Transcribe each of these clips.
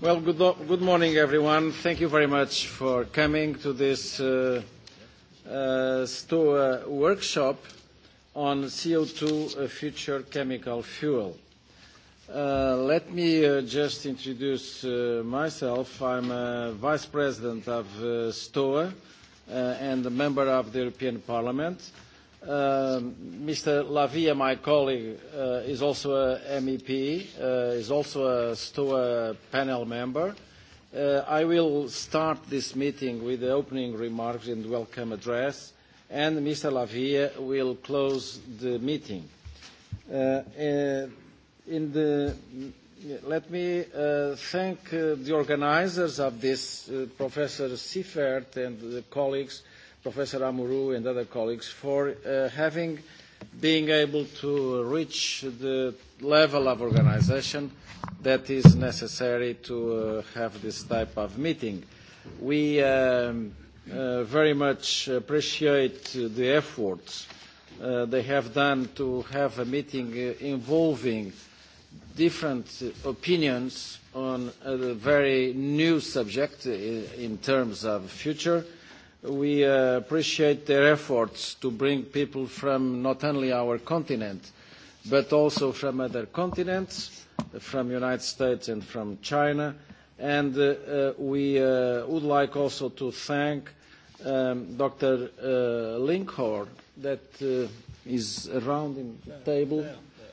Well, good, good morning, everyone. Thank you very much for coming to this uh, uh, STOA workshop on CO2, a uh, future chemical fuel. Uh, let me uh, just introduce uh, myself. I'm a uh, vice president of uh, STOA uh, and a member of the European Parliament. Uh, Uh, um, Mr. Lavia, my colleague, uh, is also a MEP, uh, is also a STOA panel member. Uh, I will start this meeting with the opening remarks and welcome address, and Mr. Lavia will close the meeting. Uh, uh, in the, let me uh, thank uh, the organizers of this, uh, Professor Seifert and the colleagues Professor Amuru and other colleagues for uh, having being able to reach the level of organization that is necessary to uh, have this type of meeting. We um, uh, very much appreciate the efforts uh, they have done to have a meeting uh, involving different opinions on a very new subject uh, in terms of future uh, we uh, appreciate their efforts to bring people from not only our continent, but also from other continents, from United States and from China. And uh, uh, we uh, would like also to thank um, Dr. Uh, Linkhor that uh, is around the table, yeah,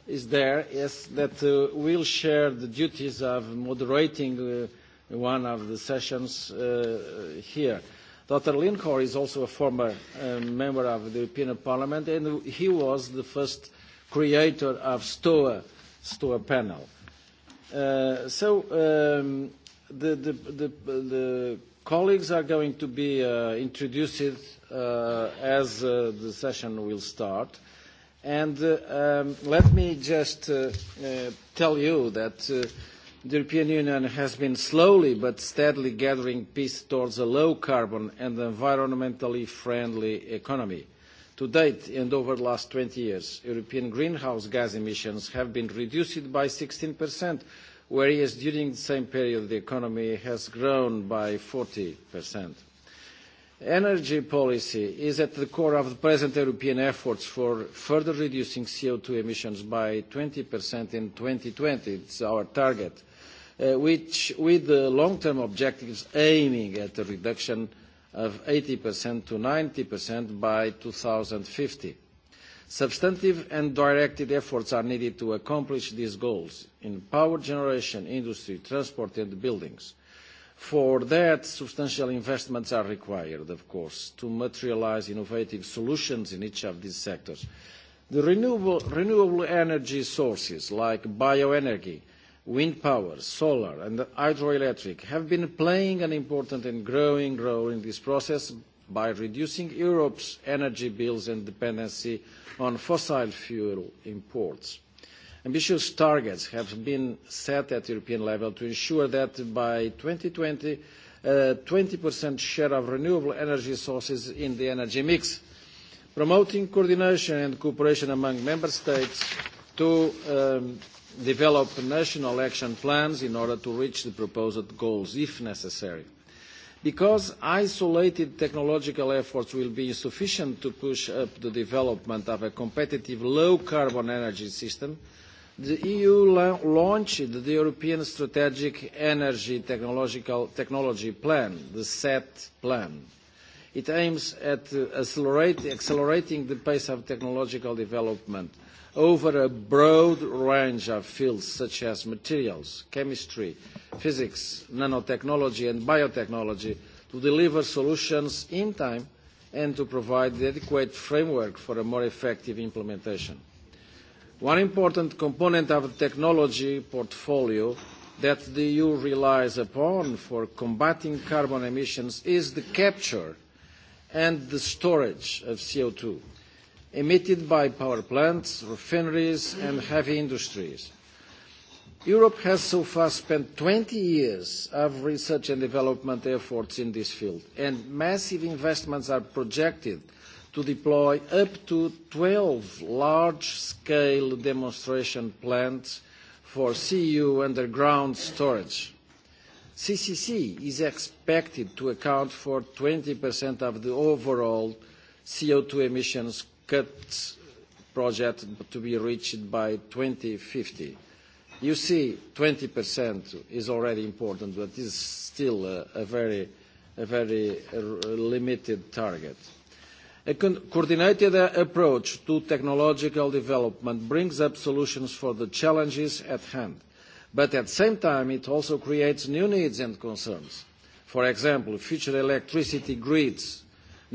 yeah. is there, yes, that uh, will share the duties of moderating uh, one of the sessions uh, here. Uh, Dr. Lincor is also a former uh, member of the European Parliament, and he was the first creator of STOA, STOA panel. Uh, so um, the, the, the, the colleagues are going to be uh, introduced uh, as uh, the session will start. And uh, um, let me just uh, uh, tell you that uh, The European Union has been slowly but steadily gathering peace towards a low-carbon and environmentally friendly economy. To date, and over the last 20 years, European greenhouse gas emissions have been reduced by 16%, whereas during the same period, the economy has grown by 40%. Energy policy is at the core of the present European efforts for further reducing CO2 emissions by 20% in 2020. It's our target uh, which, with the long-term objectives aiming at a reduction of 80% to 90% by 2050. Substantive and directed efforts are needed to accomplish these goals in power generation, industry, transport, and buildings. For that, substantial investments are required, of course, to materialize innovative solutions in each of these sectors. The renewable, renewable energy sources, like bioenergy, wind power, solar, and hydroelectric have been playing an important and growing role in this process by reducing Europe's energy bills and dependency on fossil fuel imports. Ambitious targets have been set at European level to ensure that by 2020, a uh, 20% share of renewable energy sources in the energy mix, promoting coordination and cooperation among member states to um, develop national action plans in order to reach the proposed goals, if necessary. Because isolated technological efforts will be insufficient to push up the development of a competitive low-carbon energy system, the EU la launched the European Strategic Energy Technological Technology Plan, the SET plan. It aims at uh, accelerate, accelerating the pace of technological development – over a broad range of fields such as materials, chemistry, physics, nanotechnology and biotechnology to deliver solutions in time and to provide the adequate framework for a more effective implementation. One important component of the technology portfolio that the EU relies upon for combating carbon emissions is the capture and the storage of CO2 emitted by power plants, refineries and heavy industries. Europe has so far spent 20 years of research and development efforts in this field, and massive investments are projected to deploy up to 12 large-scale demonstration plants for CU underground storage. CCC is expected to account for 20% of the overall CO2 emissions cut project to be reached by 2050. You see, 20% is already important, but is still a, a very, a very a uh, limited target. A coordinated uh, approach to technological development brings up solutions for the challenges at hand, but at the same time, it also creates new needs and concerns. For example, future electricity grids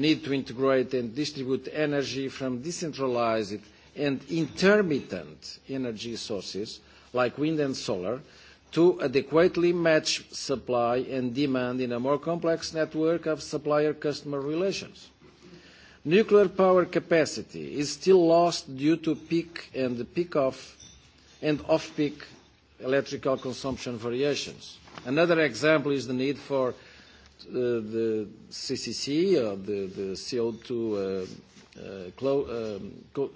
need to integrate and distribute energy from decentralized and intermittent energy sources like wind and solar to adequately match supply and demand in a more complex network of supplier-customer relations. Nuclear power capacity is still lost due to peak and peak-off and off-peak electrical consumption variations. Another example is the need for uh, the CCC, uh, the, the CO2 uh, uh, clo um, co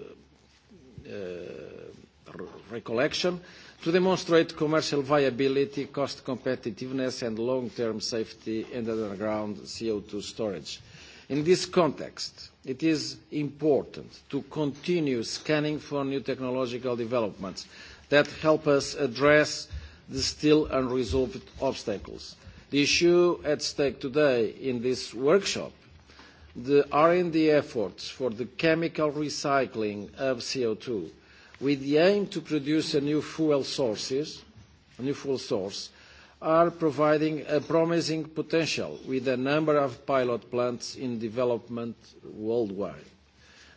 uh, recollection, to demonstrate commercial viability, cost competitiveness and long-term safety in underground CO2 storage. In this context, it is important to continue scanning for new technological developments that help us address the still unresolved obstacles issue at stake today in this workshop, the R&D efforts for the chemical recycling of CO2 with the aim to produce a new fuel sources, a new fuel source, are providing a promising potential with a number of pilot plants in development worldwide.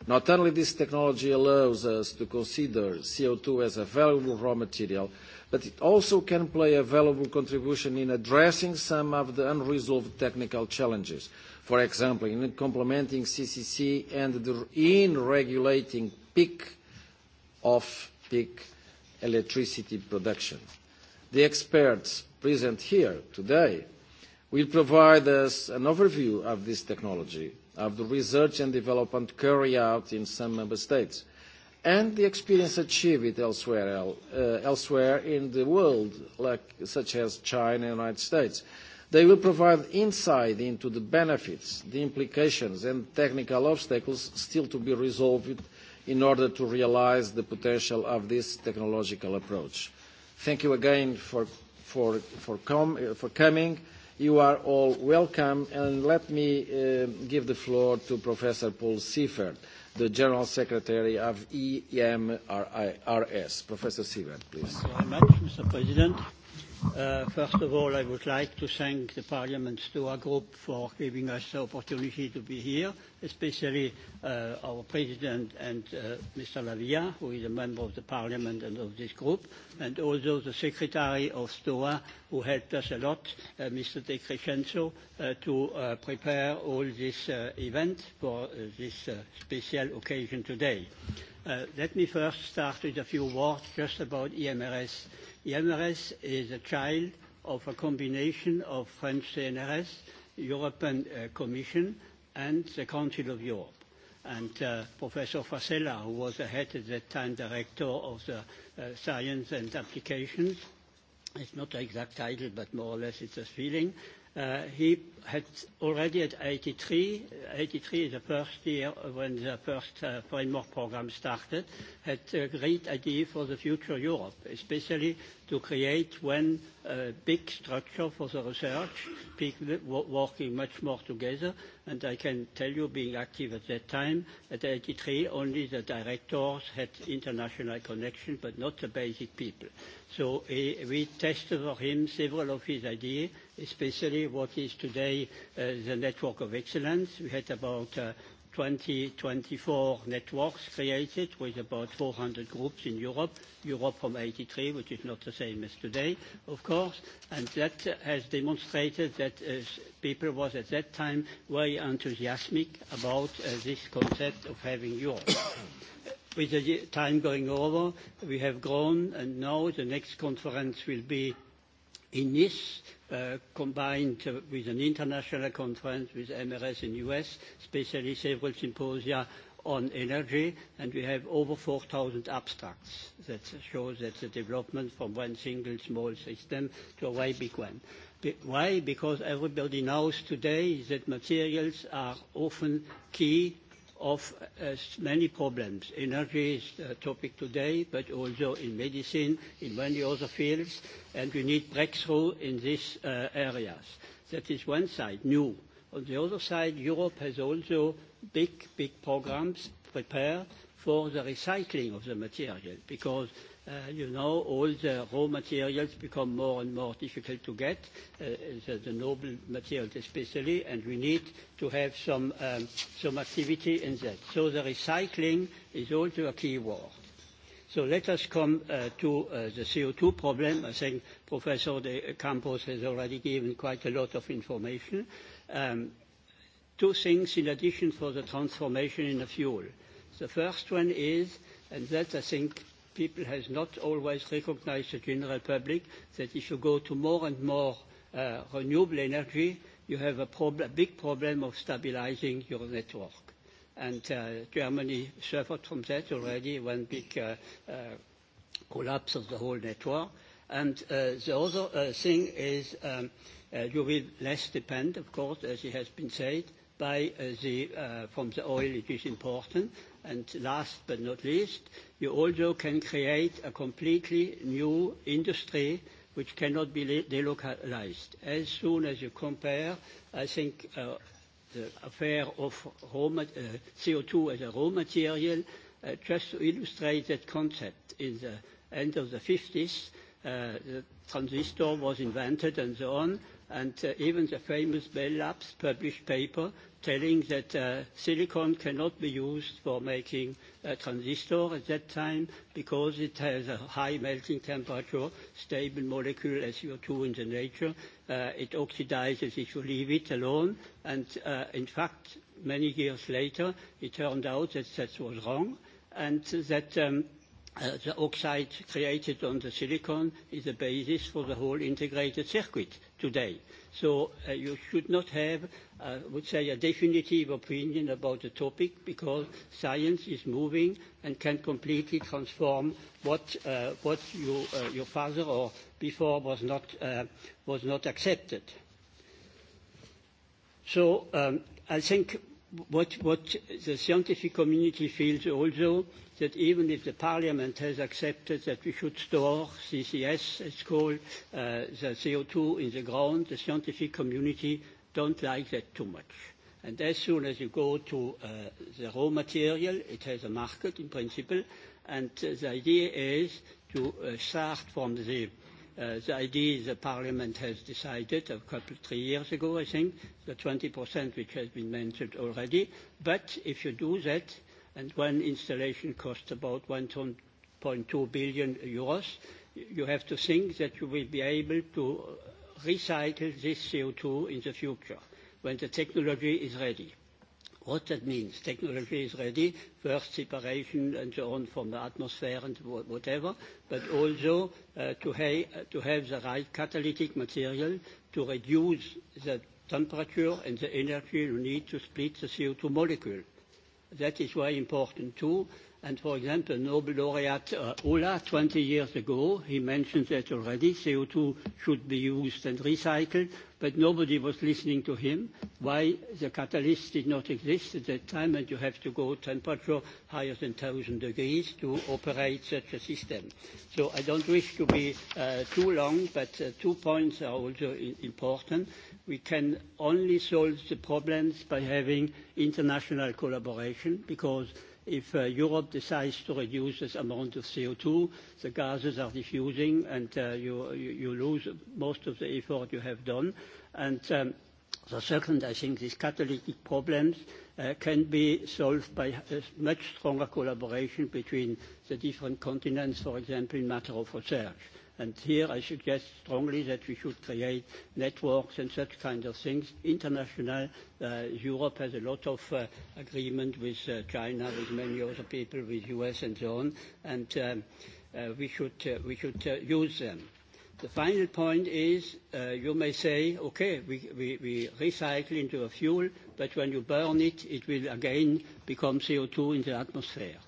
Not only this technology allows us to consider CO2 as a valuable raw material, but it also can play a valuable contribution in addressing some of the unresolved technical challenges. For example, in complementing CCC and the, in regulating peak of peak electricity production. The experts present here today will provide us an overview of this technology, of the research and development carried out in some member states, and the experience achieved elsewhere, uh, elsewhere in the world, like, such as China and the United States. They will provide insight into the benefits, the implications, and technical obstacles still to be resolved in order to realize the potential of this technological approach. Thank you again for, for, for, com, uh, for coming. You are all welcome, and let me uh, give the floor to Professor Paul Seifert. Uh, the General Secretary of EMRS. Professor Sievert, please. Thank you very much, Mr. President. Uh, first of all, I would like to thank the Parliament Stoa Group for giving us the opportunity to be here, especially uh, our President and uh, Mr. Lavia, who is a member of the Parliament and of this group, and also the Secretary of Stoa, who helped us a lot, uh, Mr. De Crescenzo, uh, to uh, prepare all this uh, event for uh, this uh, special occasion today. Uh, let me first start with a few words just about EMRS. Uh, Yamaris is a child of a combination of French CNRS, European uh, Commission, and the Council of Europe. And uh, Professor Fasella, who was the head at that time director of the uh, science and applications, it's not the exact title, but more or less it's a feeling, Uh, he had already at 83, 83 uh, the first year when the first uh, foreign work program started, had a great idea for the future Europe, especially to create one uh, big structure for the research, people working much more together. And I can tell you, being active at that time, at 83, only the directors had international connection, but not the basic people. So he, we tested for him several of his ideas, especially what is today uh, the network of excellence. We had about uh, 20, 24 networks created with about 400 groups in Europe. Europe from 83, which is not the same as today, of course. And that has demonstrated that uh, people was at that time very enthusiastic about uh, this concept of having Europe. With the time going over, we have grown, and now the next conference will be in Nice, uh, combined uh, with an international conference with MRS in US, especially several symposia on energy, and we have over 4,000 abstracts that show that the development from one single small system to a very big one. Be why? Because everybody knows today that materials are often key of uh, many problems. Energy is the topic today, but also in medicine, in many other fields, and we need breakthrough in these uh, areas. That is one side, new. On the other side, Europe has also big, big programs prepared for the recycling of the material, because Uh, you know, all the raw materials become more and more difficult to get, uh, the, the noble materials especially, and we need to have some, um, some activity in that. So the recycling is also a key word. So let us come uh, to uh, the CO2 problem. I think Professor De Campos has already given quite a lot of information. Um, two things in addition for the transformation in the fuel. The first one is, and that I think people has not always recognized the general public that if you go to more and more uh, renewable energy, you have a prob- big problem of stabilizing your network. And uh, Germany suffered from that already, one big uh, uh, collapse of the whole network. And uh, the other uh, thing is um, uh, you will less depend, of course, as it has been said, by uh, the, uh, from the oil it is important, And last but not least, you also can create a completely new industry which cannot be delocalized. As soon as you compare, I think uh, the affair of raw ma- uh, CO2 as a raw material, uh, just to illustrate that concept, in the end of the 50s, uh, the transistor was invented and so on, and uh, even the famous Bell Labs published paper telling that uh, silicon cannot be used for making a transistor at that time because it has a high melting temperature, stable molecule as CO2 in the nature. Uh, it oxidizes if you leave it alone. And uh, in fact, many years later, it turned out that that was wrong and that um, uh, the oxide created on the silicon is the basis for the whole integrated circuit today. Uh, So uh, you should not have, I uh, would say, a definitive opinion about the topic because science is moving and can completely transform what, uh, what you, uh, your father or before was not, uh, was not accepted. So um, I think what, what the scientific community feels also that even if the parliament has accepted that we should store CCS, it's called, uh, the CO2 in the ground, the scientific community don't like that too much. And as soon as you go to uh, the raw material, it has a market in principle, and uh, the idea is to uh, start from the Uh, the idea the Parliament has decided a couple, three years ago, I think, the 20% which has been mentioned already. But if you do that, and one installation costs about 1.2 billion euros, you have to think that you will be able to recycle this CO2 in the future when the technology is ready what that means. Technology is ready, first separation and so on from the atmosphere and whatever, but also uh, to, ha to have the right catalytic material to reduce the temperature and the energy you need to split the CO2 molecule. That is very important too. Uh, And for example, Nobel laureate uh, Ola, 20 years ago, he mentioned that already, CO2 should be used and recycled, but nobody was listening to him. Why the catalyst did not exist at that time, and you have to go temperature higher than 1,000 degrees to operate such a system. So I don't wish to be uh, too long, but uh, two points are also important. We can only solve the problems by having international collaboration, because if uh, Europe decides to reduce this amount of CO2, the gases are diffusing and uh, you, you lose most of the effort you have done. And um, the second, I think these catalytic problems uh, can be solved by a uh, much stronger collaboration between the different continents, for example, in matter of research. Uh, And here I suggest strongly that we should create networks and such kind of things. International, uh, Europe has a lot of uh, agreement with uh, China, with many other people, with US and so on, and um, uh, we should, uh, we should uh, use them. The final point is, uh, you may say, "Okay, we, we, we recycle into a fuel, but when you burn it, it will again become CO2 in the atmosphere."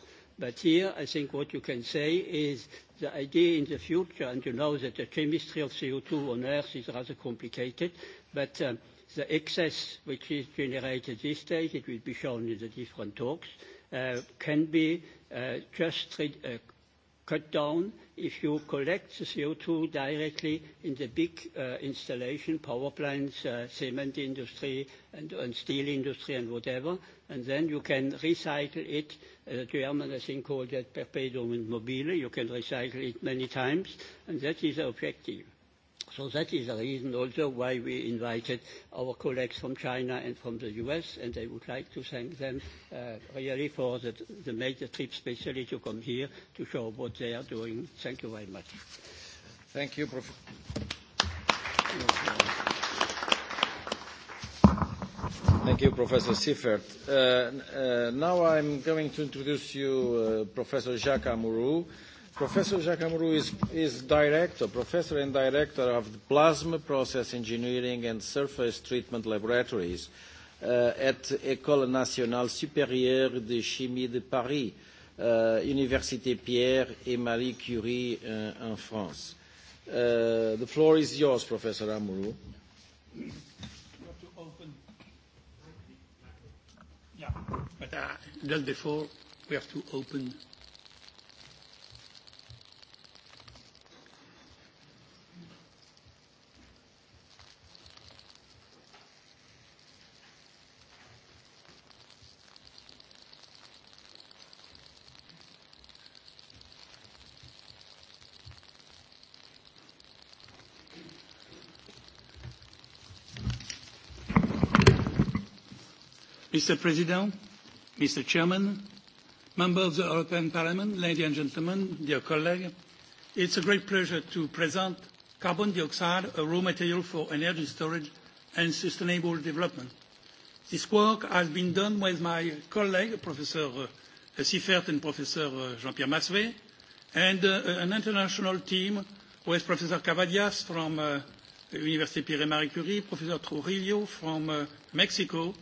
But here, I think what you can say is the idea in the future, and you know that the chemistry of CO2 on Earth is rather complicated, but um, the excess which is generated this stage, it will be shown in the different talks, uh, can be uh, just uh, cut down if you collect the CO2 directly in the big uh, installation, power plants, uh, cement industry, and, and steel industry, and whatever, and then you can recycle it. The uh, German, I think, called that perpetuum mobile. You can recycle it many times, and that is the objective. So that is the reason also why we invited our colleagues from China and from the US, and I would like to thank them uh, really for the, the major trip, especially to come here to show what they are doing. Thank you very much. Thank you, Prof. Thank you, Professor Siffert. Uh, uh, now I'm going to introduce you uh, Professor Jacques Amourou, uh, Professor Jacamru is, is director, professor and director of the Plasma Process Engineering and Surface Treatment Laboratories uh, at École Nationale Supérieure de Chimie de Paris, uh, Université Pierre et Marie Curie uh, in France. Uh, the floor is yours, Professor Amuru. Yeah, but uh, just before we have to open Mr. President, Mr. Chairman, members of the European Parliament, ladies and gentlemen, dear colleagues, it's a great pleasure to present carbon dioxide, a raw material for energy storage and sustainable development. This work has been done with my colleague, Professor uh, Siffert and Professor uh, Jean-Pierre Massuet, and uh, an international team with Professor Cavadias from uh, Université Pierre-Marie Curie, Professor Trujillo from uh, Mexico,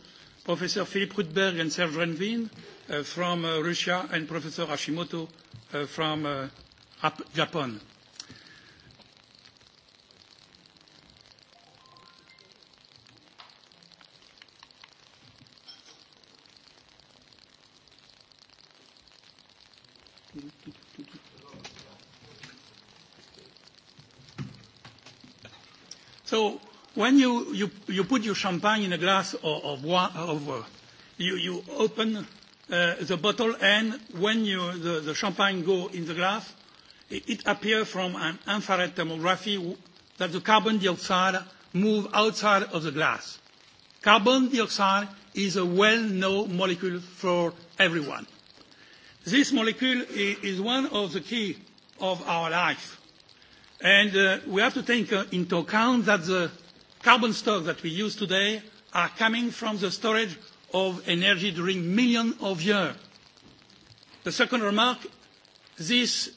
Professor Philip Rudberg and Serge Renvin uh, from uh, Russia and Professor Hashimoto uh, from uh, Japan. So When you, you, you put your champagne in a glass of, of, of uh, you, you open uh, the bottle and when you, the, the champagne go in the glass, it, it appears from an infrared thermography that the carbon dioxide move outside of the glass. Carbon dioxide is a well-known molecule for everyone. This molecule is one of the key of our life. And uh, we have to take uh, into account that the carbon stocks that we use today are coming from the storage of energy during millions of years. The second remark, this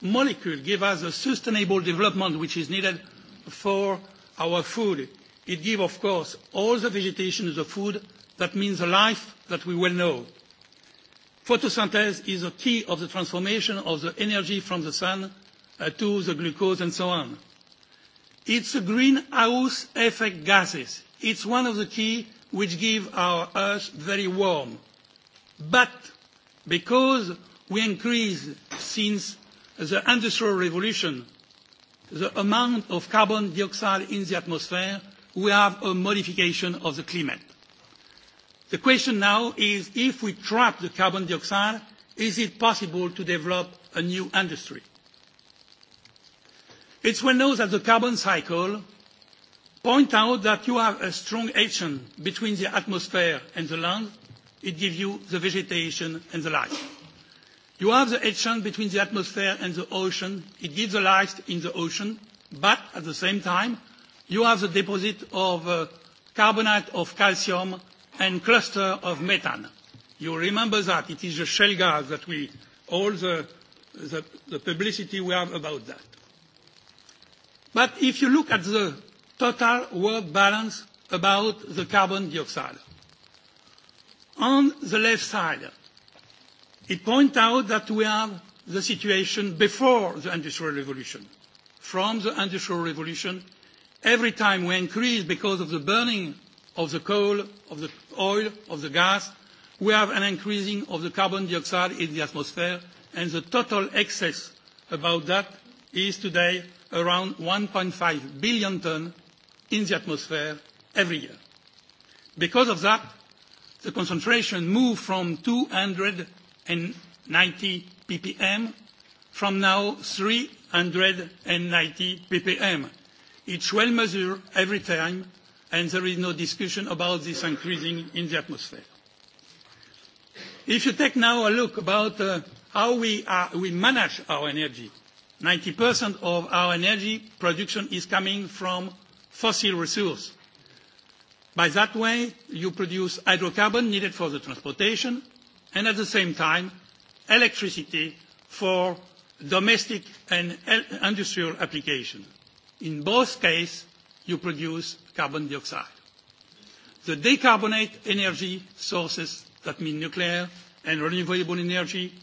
molecule gives us a sustainable development which is needed for our food. It gives, of course, all the vegetation to the food. That means the life that we well know. Photosynthesis is a key of the transformation of the energy from the sun uh, to the glucose and so on. It's the greenhouse effect gases. It's one of the key which give our Earth very warm. But because we increase since the Industrial Revolution the amount of carbon dioxide in the atmosphere, we have a modification of the climate. The question now is if we trap the carbon dioxide, is it possible to develop a new industry? It's when known that the carbon cycle point out that you have a strong action between the atmosphere and the land. It gives you the vegetation and the life. You have the action between the atmosphere and the ocean. It gives the life in the ocean. But at the same time, you have the deposit of uh, carbonate of calcium and cluster of methane. You remember that. It is the shale gas that we, all the, the, the publicity we have about that. But if you look at the total world balance about the carbon dioxide, on the left side, it points out that we have the situation before the Industrial Revolution. From the Industrial Revolution, every time we increase because of the burning of the coal, of the oil, of the gas, we have an increasing of the carbon dioxide in the atmosphere, and the total excess about that is today around 1.5 billion tons in the atmosphere every year. Because of that, the concentration moved from 290 ppm from now 390 ppm. It's well measured every time, and there is no discussion about this increasing in the atmosphere. If you take now a look about uh, how we, are, we manage our energy, 90% of our energy production is coming from fossil resource. By that way, you produce hydrocarbon needed for the transportation, and at the same time, electricity for domestic and industrial application. In both cases, you produce carbon dioxide. The decarbonate energy sources, that mean nuclear and renewable energy,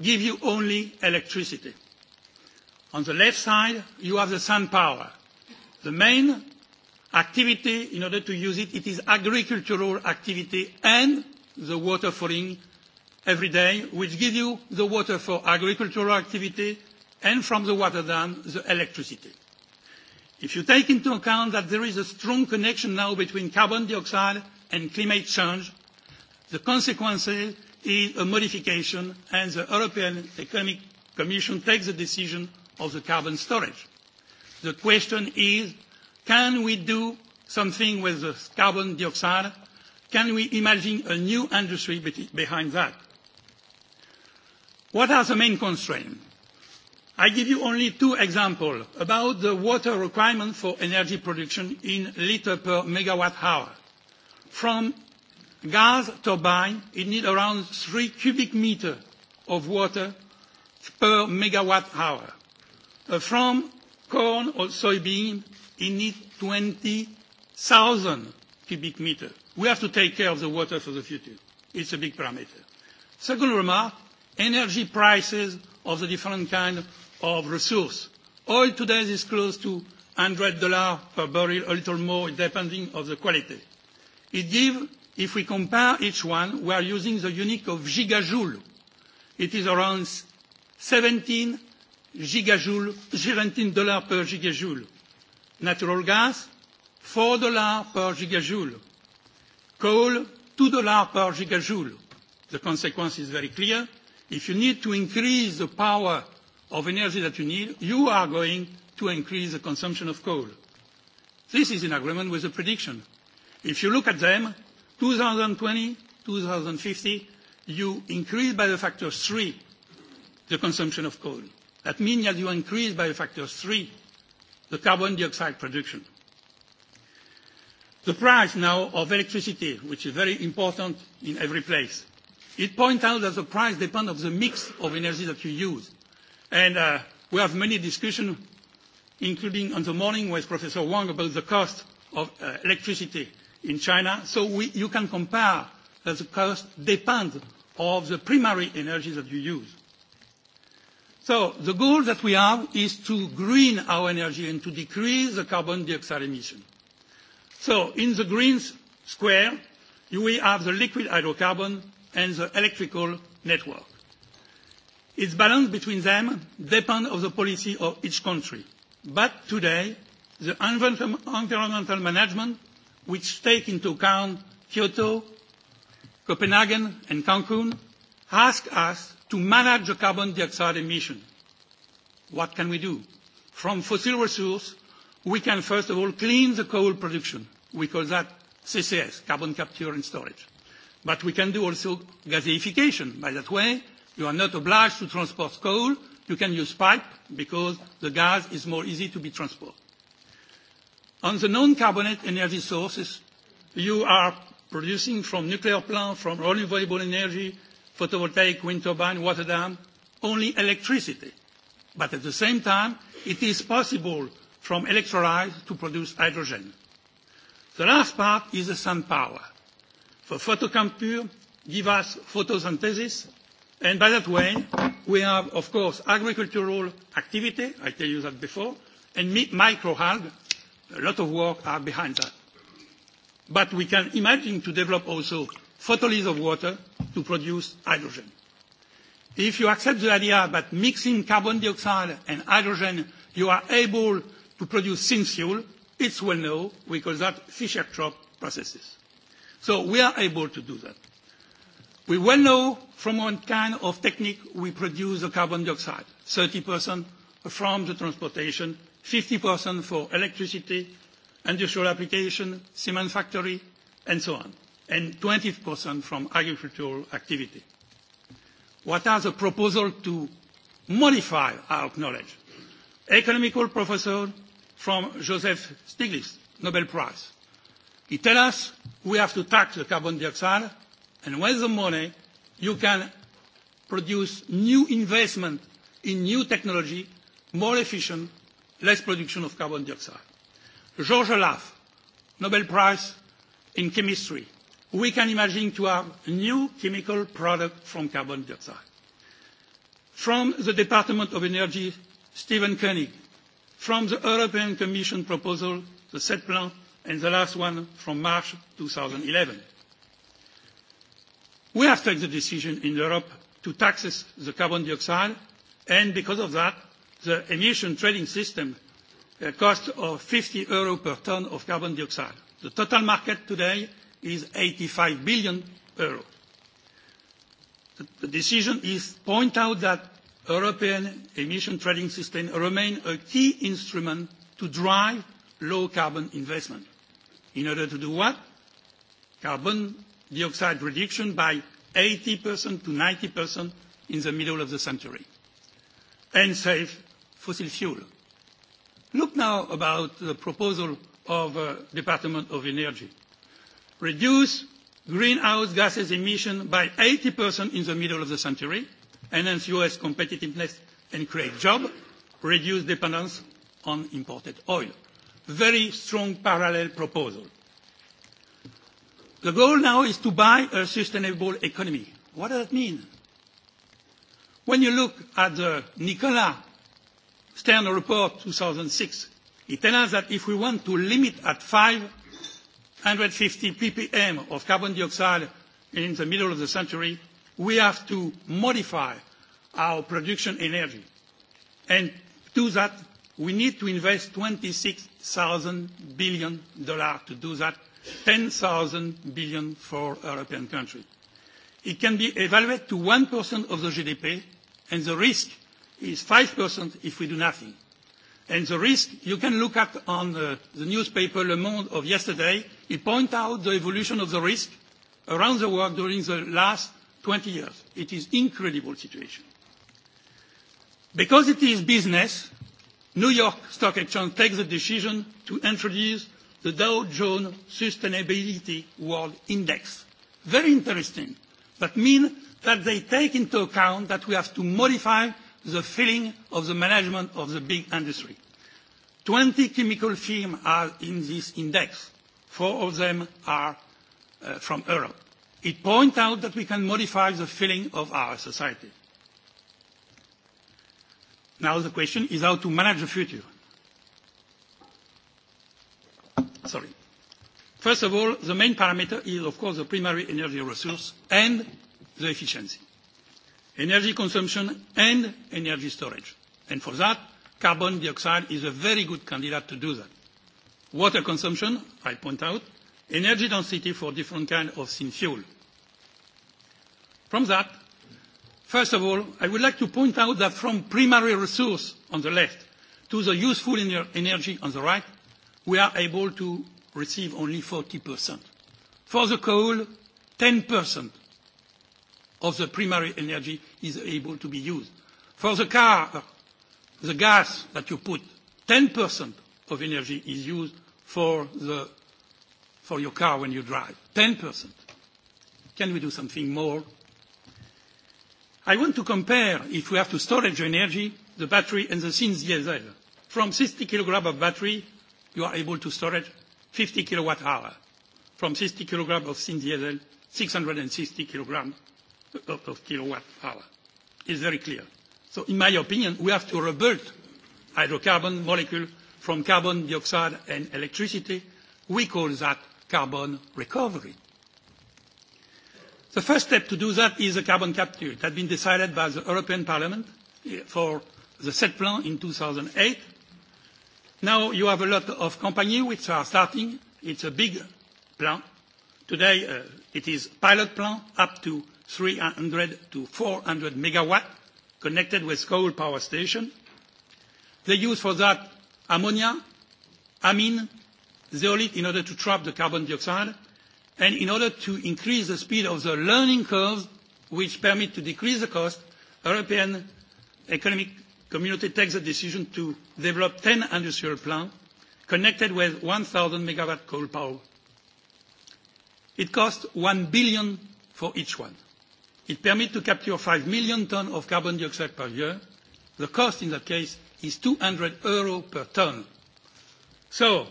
give you only electricity. On the left side, you have the sun power. The main activity, in order to use it, it is agricultural activity and the water falling every day, which give you the water for agricultural activity and from the water dam, the electricity. If you take into account that there is a strong connection now between carbon dioxide and climate change, the consequences is a modification, and the European Economic Commission takes a decision of the carbon storage. The question is, can we do something with the carbon dioxide? Can we imagine a new industry behind that? What are the main constraints? I give you only two examples about the water requirement for energy production in liter per megawatt hour. From gas turbine, it needs around 3 cubic meter of water per megawatt hour. Uh, from corn or soybean, it needs 20,000 cubic meters. We have to take care of the water for the future. It's a big parameter. Second remark, energy prices of the different kind of resource. Oil today is close to $100 per barrel, a little more, depending on the quality. It give, if we compare each one, we are using the unit of gigajoule. It is around 17 gigajoule, 17 dollars per gigajoule. Natural gas, 4 dollars per gigajoule. Coal, 2 dollars per gigajoule. The consequence is very clear. If you need to increase the power of energy that you need, you are going to increase the consumption of coal. This is in agreement with the prediction. If you look at them, 2020, 2050, you increase by the factor three the consumption of coal. That means that you increase by a factor of three the carbon dioxide production. The price now of electricity, which is very important in every place, it points out that the price depends on the mix of energy that you use. And uh, we have many discussions, including on the morning with Professor Wang about the cost of uh, electricity in China. So we, you can compare that the cost depends on the primary energy that you use. So the goal that we have is to green our energy and to decrease the carbon dioxide emission. So in the green square, we have the liquid hydrocarbon and the electrical network. Its balance between them depends on the policy of each country. But today, the environmental management, which take into account Kyoto, Copenhagen, and Cancun, ask us to manage the carbon dioxide emission. What can we do? From fossil resource, we can first of all clean the coal production. We call that CCS, carbon capture and storage. But we can do also gasification. By that way, you are not obliged to transport coal. You can use pipe because the gas is more easy to be transported. On the non-carbonate energy sources, you are producing from nuclear plant, from renewable energy, photovoltaic wind turbine, water dam, only electricity. But at the same time, it is possible from electrolyte to produce hydrogen. The last part is the sun power. The photocamper gives us photosynthesis, and by that way, we have, of course, agricultural activity, I tell you that before, and microalgae. A lot of work are behind that. But we can imagine to develop also photolith of water to produce hydrogen. If you accept the idea that mixing carbon dioxide and hydrogen, you are able to produce syn fuel, it's well known. We call that Fischer-Tropsch processes. So we are able to do that. We well know from what kind of technique we produce the carbon dioxide, 30% from the transportation, 50% for electricity, industrial application, cement factory, and so on and 20% from agricultural activity. What are the proposals to modify our knowledge? Economical professor from Joseph Stiglitz, Nobel Prize. He tells us we have to tax the carbon dioxide, and with the money, you can produce new investment in new technology, more efficient, less production of carbon dioxide. Georges Laff, Nobel Prize in Chemistry, we can imagine to have new chemical product from carbon dioxide. From the Department of Energy, Stephen Koenig. From the European Commission proposal, the set plan, and the last one from March 2011. We have taken the decision in Europe to tax the carbon dioxide, and because of that, the emission trading system uh, costs 50 euro per ton of carbon dioxide. The total market today is 85 billion euro. The decision is point out that European emission trading system remain a key instrument to drive low carbon investment. In order to do what? Carbon dioxide reduction by 80% to 90% in the middle of the century, and save fossil fuel. Look now about the proposal of uh, Department of Energy reduce greenhouse gases emission by 80% in the middle of the century, enhance U.S. competitiveness and create jobs, reduce dependence on imported oil. Very strong parallel proposal. The goal now is to buy a sustainable economy. What does that mean? When you look at the Nicola Stern report 2006, it tells us that if we want to limit at five 150 ppm of carbon dioxide in the middle of the century, we have to modify our production energy. And to that, we need to invest $26,000 billion to do that, $10,000 billion for European countries. It can be evaluated to 1% of the GDP, and the risk is 5% if we do nothing. And the risk, you can look at on uh, the newspaper Le Monde of yesterday, it points out the evolution of the risk around the world during the last 20 years. It is incredible situation. Because it is business, New York Stock Exchange takes the decision to introduce the Dow Jones Sustainability World Index. Very interesting. That means that they take into account that we have to modify the feeling of the management of the big industry. 20 chemical firms are in this index. Four of them are uh, from Europe. It points out that we can modify the feeling of our society. Now the question is how to manage the future. Sorry. First of all, the main parameter is, of course, the primary energy resource and the efficiency energy consumption and energy storage. And for that, carbon dioxide is a very good candidate to do that. Water consumption, I point out, energy density for different kind of thin fuel. From that, first of all, I would like to point out that from primary resource on the left to the useful ener energy on the right, we are able to receive only 40%. For the coal, 10% of the primary energy is able to be used. For the car, the gas that you put, 10% of energy is used for, the, for your car when you drive. 10%. Can we do something more? I want to compare, if we have to storage energy, the battery and the synth diesel. From 60 kg of battery, you are able to storage 50 kWh. From 60 kg of synth diesel, 660 kg lot of kilowatt hour. It's very clear. So in my opinion, we have to rebuild hydrocarbon molecule from carbon dioxide and electricity. We call that carbon recovery. The first step to do that is a carbon capture. It had been decided by the European Parliament for the set plan in 2008. Now you have a lot of companies which are starting. It's a big plan. Today uh, it is pilot plan up to 300-400 MW connected with coal power station. They use for that ammonia, amine, zeolite in order to trap the carbon dioxide, and in order to increase the speed of the learning curve, which permit to decrease the cost, European Economic Community takes a decision to develop 10 industrial plants connected with 1,000 MW coal power. It costs 1 billion for each one. It permits to capture 5 million tonnes of carbon dioxide per year. The cost in that case is 200 euros per tonne. So,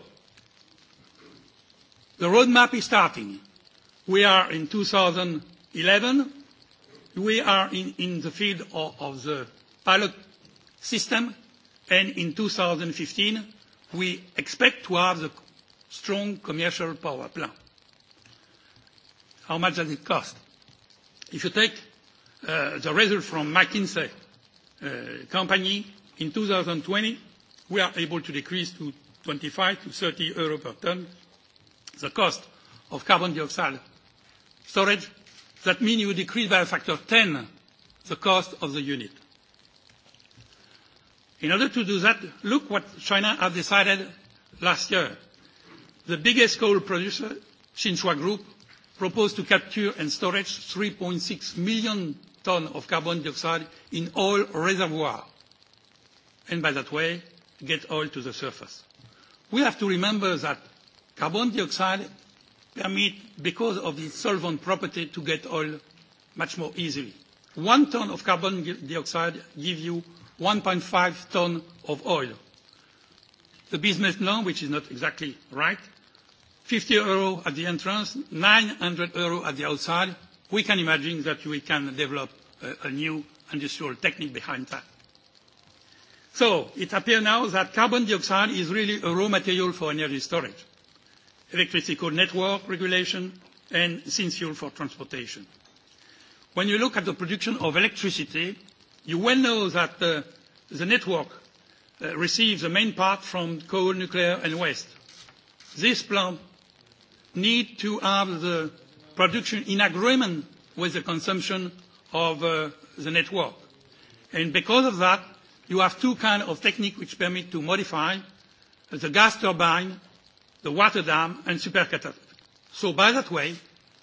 the roadmap is starting. We are in 2011. We are in, in the field of, of the pilot system, and in 2015, we expect to have the strong commercial power plant. How much does it cost? If you take uh, the result from McKinsey uh, company in 2020, we are able to decrease to 25-30 euro per ton the cost of carbon dioxide storage. That means you decrease by a factor 10 the cost of the unit. In order to do that, look what China have decided last year. The biggest coal producer, Tsinghua Group, proposed to capture and storage 3.6 million tonnes of carbon dioxide in all reservoirs, and by that way, get oil to the surface. We have to remember that carbon dioxide permit, because of its solvent property, to get oil much more easily. One ton of carbon dioxide give you 1.5 ton of oil. The business plan, which is not exactly right, 50 euro at the entrance, 900 euro at the outside. We can imagine that we can develop a, uh, a new industrial technique behind that. So it appears now that carbon dioxide is really a raw material for energy storage, electrical network regulation, and since fuel for transportation. When you look at the production of electricity, you well know that uh, the network uh, receives the main part from coal, nuclear, and waste. This plant need to have the production in agreement with the consumption of uh, the network. And because of that, you have two kinds of techniques which permit to modify the gas turbine, the water dam, and supercapacitor. So by that way,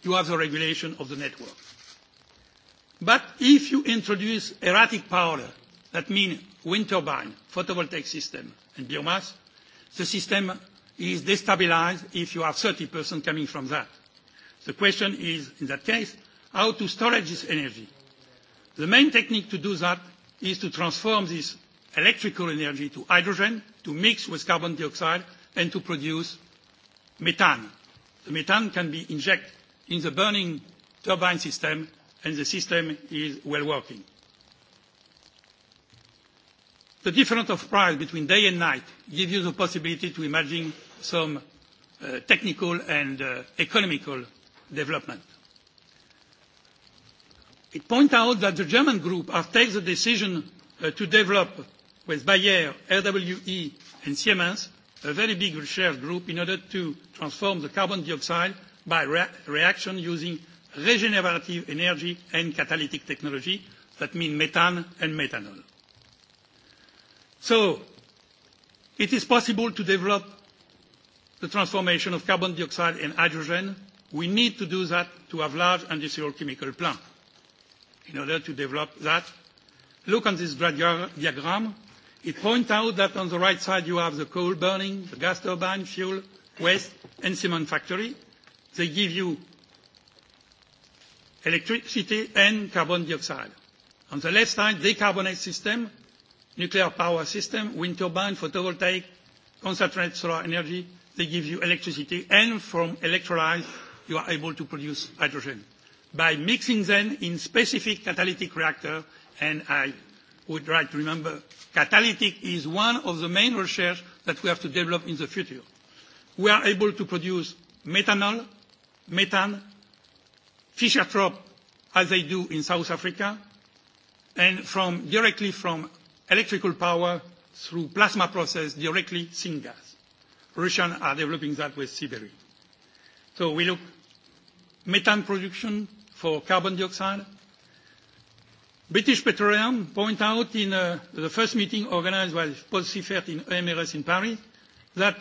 you have the regulation of the network. But if you introduce erratic power, that means wind turbine, photovoltaic system, and biomass, the system is destabilized if you have 30% coming from that. The question is, in that case, how to storage this energy. The main technique to do that is to transform this electrical energy to hydrogen, to mix with carbon dioxide, and to produce methane. The methane can be injected in the burning turbine system, and the system is well working. The difference of price between day and night gives you the possibility to imagine some uh, technical and uh, economical development. It points out that the German group has taken the decision uh, to develop with Bayer, RWE and Siemens a very big shared group in order to transform the carbon dioxide by re reaction using regenerative energy and catalytic technology that mean methane and methanol. So it is possible to develop the transformation of carbon dioxide and hydrogen, we need to do that to have large industrial chemical plant. In order to develop that, look on this diagram. It points out that on the right side you have the coal burning, the gas turbine, fuel, waste, and cement factory. They give you electricity and carbon dioxide. On the left side, decarbonate system, nuclear power system, wind turbine, photovoltaic, concentrated solar energy, they give you electricity, and from electrolyze, you are able to produce hydrogen by mixing them in specific catalytic reactor. And I would like to remember, catalytic is one of the main research that we have to develop in the future. We are able to produce methanol, methane, Fischer-Tropsch, as they do in South Africa, and from, directly from electrical power through plasma process, directly syngas. Russians are developing that with Siberia. So we look methane production for carbon dioxide. British Petroleum point out in uh, the first meeting organized by Paul Siffert in EMRS in Paris that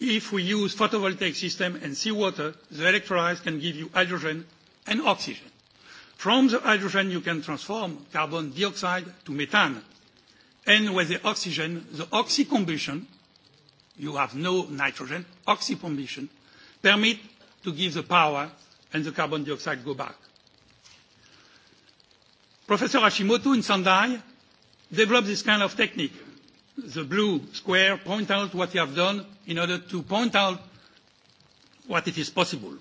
if we use photovoltaic system and seawater, the electrolyzer can give you hydrogen and oxygen. From the hydrogen, you can transform carbon dioxide to methane. And with the oxygen, the oxycombustion you have no nitrogen, oxycombustion, permit to give the power and the carbon dioxide go back. Professor Hashimoto in Sendai developed this kind of technique. The blue square point out what you have done in order to point out what it is possible.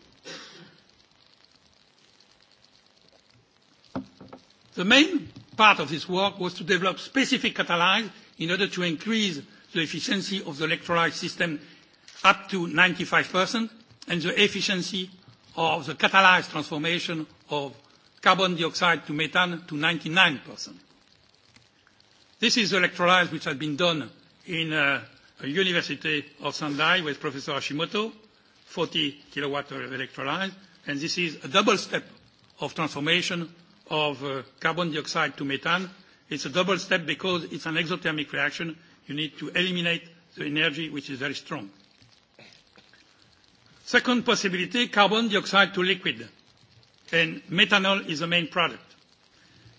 The main part of this work was to develop specific catalyze in order to increase the efficiency of the electrolyte system up to 95% and the efficiency of the catalyzed transformation of carbon dioxide to methane to 99%. This is the electrolyte which has been done in uh, a University of Sendai with Professor Hashimoto, 40 kilowatt of electrolyte, and this is a double step of transformation of uh, carbon dioxide to methane It's a double step because it's an exothermic reaction. You need to eliminate the energy, which is very strong. Second possibility, carbon dioxide to liquid, and methanol is the main product.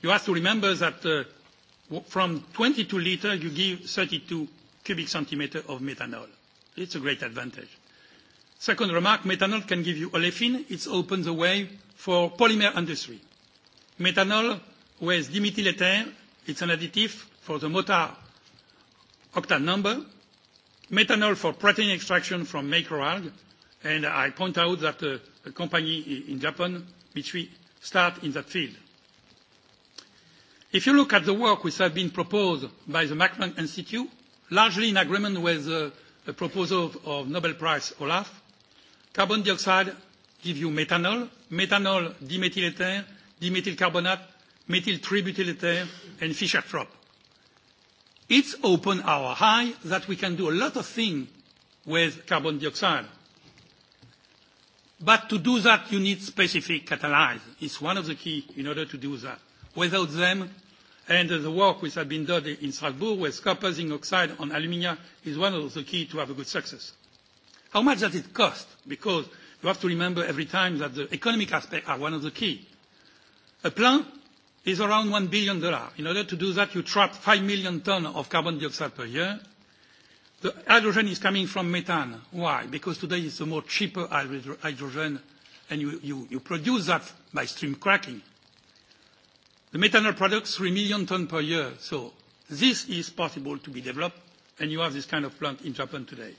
You have to remember that uh, from 22 liter, you give 32 cubic centimeter of methanol. It's a great advantage. Second remark, methanol can give you olefin. It's opened the way for polymer industry. Methanol with dimethyl ether It's an additive for the motor octal number, methanol for protein extraction from microalgae, and I point out that uh, a company in Japan, Mitsui, start in that field. If you look at the work which have been proposed by the Max Planck Institute, largely in agreement with uh, the proposal of, of Nobel Prize Olaf, carbon dioxide give you methanol, methanol dimethyl ether, dimethyl carbonate, methyltributylate and Fischer-Tropsch. It's opened our eye that we can do a lot of things with carbon dioxide. But to do that, you need specific catalyze. It's one of the key in order to do that. Without them, and the work which has been done in Strasbourg with copper, zinc oxide on alumina is one of the key to have a good success. How much does it cost? Because you have to remember every time that the economic aspect are one of the key. A plant is around $1 billion. In order to do that, you trap 5 million tons of carbon dioxide per year. The hydrogen is coming from methane. Why? Because today it's the more cheaper hydrogen, and you, you, you produce that by stream cracking. The methanol products, 3 million tons per year. So this is possible to be developed, and you have this kind of plant in Japan today.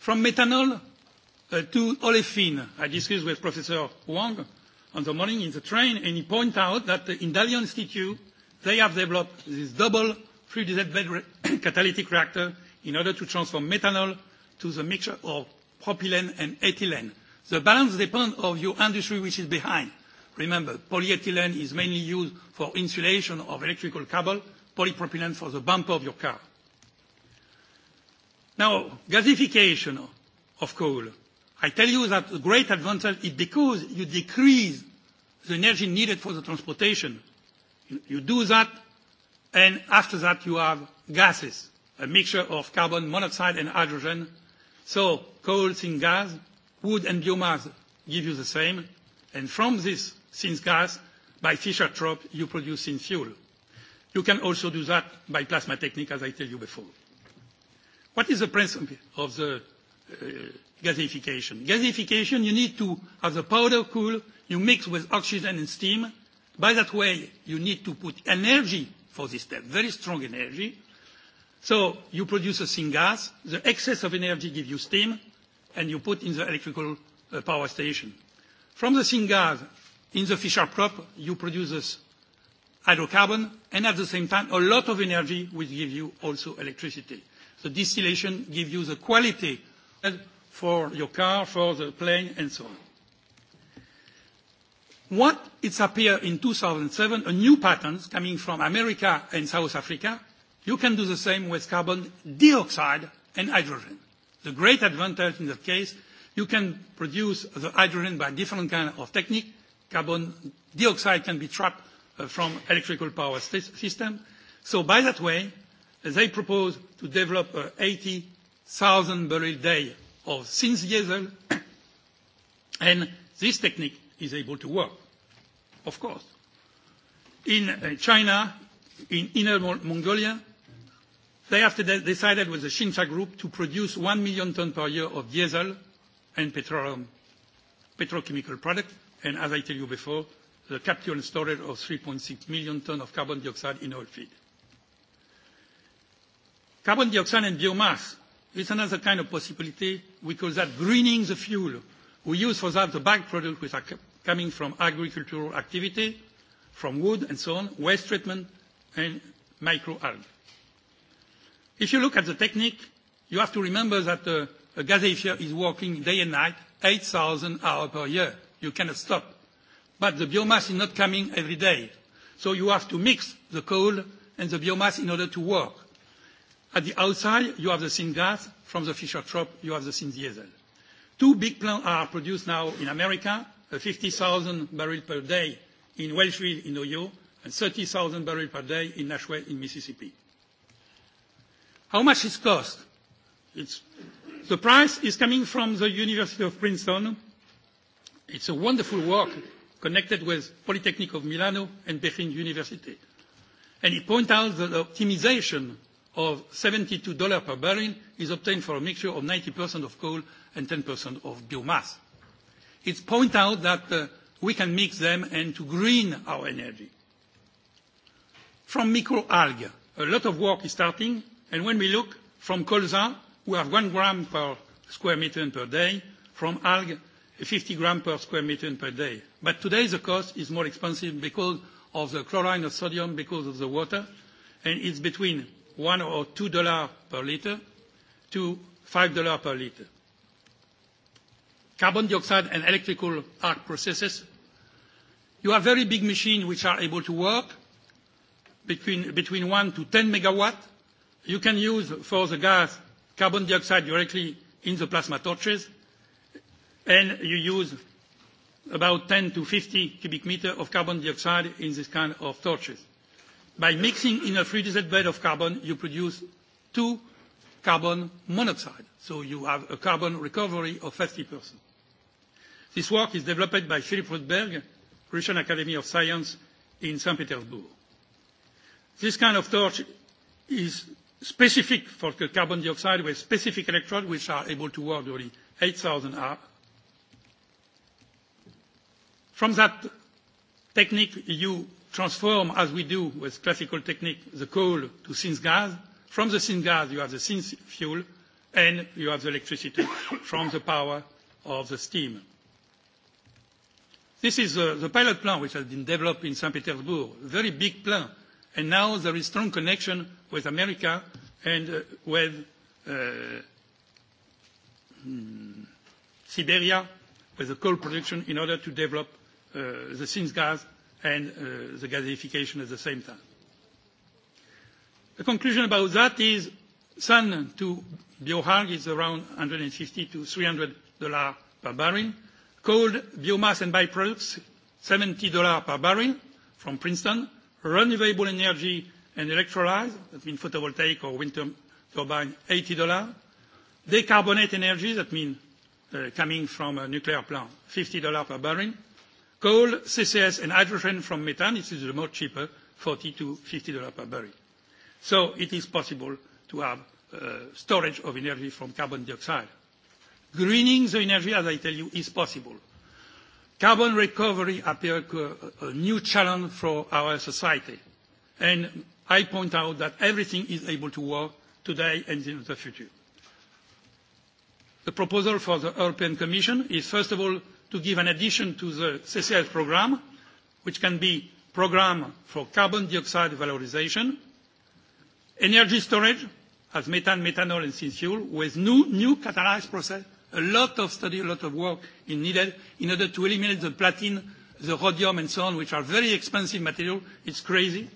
From methanol uh, to olefin, I discussed with Professor Wang, on the morning in the train, and he pointed out that the Indalian Institute, they have developed this double freeze-dried bed re- catalytic reactor in order to transform methanol to the mixture of propylene and ethylene. The balance depends on your industry which is behind. Remember, polyethylene is mainly used for insulation of electrical cable, polypropylene for the bumper of your car. Now, gasification of coal. I tell you that the great advantage is because you decrease the energy needed for the transportation. You, you do that, and after that you have gases, a mixture of carbon monoxide and hydrogen. So coal, syngas, wood and biomass give you the same. And from this syngas, by Fischer-Tropsch, you produce synfuel. You can also do that by plasma technique, as I tell you before. What is the principle of the uh, gasification. Gasification, you need to have the powder cool, you mix with oxygen and steam. By that way, you need to put energy for this step, very strong energy. So you produce a syngas, the excess of energy gives you steam, and you put in the electrical uh, power station. From the syngas, in the Fischer-Tropsch, you produce this hydrocarbon, and at the same time, a lot of energy will give you also electricity. The distillation gives you the quality for your car, for the plane, and so on. What it's appeared in 2007, a new patent coming from America and South Africa. You can do the same with carbon dioxide and hydrogen. The great advantage in that case, you can produce the hydrogen by different kind of technique. Carbon dioxide can be trapped uh, from electrical power system. So by that way, they propose to develop a uh, 80 thousand barrel day of synth-diesel, and this technique is able to work, of course. In uh, China, in Inner Mongolia, they have de decided with the Xincha Group to produce 1 million ton per year of diesel and petroleum, petrochemical product, and as I tell you before, the capture and storage of 3.6 million ton of carbon dioxide in oil field. Carbon dioxide and biomass It's another kind of possibility. We call that greening the fuel. We use for that the byproduct which are coming from agricultural activity, from wood and so on, waste treatment and microalgae. If you look at the technique, you have to remember that uh, a gazeifer is working day and night, 8,000 hours per year. You cannot stop. But the biomass is not coming every day. So you have to mix the coal and the biomass in order to work. At the outside, you have the syngas. From the Fischer-Tropsch, you have the syndiesel. Two big plants are produced now in America, 50,000 barrels per day in Wellsville in Ohio, and 30,000 barrels per day in Nashville in Mississippi. How much it cost? It's, the price is coming from the University of Princeton. It's a wonderful work connected with Polytechnic of Milano and Berlin University. And it point out the optimization of $72 per barrel is obtained for a mixture of 90% of coal and 10% of biomass. It points out that uh, we can mix them and to green our energy. From microalgae, a lot of work is starting, and when we look from colza, we have 1 gram per square meter per day, from algae, 50 gram per square meter per day. But today, the cost is more expensive because of the chlorine of sodium, because of the water, and it's between one or two dollars per liter to five dollars per liter. Carbon dioxide and electrical arc processes. You have very big machines which are able to work between, between 1 to 10 megawatt. You can use for the gas carbon dioxide directly in the plasma torches, and you use about 10 to 50 cubic meter of carbon dioxide in this kind of torches. By mixing in a freeze-dried bed of carbon, you produce two carbon monoxide, so you have a carbon recovery of 50%. This work is developed by Philip Rudberg, Russian Academy of Science in St. Petersburg. This kind of torch is specific for the carbon dioxide with specific electrodes which are able to work during 8,000 hours. From that technique, you transform, as we do with classical technique, the coal to syngas. From the syngas, you have the syn fuel, and you have the electricity from the power of the steam. This is uh, the pilot plant which has been developed in St. Petersburg, a very big plant. And now there is strong connection with America and uh, with uh, hmm, Siberia, with the coal production in order to develop uh, the syngas and uh, the gasification at the same time. The conclusion about that is SAN to BioHarg is around $150-$300 per barrel. Coal, biomass and byproducts, $70 per barrel from Princeton. Renewable energy and electrolyzer, that means photovoltaic or wind turbine, $80. Decarbonate energy, that means uh, coming from a nuclear plant, $50 per barrel Coal, CCS, and hydrogen from methane, it is the most cheaper, $40-$50 per barrel. So it is possible to have uh, storage of energy from carbon dioxide. Greening the energy, as I tell you, is possible. Carbon recovery appears a, uh, a new challenge for our society, and I point out that everything is able to work today and in the future. The proposal for the European Commission is, first of all, to give an addition to the CCS program, which can be program for carbon dioxide valorization, energy storage as methane, methanol, and synfuel with new, new catalyzed process. A lot of study, a lot of work is needed in order to eliminate the platinum, the rhodium, and so on, which are very expensive material. It's crazy.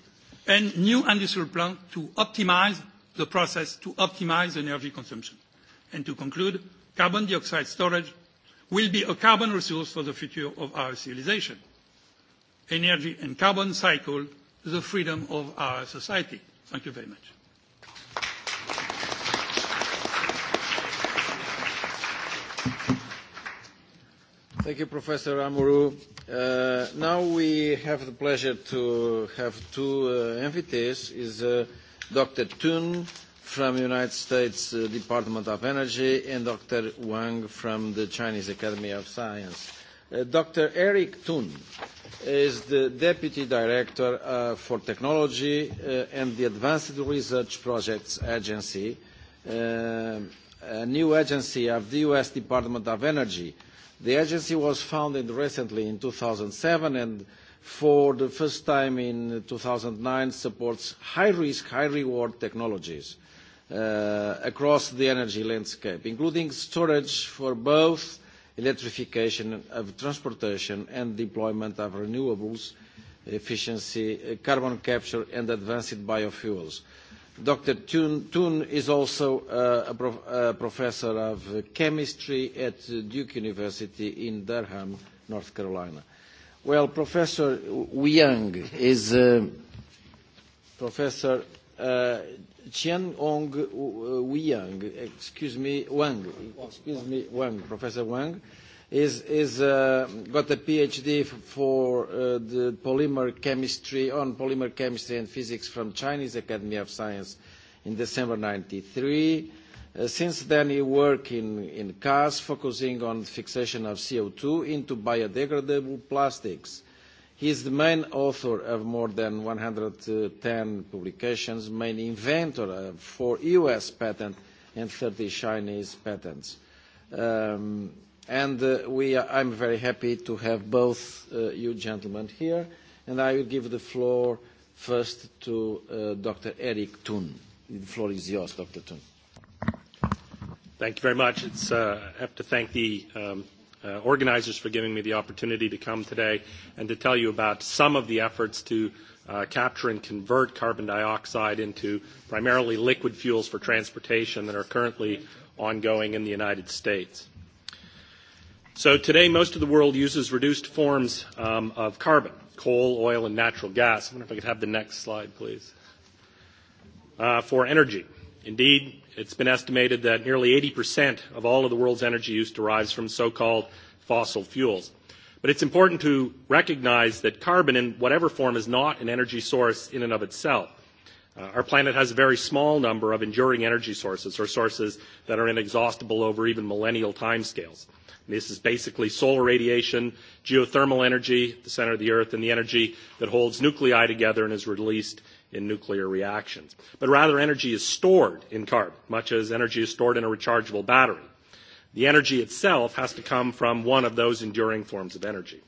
And new industrial plant to optimize the process, to optimize energy consumption. And to conclude, carbon dioxide storage will be a carbon resource for the future of our civilization. Energy and carbon cycle, the freedom of our society. Thank you very much. Thank you, Professor Amuru. Uh, now we have the pleasure to have two uh, invitees, is uh, Dr. Thun from United States uh, Department of Energy and Dr. Wang from the Chinese Academy of Science. Uh, Dr. Eric Tun is the Deputy Director uh, for Technology uh, and the Advanced Research Projects Agency, uh, a new agency of the U.S. Department of Energy. The agency was founded recently in 2007 and for the first time in 2009 supports high-risk, high-reward technologies uh, across the energy landscape, including storage for both electrification of transportation and deployment of renewables, efficiency, uh, carbon capture, and advanced biofuels. Dr. Thun, Thun is also uh, a, prof, a uh, professor of chemistry at Duke University in Durham, North Carolina. Well, Professor Wang is uh, professor uh, Qian Hong Wang, uh, excuse me, Wang, excuse me, Wang, Professor Wang, is, is uh, got a PhD for uh, the polymer chemistry, on polymer chemistry and physics from Chinese Academy of Science in December 93. Uh, since then, he worked in, in cars, focusing on fixation of CO2 into biodegradable plastics. Uh, He is the main author of more than 110 publications, main inventor of four U.S. patents and 30 Chinese patents. Um, and uh, we are, I'm very happy to have both uh, you gentlemen here, and I will give the floor first to uh, Dr. Eric Thun. The floor is yours, Dr. Thun. Thank you very much. It's, uh, I have to thank the um, uh, organizers for giving me the opportunity to come today and to tell you about some of the efforts to uh, capture and convert carbon dioxide into primarily liquid fuels for transportation that are currently ongoing in the United States. So today, most of the world uses reduced forms um, of carbon, coal, oil, and natural gas. I wonder if I could have the next slide, please. Uh, for energy. Indeed, it's been estimated that nearly 80% of all of the world's energy use derives from so-called fossil fuels. But it's important to recognize that carbon in whatever form is not an energy source in and of itself. Uh, our planet has a very small number of enduring energy sources or sources that are inexhaustible over even millennial timescales. This is basically solar radiation, geothermal energy, the center of the earth, and the energy that holds nuclei together and is released in nuclear reactions. But rather, energy is stored in carbon, much as energy is stored in a rechargeable battery. The energy itself has to come from one of those enduring forms of energy.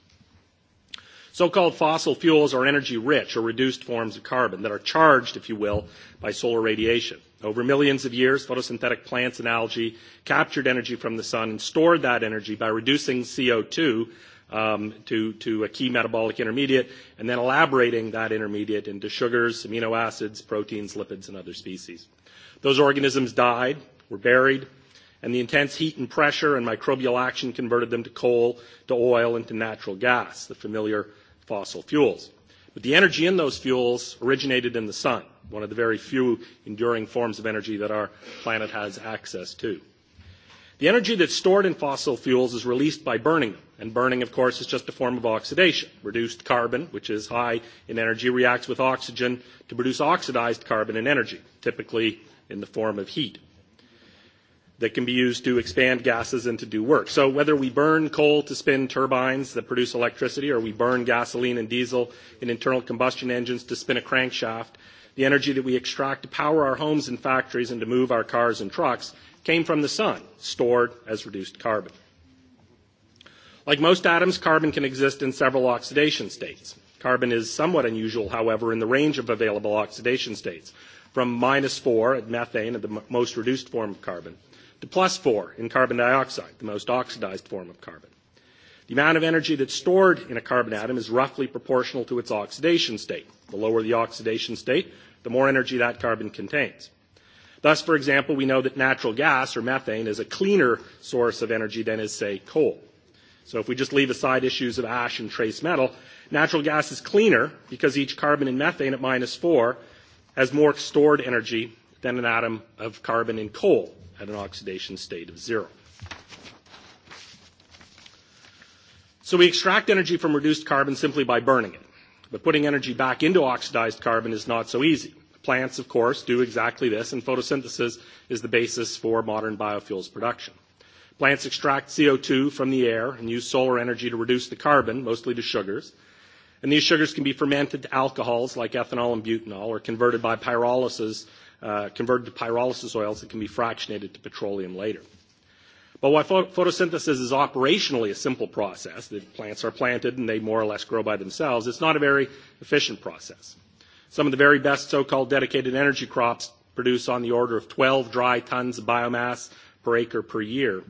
So-called fossil fuels are energy-rich or reduced forms of carbon that are charged, if you will, by solar radiation. Over millions of years, photosynthetic plants and algae captured energy from the sun and stored that energy by reducing CO2 um, to, to a key metabolic intermediate, and then elaborating that intermediate into sugars, amino acids, proteins, lipids, and other species. Those organisms died, were buried, and the intense heat and pressure and microbial action converted them to coal, to oil, and to natural gas, the familiar fossil fuels. But the energy in those fuels originated in the sun, one of the very few enduring forms of energy that our planet has access to. The energy that's stored in fossil fuels is released by burning them. And burning, of course, is just a form of oxidation. Reduced carbon, which is high in energy, reacts with oxygen to produce oxidized carbon and energy, typically in the form of heat, that can be used to expand gases and to do work. So whether we burn coal to spin turbines that produce electricity or we burn gasoline and diesel in internal combustion engines to spin a crankshaft, the energy that we extract to power our homes and factories and to move our cars and trucks came from the sun, stored as reduced carbon. Like most atoms, carbon can exist in several oxidation states. Carbon is somewhat unusual, however, in the range of available oxidation states, from minus 4 at methane, the most reduced form of carbon, to plus 4 in carbon dioxide, the most oxidized form of carbon. The amount of energy that's stored in a carbon atom is roughly proportional to its oxidation state. The lower the oxidation state, the more energy that carbon contains. Thus, for example, we know that natural gas or methane is a cleaner source of energy than is, say, coal. So if we just leave aside issues of ash and trace metal, natural gas is cleaner because each carbon in methane at minus four has more stored energy than an atom of carbon in coal at an oxidation state of zero. So we extract energy from reduced carbon simply by burning it. But putting energy back into oxidized carbon is not so easy. Plants, of course, do exactly this, and photosynthesis is the basis for modern biofuels production. Plants extract CO2 from the air and use solar energy to reduce the carbon, mostly to sugars. And these sugars can be fermented to alcohols like ethanol and butanol, or converted by pyrolysis, uh, converted to pyrolysis oils that can be fractionated to petroleum later. But while photosynthesis is operationally a simple process, the plants are planted and they more or less grow by themselves, it's not a very efficient process. Some of the very best so-called dedicated energy crops produce on the order of 12 dry tons of biomass per acre per year.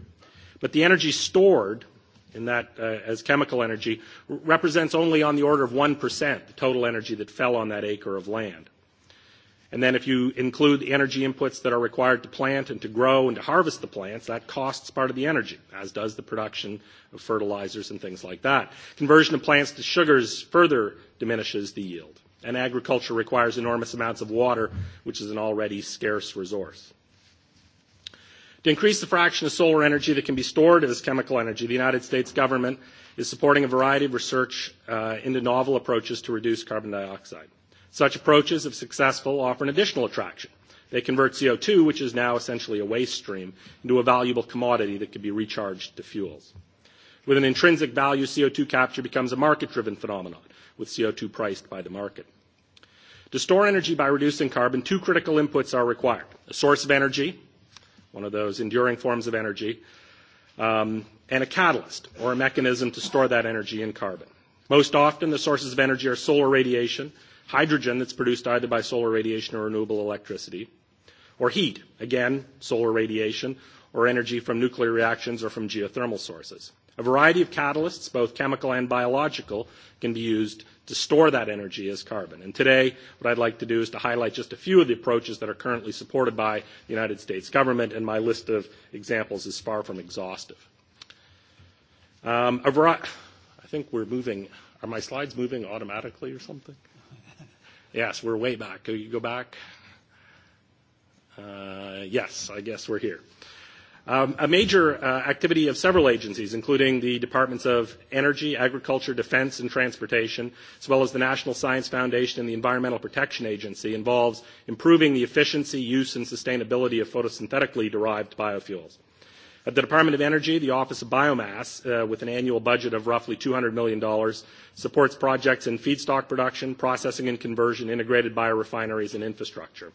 But the energy stored in that uh, as chemical energy represents only on the order of 1% the total energy that fell on that acre of land. And then if you include the energy inputs that are required to plant and to grow and to harvest the plants, that costs part of the energy, as does the production of fertilizers and things like that. Conversion of plants to sugars further diminishes the yield and agriculture requires enormous amounts of water, which is an already scarce resource. To increase the fraction of solar energy that can be stored as chemical energy, the United States government is supporting a variety of research uh, into novel approaches to reduce carbon dioxide. Such approaches, if successful, offer an additional attraction. They convert CO2, which is now essentially a waste stream, into a valuable commodity that can be recharged to fuels. With an intrinsic value, CO2 capture becomes a market-driven phenomenon, with CO2 priced by the market. To store energy by reducing carbon, two critical inputs are required. A source of energy, one of those enduring forms of energy, um, and a catalyst or a mechanism to store that energy in carbon. Most often, the sources of energy are solar radiation, hydrogen that's produced either by solar radiation or renewable electricity, or heat, again, solar radiation, or energy from nuclear reactions or from geothermal sources. A variety of catalysts, both chemical and biological, can be used to store that energy as carbon. And today, what I'd like to do is to highlight just a few of the approaches that are currently supported by the United States government, and my list of examples is far from exhaustive. Um, a vari- I think we're moving. Are my slides moving automatically or something? yes, we're way back. Can you go back? Uh, yes, I guess we're here. Uh, Um, a major uh, activity of several agencies, including the Departments of Energy, Agriculture, Defense, and Transportation, as well as the National Science Foundation and the Environmental Protection Agency, involves improving the efficiency, use, and sustainability of photosynthetically derived biofuels. At the Department of Energy, the Office of Biomass, uh, with an annual budget of roughly $200 million, supports projects in feedstock production, processing and conversion, integrated biorefineries, and infrastructure.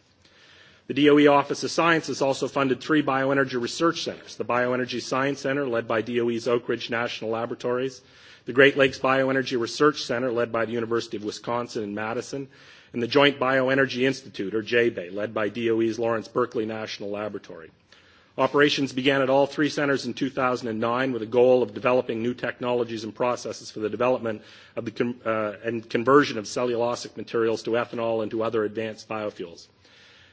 The DOE Office of Science has also funded three bioenergy research centers the Bioenergy Science Center, led by DOE's Oak Ridge National Laboratories, the Great Lakes Bioenergy Research Center, led by the University of Wisconsin in Madison, and the Joint Bioenergy Institute, or JBAY, led by DOE's Lawrence Berkeley National Laboratory. Operations began at all three centers in 2009 with a goal of developing new technologies and processes for the development of the con- uh, and conversion of cellulosic materials to ethanol and to other advanced biofuels.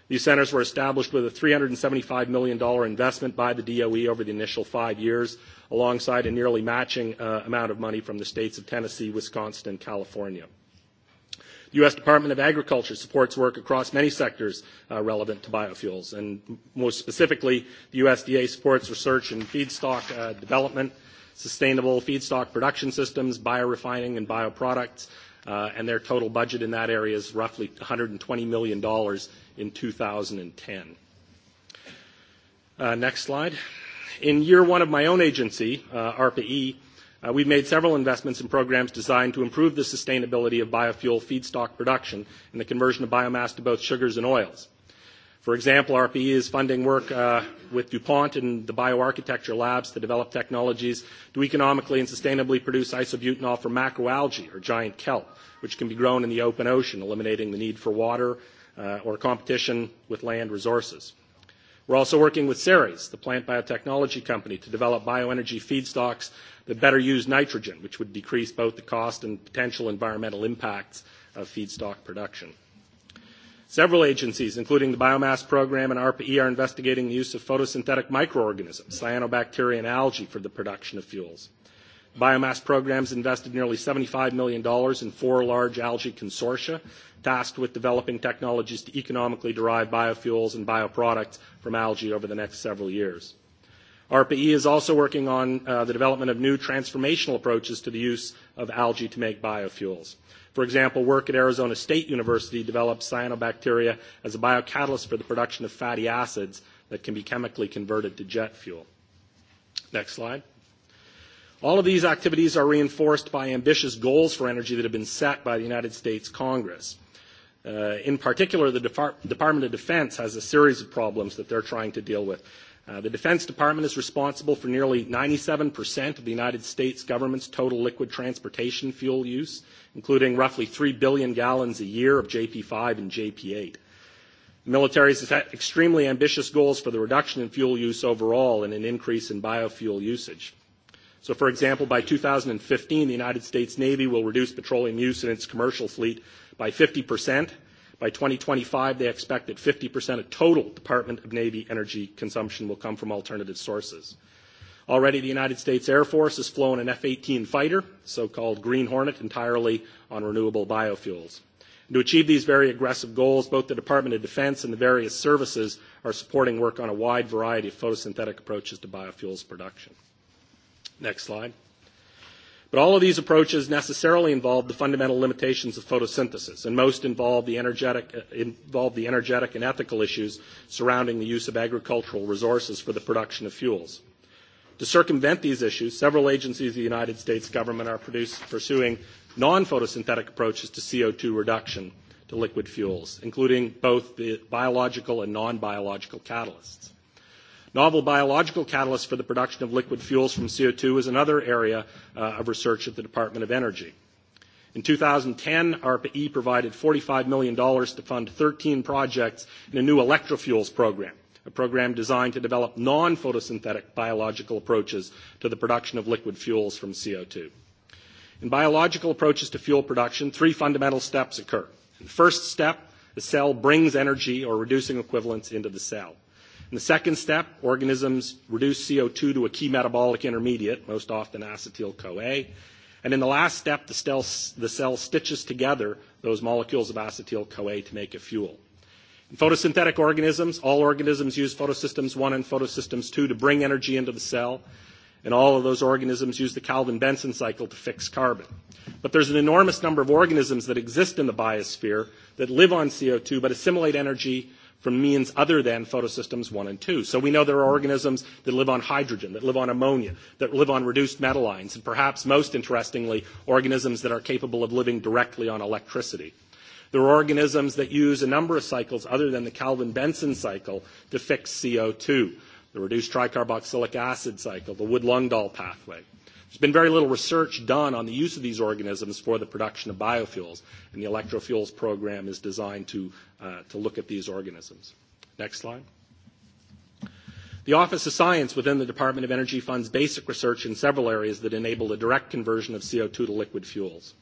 These centers were established with a $375 million investment by the DOE over the initial five years, alongside a nearly matching uh, amount of money from the states of Tennessee, Wisconsin, and California. The U.S. Department of Agriculture supports work across many sectors uh, relevant to biofuels, and most specifically, the USDA supports research in feedstock uh, development, sustainable feedstock production systems, biorefining, and bioproducts, uh, and their total budget in that area is roughly $120 million in 2010. Uh, next slide. In year one of my own agency, uh, ARPA-E, uh, we've made several investments in programs designed to improve the sustainability of biofuel feedstock production and the conversion of biomass to both sugars and oils. For example, RPE is funding work uh, with DuPont and the bioarchitecture labs to develop technologies to economically and sustainably produce isobutanol from macroalgae or giant kelp, which can be grown in the open ocean, eliminating the need for water uh, or competition with land resources. We're also working with Ceres, the plant biotechnology company, to develop bioenergy feedstocks that better use nitrogen, which would decrease both the cost and potential environmental impacts of feedstock production. Several agencies, including the Biomass Program and ARPA-E, are investigating the use of photosynthetic microorganisms, cyanobacteria, and algae for the production of fuels. The Biomass Program's invested nearly $75 million in four large algae consortia tasked with developing technologies to economically derive biofuels and bioproducts from algae over the next several years. ARPA-E is also working on uh, the development of new transformational approaches to the use of algae to make biofuels. For example, work at Arizona State University developed cyanobacteria as a biocatalyst for the production of fatty acids that can be chemically converted to jet fuel. Next slide. All of these activities are reinforced by ambitious goals for energy that have been set by the United States Congress. Uh, in particular, the Depart- Department of Defense has a series of problems that they're trying to deal with. Uh, the Defense Department is responsible for nearly 97% of the United States government's total liquid transportation fuel use, including roughly 3 billion gallons a year of JP5 and JP8. The military has set extremely ambitious goals for the reduction in fuel use overall and an increase in biofuel usage. So, for example, by 2015, the United States Navy will reduce petroleum use in its commercial fleet by 50 percent By 2025, they expect that 50% of total Department of Navy energy consumption will come from alternative sources. Already, the United States Air Force has flown an F-18 fighter, so-called Green Hornet, entirely on renewable biofuels. And to achieve these very aggressive goals, both the Department of Defense and the various services are supporting work on a wide variety of photosynthetic approaches to biofuels production. Next slide. But all of these approaches necessarily involve the fundamental limitations of photosynthesis, and most involve the energetic, uh, involve the energetic and ethical issues surrounding the use of agricultural resources for the production of fuels. To circumvent these issues, several agencies of the United States government are produce, pursuing non-photosynthetic approaches to CO2 reduction to liquid fuels, including both the biological and non-biological catalysts. Novel biological catalysts for the production of liquid fuels from CO2 is another area uh, of research at the Department of Energy. In 2010, ARPA-E provided $45 million to fund 13 projects in a new electrofuels program, a program designed to develop non-photosynthetic biological approaches to the production of liquid fuels from CO2. In biological approaches to fuel production, three fundamental steps occur. In the first step, the cell brings energy or reducing equivalents into the cell. In the second step, organisms reduce CO2 to a key metabolic intermediate, most often acetyl-CoA. And in the last step, the cell, the cell stitches together those molecules of acetyl-CoA to make a fuel. In photosynthetic organisms, all organisms use photosystems 1 and photosystems 2 to bring energy into the cell, and all of those organisms use the Calvin-Benson cycle to fix carbon. But there's an enormous number of organisms that exist in the biosphere that live on CO2 but assimilate energy from means other than photosystems 1 and 2. So we know there are organisms that live on hydrogen, that live on ammonia, that live on reduced metal ions, and perhaps most interestingly, organisms that are capable of living directly on electricity. There are organisms that use a number of cycles other than the Calvin-Benson cycle to fix CO2, the reduced tricarboxylic acid cycle, the Wood-Lundahl pathway. There's been very little research done on the use of these organisms for the production of biofuels, and the electrofuels program is designed to, uh, to look at these organisms. Next slide. The Office of Science within the Department of Energy funds basic research in several areas that enable the direct conversion of CO2 to liquid fuels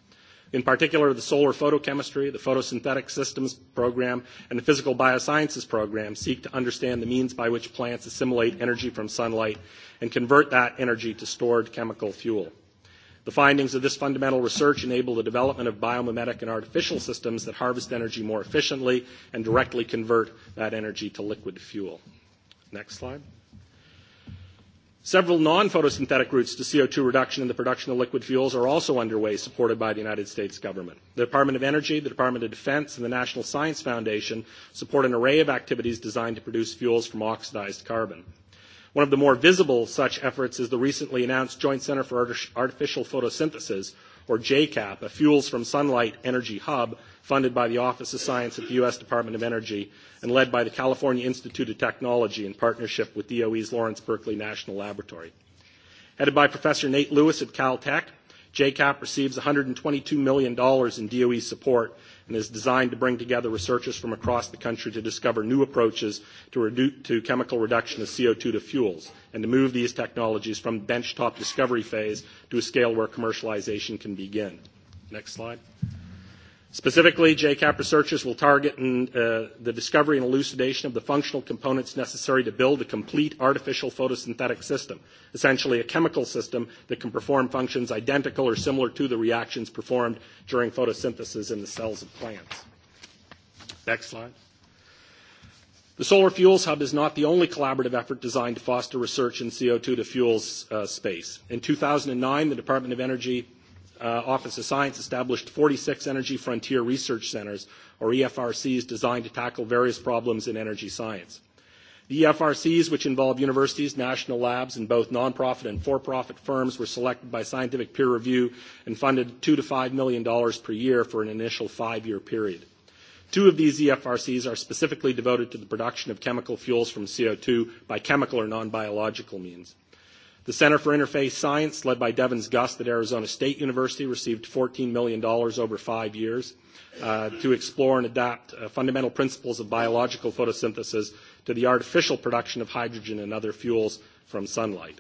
in particular the solar photochemistry, the photosynthetic systems program, and the physical biosciences program seek to understand the means by which plants assimilate energy from sunlight and convert that energy to stored chemical fuel. The findings of this fundamental research enable the development of biomimetic and artificial systems that harvest energy more efficiently and directly convert that energy to liquid fuel. Next slide. Several non-photosynthetic routes to CO2 reduction in the production of liquid fuels are also underway, supported by the United States government. The Department of Energy, the Department of Defense, and the National Science Foundation support an array of activities designed to produce fuels from oxidized carbon. One of the more visible such efforts is the recently announced Joint Center for Artificial Photosynthesis, or JCAP, a Fuels from Sunlight Energy Hub funded by the Office of Science at the U.S. Department of Energy and led by the California Institute of Technology in partnership with DOE's Lawrence Berkeley National Laboratory. Headed by Professor Nate Lewis at Caltech, JCAP receives $122 million in DOE support and is designed to bring together researchers from across the country to discover new approaches to, redu- to chemical reduction of CO2 to fuels and to move these technologies from benchtop discovery phase to a scale where commercialization can begin. Next slide. Uh, Specifically, JCAP researchers will target in, uh, the discovery and elucidation of the functional components necessary to build a complete artificial photosynthetic system, essentially a chemical system that can perform functions identical or similar to the reactions performed during photosynthesis in the cells of plants. Next slide. The Solar Fuels Hub is not the only collaborative effort designed to foster research in CO2 to fuels uh, space. In 2009, the Department of Energy uh, Office of Science established 46 Energy Frontier Research Centers, or EFRCs, designed to tackle various problems in energy science. The EFRCs, which involve universities, national labs, and both nonprofit and for-profit firms, were selected by scientific peer review and funded two to five million dollars per year for an initial five-year period. Two of these EFRCs are specifically devoted to the production of chemical fuels from CO2 by chemical or non-biological means. The Center for Interfaith Science, led by Devins Gust at Arizona State University, received $14 million over five years uh, to explore and adapt uh, fundamental principles of biological photosynthesis to the artificial production of hydrogen and other fuels from sunlight.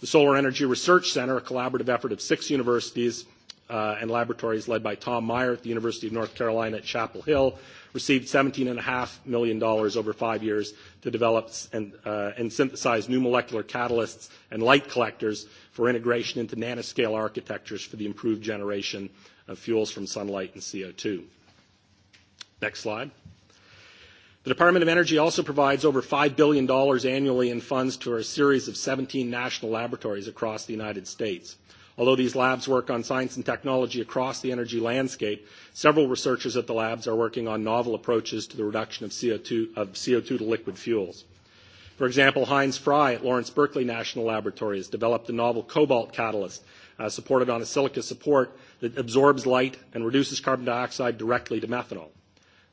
The Solar Energy Research Center, a collaborative effort of six universities uh, and laboratories led by Tom Meyer at the University of North Carolina at Chapel Hill, received $17.5 million over five years to develop and, uh, and synthesize new molecular catalysts and light collectors for integration into nanoscale architectures for the improved generation of fuels from sunlight and CO2. Next slide. The Department of Energy also provides over $5 billion annually in funds to a series of 17 national laboratories across the United States. Although these labs work on science and technology across the energy landscape, several researchers at the labs are working on novel approaches to the reduction of CO2, of CO2 to liquid fuels. For example, Heinz Frey at Lawrence Berkeley National Laboratory has developed a novel cobalt catalyst uh, supported on a silica support that absorbs light and reduces carbon dioxide directly to methanol.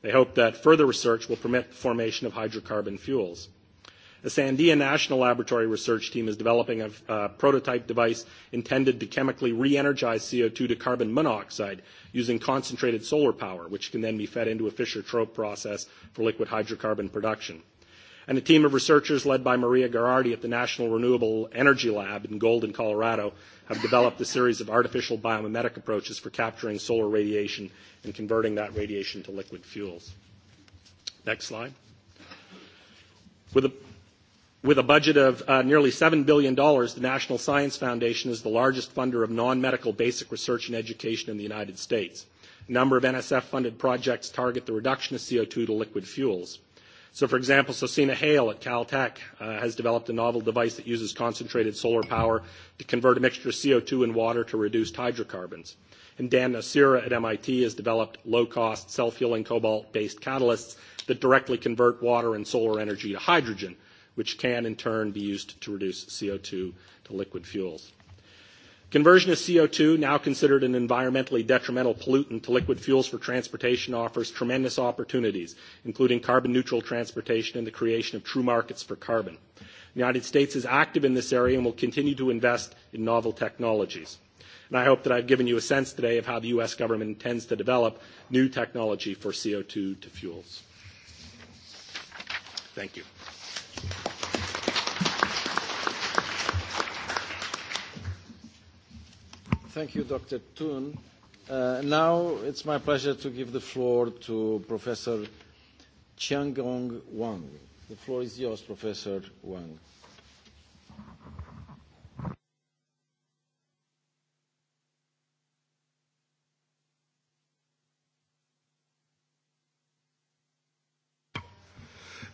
They hope that further research will permit the formation of hydrocarbon fuels. A Sandia National Laboratory research team is developing a uh, prototype device intended to chemically re-energize CO2 to carbon monoxide using concentrated solar power, which can then be fed into a Fischer-Tropsch process for liquid hydrocarbon production and a team of researchers led by Maria Garardi at the National Renewable Energy Lab in Golden, Colorado, have developed a series of artificial biomimetic approaches for capturing solar radiation and converting that radiation to liquid fuels. Next slide. With a With a budget of uh, nearly $7 billion, the National Science Foundation is the largest funder of non-medical basic research and education in the United States. A number of NSF-funded projects target the reduction of CO2 to liquid fuels. So, for example, Sosina Hale at Caltech uh, has developed a novel device that uses concentrated solar power to convert a mixture of CO2 and water to reduced hydrocarbons. And Dan Nasira at MIT has developed low-cost, self-healing cobalt-based catalysts that directly convert water and solar energy to hydrogen – which can in turn be used to reduce CO2 to liquid fuels. Conversion of CO2, now considered an environmentally detrimental pollutant to liquid fuels for transportation, offers tremendous opportunities, including carbon neutral transportation and the creation of true markets for carbon. The United States is active in this area and will continue to invest in novel technologies. And I hope that I've given you a sense today of how the U.S. government intends to develop new technology for CO2 to fuels. Thank you. Thank you, Dr. Thun. Uh, now it's my pleasure to give the floor to Professor Chiangong Wang. The floor is yours, Professor Wang.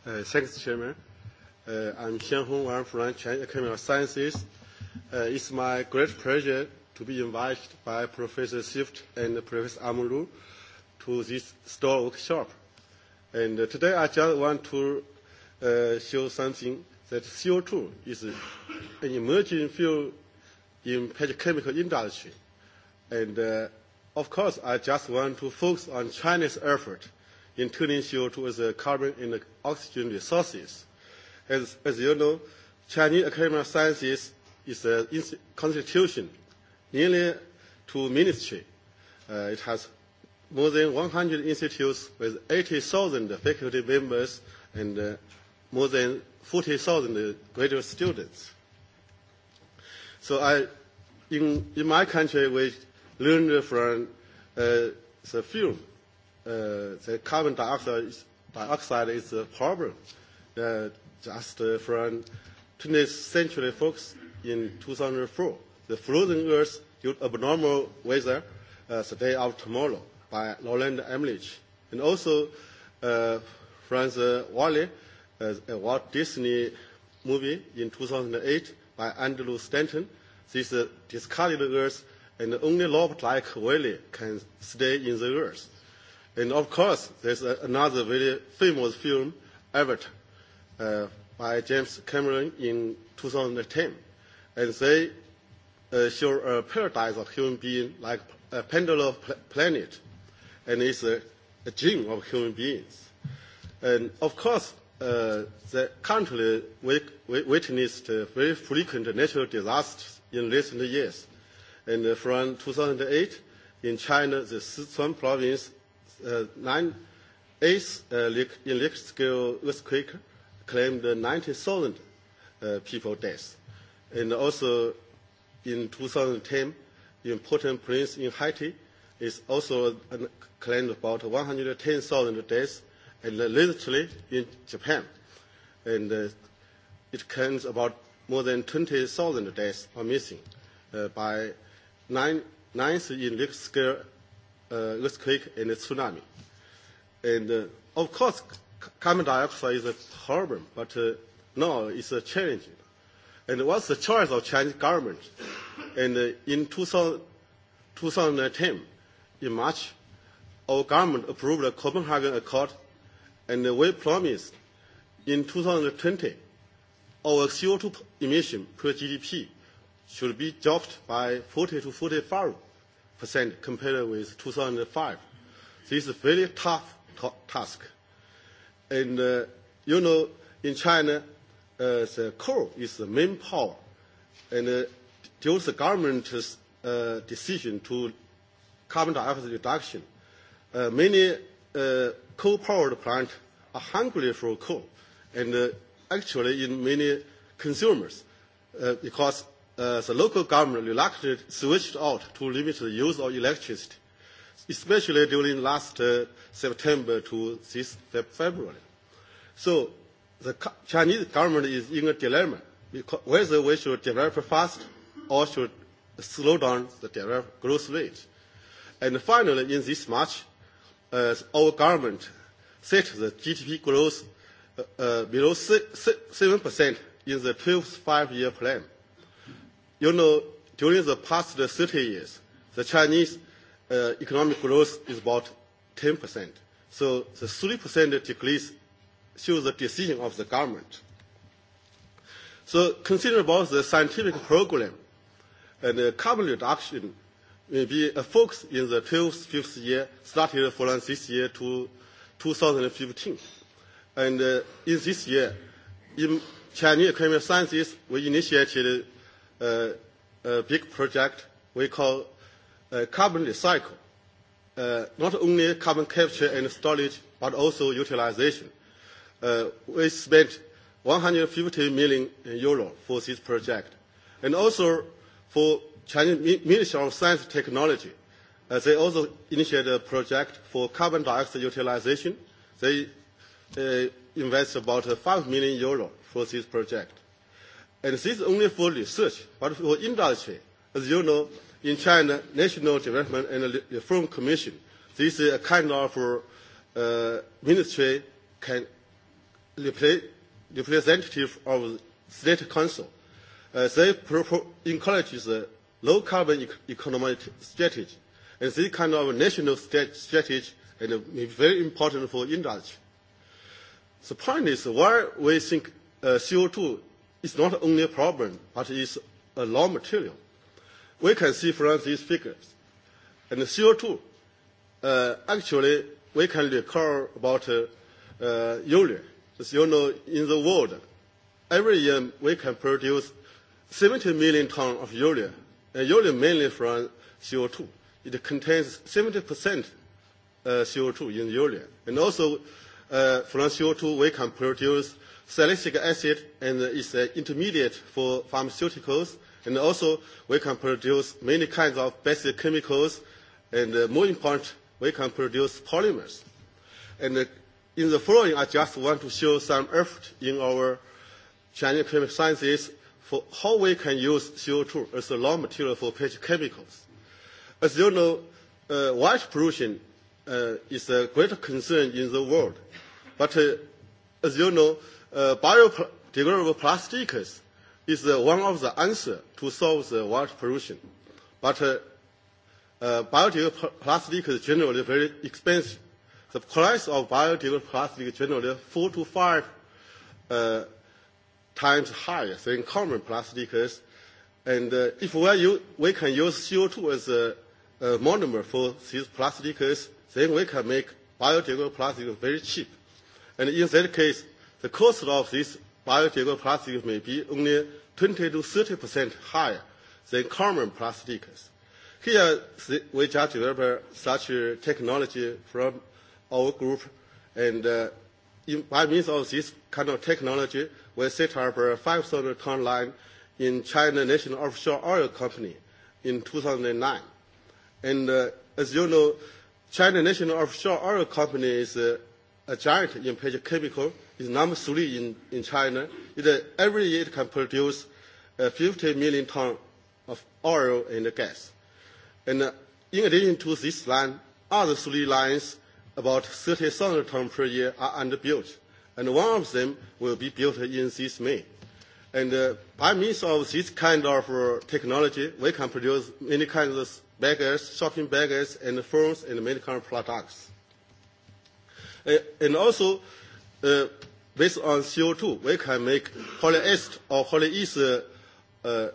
Uh, thanks, Chairman. Uh, I'm Xianhong Wang from Chinese Academy of Sciences. Uh, it's my great pleasure to be invited by Professor Swift and Professor Amulu to this store workshop. And uh, today I just want to uh, show something that CO2 is an emerging field in petrochemical industry. And uh, of course, I just want to focus on China's effort in turning CO2 as a carbon and oxygen resources. As, as you know, Chinese Academy of Sciences is a constitution, nearly to ministry. Uh, it has more than 100 institutes with 80,000 faculty members and uh, more than 40,000 graduate students. So I, in, in my country, we learned from uh, the film. Uh, the carbon dioxide is, dioxide is a problem. Uh, just uh, from 20th century Fox in 2004, the frozen earth due to abnormal weather, uh, the day of tomorrow by Roland Emmerich. And also uh, from the Wally, uh, a Walt Disney movie in 2008 by Andrew Stanton, this uh, discarded earth and only lobe-like whale can stay in the earth. And of course, there's a, another very famous film, Avatar uh, by James Cameron in 2010, and they uh, show a paradise of human being like a pendulum pl- planet, and it's a, a dream of human beings. And of course, uh, the currently we, we witnessed uh, very frequent natural disasters in recent years. And uh, from 2008, in China, the Sichuan province, uh, nine eighth uh, in Richter scale earthquake claimed 90,000 uh, people deaths. And also in 2010, in Port-au-Prince in Haiti, is also uh, claimed about 110,000 deaths, and literally in Japan. And uh, it claims about more than 20,000 deaths are missing uh, by nine, ninth in Richter scale uh, earthquake and tsunami. And uh, of course, carbon dioxide is a problem, but uh, no, it's a challenge. And what's the choice of Chinese government? And uh, in 2000, 2010, in March, our government approved the Copenhagen Accord, and we promised in 2020, our CO2 emission per GDP should be dropped by 40 to 45 percent compared with 2005. This is a very tough task. And uh, you know, in China, uh, the coal is the main power. And uh, due to the government's uh, decision to carbon dioxide reduction, uh, many uh, coal-powered plants are hungry for coal. And uh, actually, in many consumers, uh, because uh, the local government reluctantly switched out to limit the use of electricity especially during last uh, September to this February. So the Chinese government is in a dilemma because whether we should develop fast or should slow down the growth rate. And finally, in this March, uh, our government set the GDP growth uh, uh, below 7% in the 12th five-year plan. You know, during the past 30 years, the Chinese uh, economic growth is about 10%. So the 3% decrease shows the decision of the government. So consider about the scientific program and the carbon reduction will be a focus in the 12th, 5th year, started from this year to 2015. And uh, in this year, in Chinese Academy of Sciences, we initiated a, uh, a big project we call uh, carbon recycle, uh, not only carbon capture and storage, but also utilization. Uh, we spent 150 million euro for this project. And also for Chinese Ministry of Science and Technology, uh, they also initiated a project for carbon dioxide utilization. They uh, invest about 5 uh, million euro for this project. And this is only for research, but for industry, as you know, in China National Development and Reform Commission. This is a kind of uh, ministry can repre representative of State Council. Uh, they propo- encourages a low carbon e- economic strategy, and this kind of national st- strategy and uh, is very important for industry. The point is why we think uh, CO2 is not only a problem, but it's a raw material we can see from these figures. And CO2, uh, actually, we can recall about uh, uh, urea. As you know, in the world, every year we can produce 70 million tons of urea, and urea mainly from CO2. It contains 70% uh, CO2 in urea. And also, uh, from CO2, we can produce salicylic acid, and it's an uh, intermediate for pharmaceuticals And also, we can produce many kinds of basic chemicals, and uh, more important, we can produce polymers. And uh, in the following, I just want to show some effort in our Chinese chemical sciences for how we can use CO2 as a raw material for petrochemicals. As you know, uh, water pollution uh, is a great concern in the world. But uh, as you know, uh, biodegradable plastics is uh, one of the answer to solve the water pollution. But uh, uh, biodegradable plastic is generally very expensive. The price of biodegradable plastic is generally four to five uh, times higher than common plastic is. And uh, if we, use, we can use CO2 as a, a monomer for these plastics, then we can make biodegradable plastic very cheap. And in that case, the cost of this biodegradable plastic may be only 20 to 30 percent higher than common plastics. Here, we just developed such technology from our group, and uh, in, by means of this kind of technology, we set up a 5,000-ton line in China National Offshore Oil Company in 2009. And uh, as you know, China National Offshore Oil Company is uh, a giant in packaged chemical is number three in, in China. It, uh, every year it can produce uh, 50 million tons of oil and gas. And uh, in addition to this line, other three lines, about 30,000 tons per year, are underbuilt. And one of them will be built in this May. And uh, by means of this kind of uh, technology, we can produce many kinds of baggers, shopping baggers, and phones, and many kind of products. Uh, and also, uh, based on CO2, we can make polyester or polyether uh,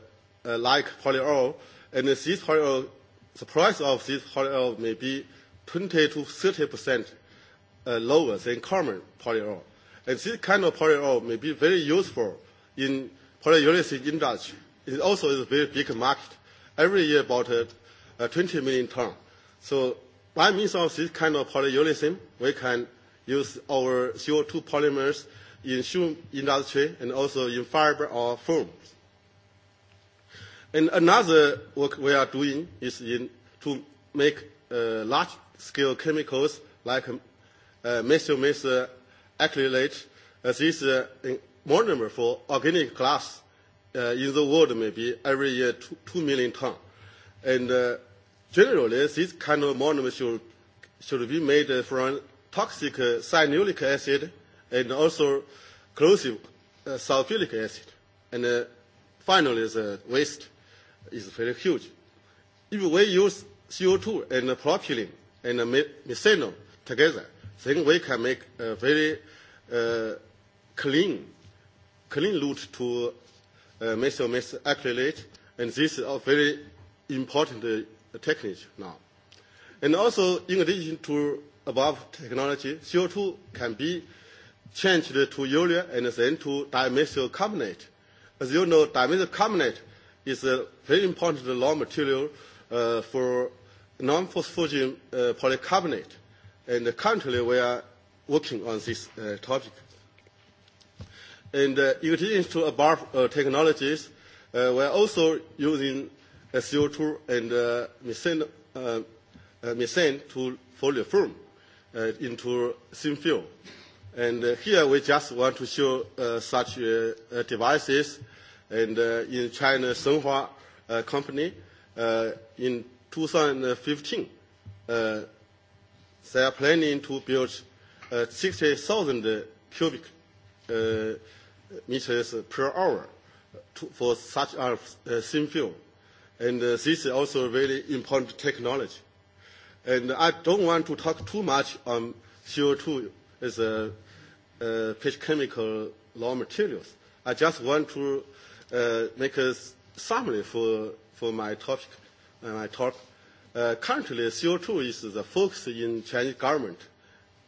uh, like polyol. And this polyol, the price of this polyol may be 20 to 30 percent uh, lower than common polyol. And this kind of polyol may be very useful in polyurethane industry. It also is a very big market. Every year about uh, uh, 20 million tons. So by means of this kind of polyurethane, we can use our CO2 polymers in shoe industry and also in fiber or foams. And another work we are doing is in to make uh, large-scale chemicals like um, uh, methyl methyl acrylate. Uh, this is uh, a monomer for organic glass uh, in the world maybe every year two, two million tons. And uh, generally, this kind of monomer should, should be made from toxic uh, cyanuric acid and also corrosive uh, sulfuric acid. And uh, finally, the waste is very huge. If we use CO2 and propylene and methanol together, then we can make a very uh, clean, clean route to uh, methyl methyl acrylate, and this is a very important uh, technique now. And also, in addition to above technology, CO2 can be changed to urea and then to dimethyl carbonate. As you know, dimethyl carbonate is a very important raw material uh, for non-phosphogen uh, polycarbonate. And currently we are working on this uh, topic. And uh, in addition to above uh, technologies, uh, we are also using uh, CO2 and uh, methane, uh, uh, methane to foliar film. Uh, uh, into thin film. And uh, here we just want to show uh, such uh, uh, devices. And uh, in China, Senhua uh, company, uh, in 2015, uh, they are planning to build uh, 60,000 cubic uh, meters per hour to, for such a uh, thin film. And uh, this is also a very important technology. And I don't want to talk too much on CO2 as a uh, petrochemical raw materials. I just want to uh, make a summary for, for my topic and uh, my talk. Uh, currently, CO2 is the focus in Chinese government.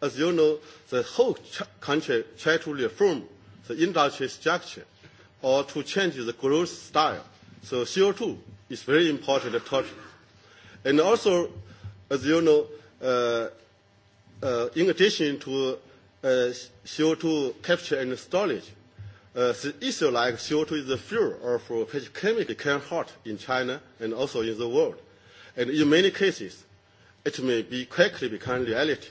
As you know, the whole ch- country try to reform the industry structure or to change the growth style. So CO2 is very important topic. And also, As you know, uh, uh, in addition to uh, CO2 capture and storage, uh, the issue like CO2 is the fuel or for petrochemical can hot in China and also in the world. And in many cases, it may be quickly become reality.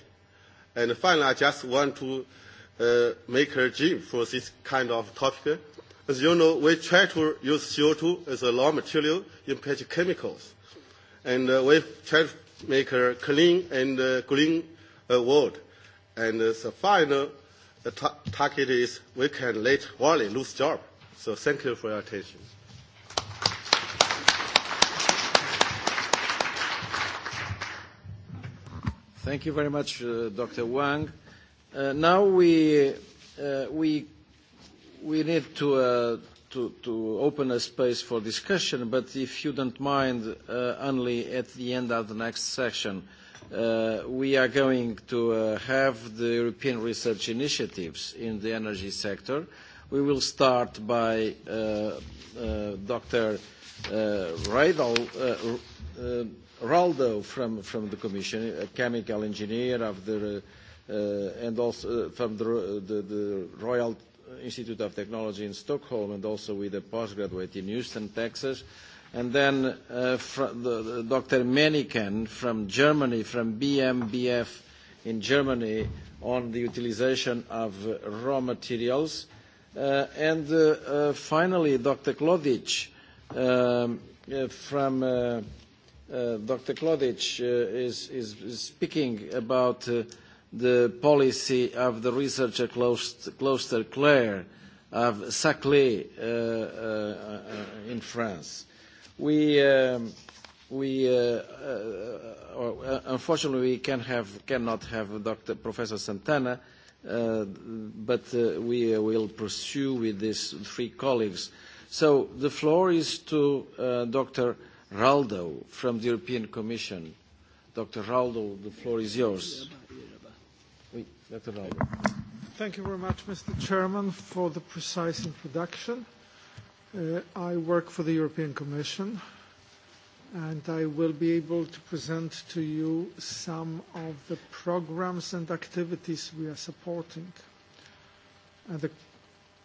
And finally, I just want to uh, make a dream for this kind of topic. As you know, we try to use CO2 as a raw material in petrochemicals. And uh, we try make a clean and uh, green uh, world. And uh, the final the uh, ta- target is we can let Wally lose job. So thank you for your attention. Thank you very much, uh, Dr. Wang. Uh, now we, uh, we, we need to, uh, to, to open a space for discussion, but if you don't mind, uh, only at the end of the next session, uh, we are going to uh, have the European research initiatives in the energy sector. We will start by uh, uh, Dr. Uh, Radal, uh, uh, Raldo from, from the Commission, a chemical engineer of the, uh, and also uh, from the, the, the Royal Institute of Technology in Stockholm and also with a postgraduate in Houston, Texas. And then uh, fr- the, the Dr. Meniken from Germany, from BMBF in Germany, on the utilization of uh, raw materials. Uh, and uh, uh, finally, Dr. Klodic um, uh, from uh, uh, Dr. Klodic uh, is, is, is speaking about uh, the policy of the researcher Closter Claire of Saclay uh, uh, uh, in France. We, um, we uh, uh, or, uh, unfortunately we can have, cannot have Dr. Professor Santana, uh, but uh, we uh, will pursue with these three colleagues. So the floor is to uh, Dr. Raldo from the European Commission. Dr. Raldo, the floor is yours. Yeah. Dr. Raube. Thank you very much, Mr. Chairman, for the precise introduction. Uh, I work for the European Commission, and I will be able to present to you some of the programs and activities we are supporting. And the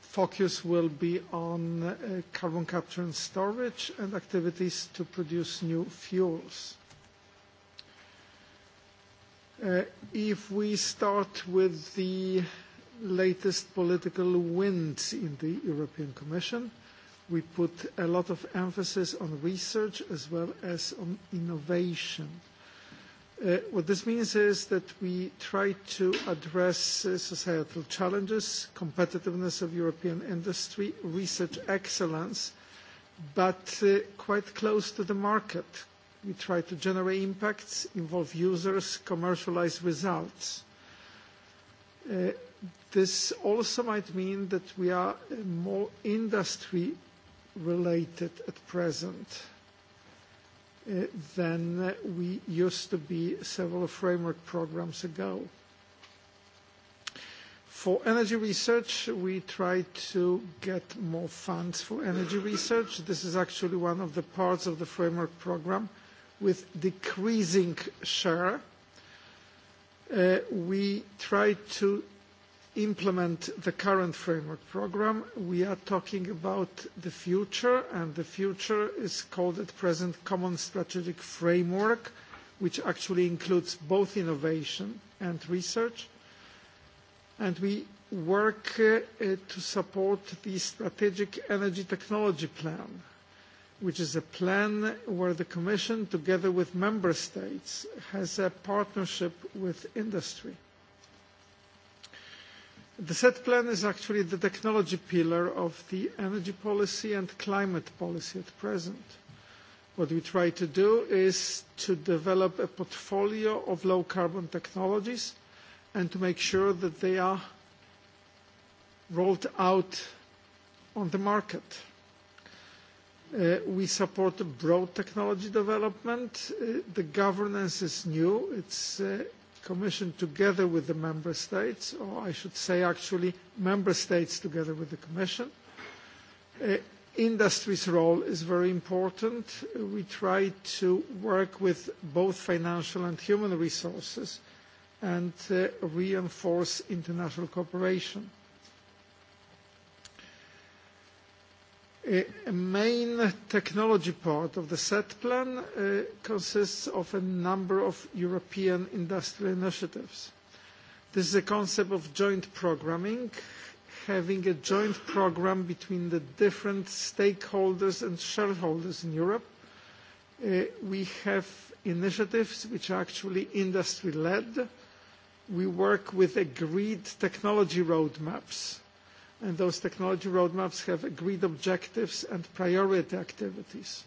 focus will be on uh, carbon capture and storage and activities to produce new fuels. Uh, if we start with the latest political winds in the European Commission, we put a lot of emphasis on research as well as on innovation. Uh, what this means is that we try to address uh, societal challenges, competitiveness of European industry, research excellence, but uh, quite close to the market, We try to generate impacts, involve users, commercialize results. Uh, this also might mean that we are more industry-related at present uh, than uh, we used to be several framework programs ago. For energy research, we try to get more funds for energy research. This is actually one of the parts of the framework program. Uh, with decreasing share. Uh, we try to implement the current framework program. We are talking about the future, and the future is called at present Common Strategic Framework, which actually includes both innovation and research. And we work uh, to support the Strategic Energy Technology Plan, which is a plan where the Commission, together with member states, has a partnership with industry. The set plan is actually the technology pillar of the energy policy and climate policy at present. What we try to do is to develop a portfolio of low carbon technologies and to make sure that they are rolled out on the market Uh, we support broad technology development. Uh, the governance is new. It's uh, commissioned together with the member states, or I should say actually member states together with the commission. Uh, industry's role is very important. We try to work with both financial and human resources and uh, reinforce international cooperation. A main technology part of the set plan uh, consists of a number of European industrial initiatives. This is a concept of joint programming, having a joint program between the different stakeholders and shareholders in Europe. Uh, we have initiatives which are actually industry-led. We work with agreed technology roadmaps and those technology roadmaps have agreed objectives and priority activities.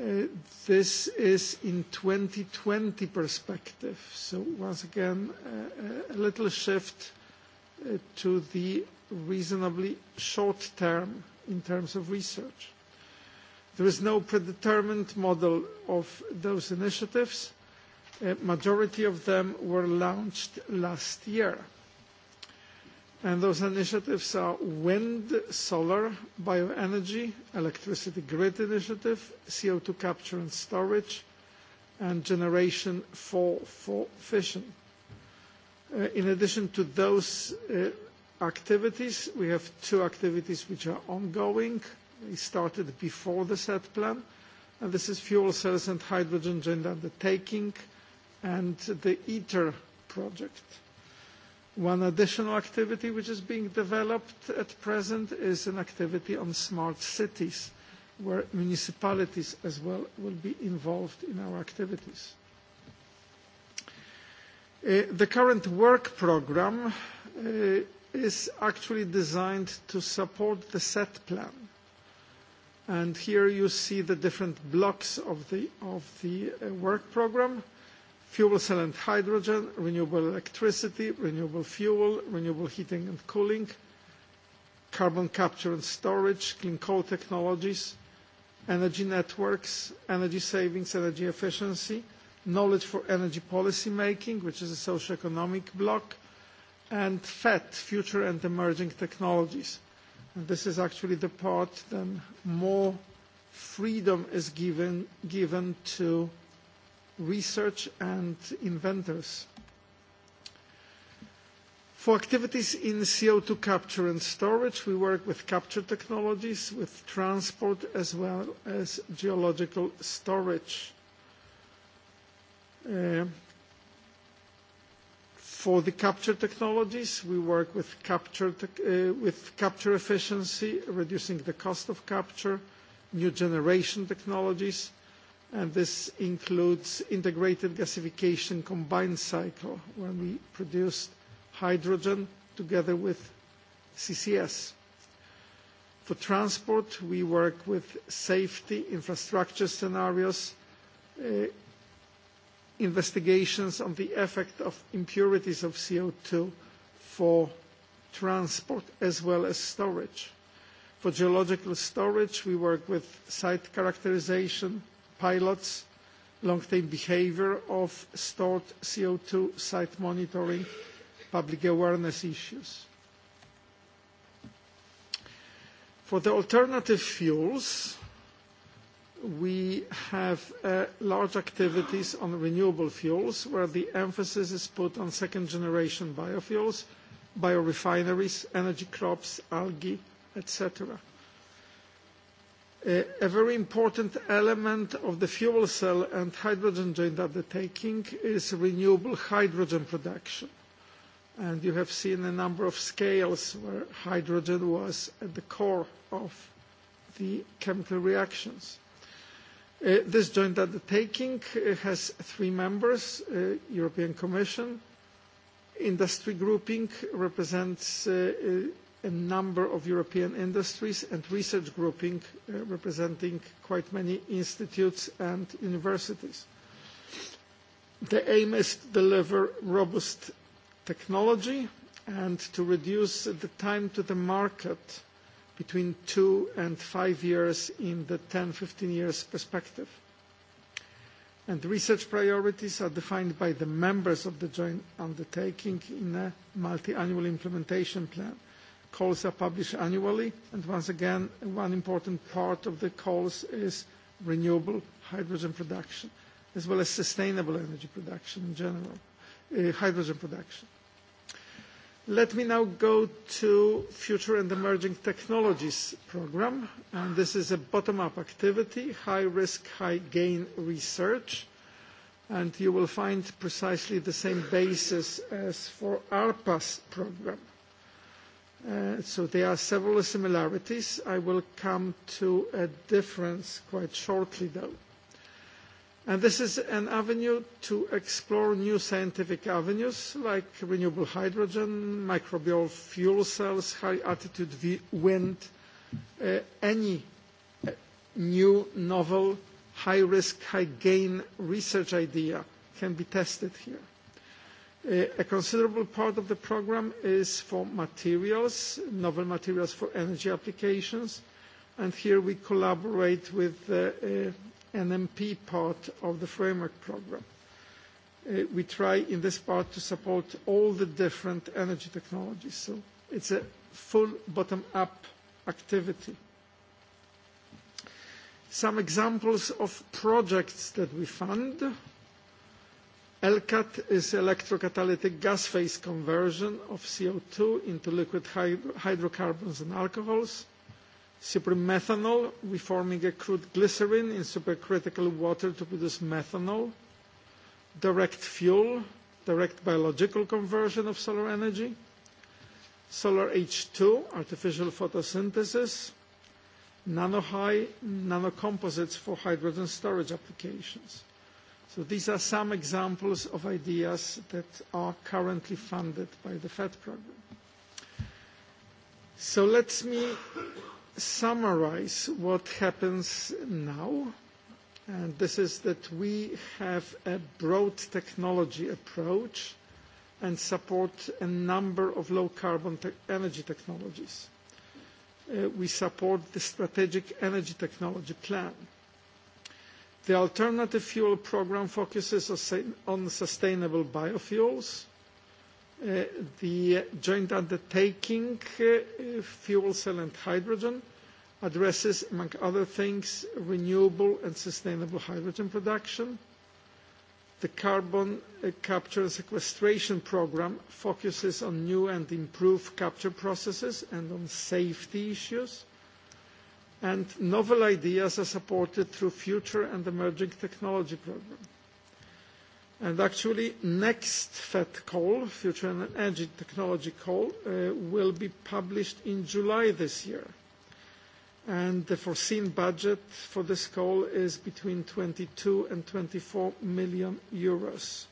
Uh, this is in 2020 perspective. So once again, uh, uh, a little shift uh, to the reasonably short term in terms of research. There is no predetermined model of those initiatives. A uh, majority of them were launched last year. And those initiatives are wind, solar, bioenergy, electricity grid initiative, CO2 capture and storage, and generation for, for fission. Uh, in addition to those uh, activities, we have two activities which are ongoing. They started before the set plan, and this is fuel cells and hydrogen joint undertaking and the ITER e project. One additional activity which is being developed at present is an activity on smart cities, where municipalities as well will be involved in our activities. Uh, the current work program uh, is actually designed to support the set plan. And here you see the different blocks of the, of the uh, work program. Uh, fuel cell and hydrogen, renewable electricity, renewable fuel, renewable heating and cooling, carbon capture and storage, clean coal technologies, energy networks, energy savings, energy efficiency, knowledge for energy policy making, which is a socioeconomic block, and FET, future and emerging technologies. And this is actually the part then more freedom is given, given to uh, research and inventors. For activities in CO2 capture and storage, we work with capture technologies, with transport, as well as geological storage. Uh, for the capture technologies, we work with capture, uh, with capture efficiency, reducing the cost of capture, new generation technologies, uh, and this includes integrated gasification combined cycle, when we produce hydrogen together with CCS. For transport, we work with safety infrastructure scenarios, uh, investigations on the effect of impurities of CO2 for transport as well as storage. For geological storage, we work with site characterization, pilots, long-term behavior of stored CO2 site monitoring, public awareness issues. For the alternative fuels, we have uh, large activities on renewable fuels, where the emphasis is put on second-generation biofuels, biorefineries, energy crops, algae, et cetera a very important element of the fuel cell and hydrogen joint undertaking is renewable hydrogen production. And you have seen a number of scales where hydrogen was at the core of the chemical reactions. Uh, this joint undertaking uh, has three members. Uh, European Commission industry grouping represents uh, uh, a number of European industries and research grouping uh, representing quite many institutes and universities. The aim is to deliver robust technology and to reduce the time to the market between two and five years in the 10, 15 years perspective. And research priorities are defined by the members of the joint undertaking in a multi-annual implementation plan. Calls are published annually, and once again, one important part of the calls is renewable hydrogen production, as well as sustainable energy production in general, uh, hydrogen production. Let me now go to Future and Emerging Technologies program, and this is a bottom-up activity, high-risk, high-gain research, and you will find precisely the same basis as for ARPA's program. Uh, so there are several similarities. I will come to a difference quite shortly, though. And this is an avenue to explore new scientific avenues like renewable hydrogen, microbial fuel cells, high-altitude wind, uh, any uh, new, novel, high-risk, high-gain research idea can be tested here. A considerable part of the program is for materials, novel materials for energy applications, and here we collaborate with the uh, uh, NMP part of the framework program. Uh, we try in this part to support all the different energy technologies, so it's a full bottom-up activity. Some examples of projects that we fund ELCAT is electrocatalytic gas phase conversion of CO2 into liquid hydro hydrocarbons and alcohols. Cypermethanol, reforming a crude glycerin in supercritical water to produce methanol. Direct fuel, direct biological conversion of solar energy. Solar H2, artificial photosynthesis. Nanohy, nanocomposites for hydrogen storage applications. So these are some examples of ideas that are currently funded by the FED program. So let me summarize what happens now. And this is that we have a broad technology approach and support a number of low-carbon te energy technologies. Uh, we support the Strategic Energy Technology Plan. The alternative fuel program focuses on sustainable biofuels. Uh, the joint undertaking, uh, fuel cell and hydrogen, addresses, among other things, renewable and sustainable hydrogen production. The carbon uh, capture and sequestration program focuses on new and improved capture processes and on safety issues and novel ideas are supported through future and emerging technology program. And actually, next FET call, Future and Energy Technology call, uh, will be published in July this year. And the foreseen budget for this call is between 22 million and 24 million euros.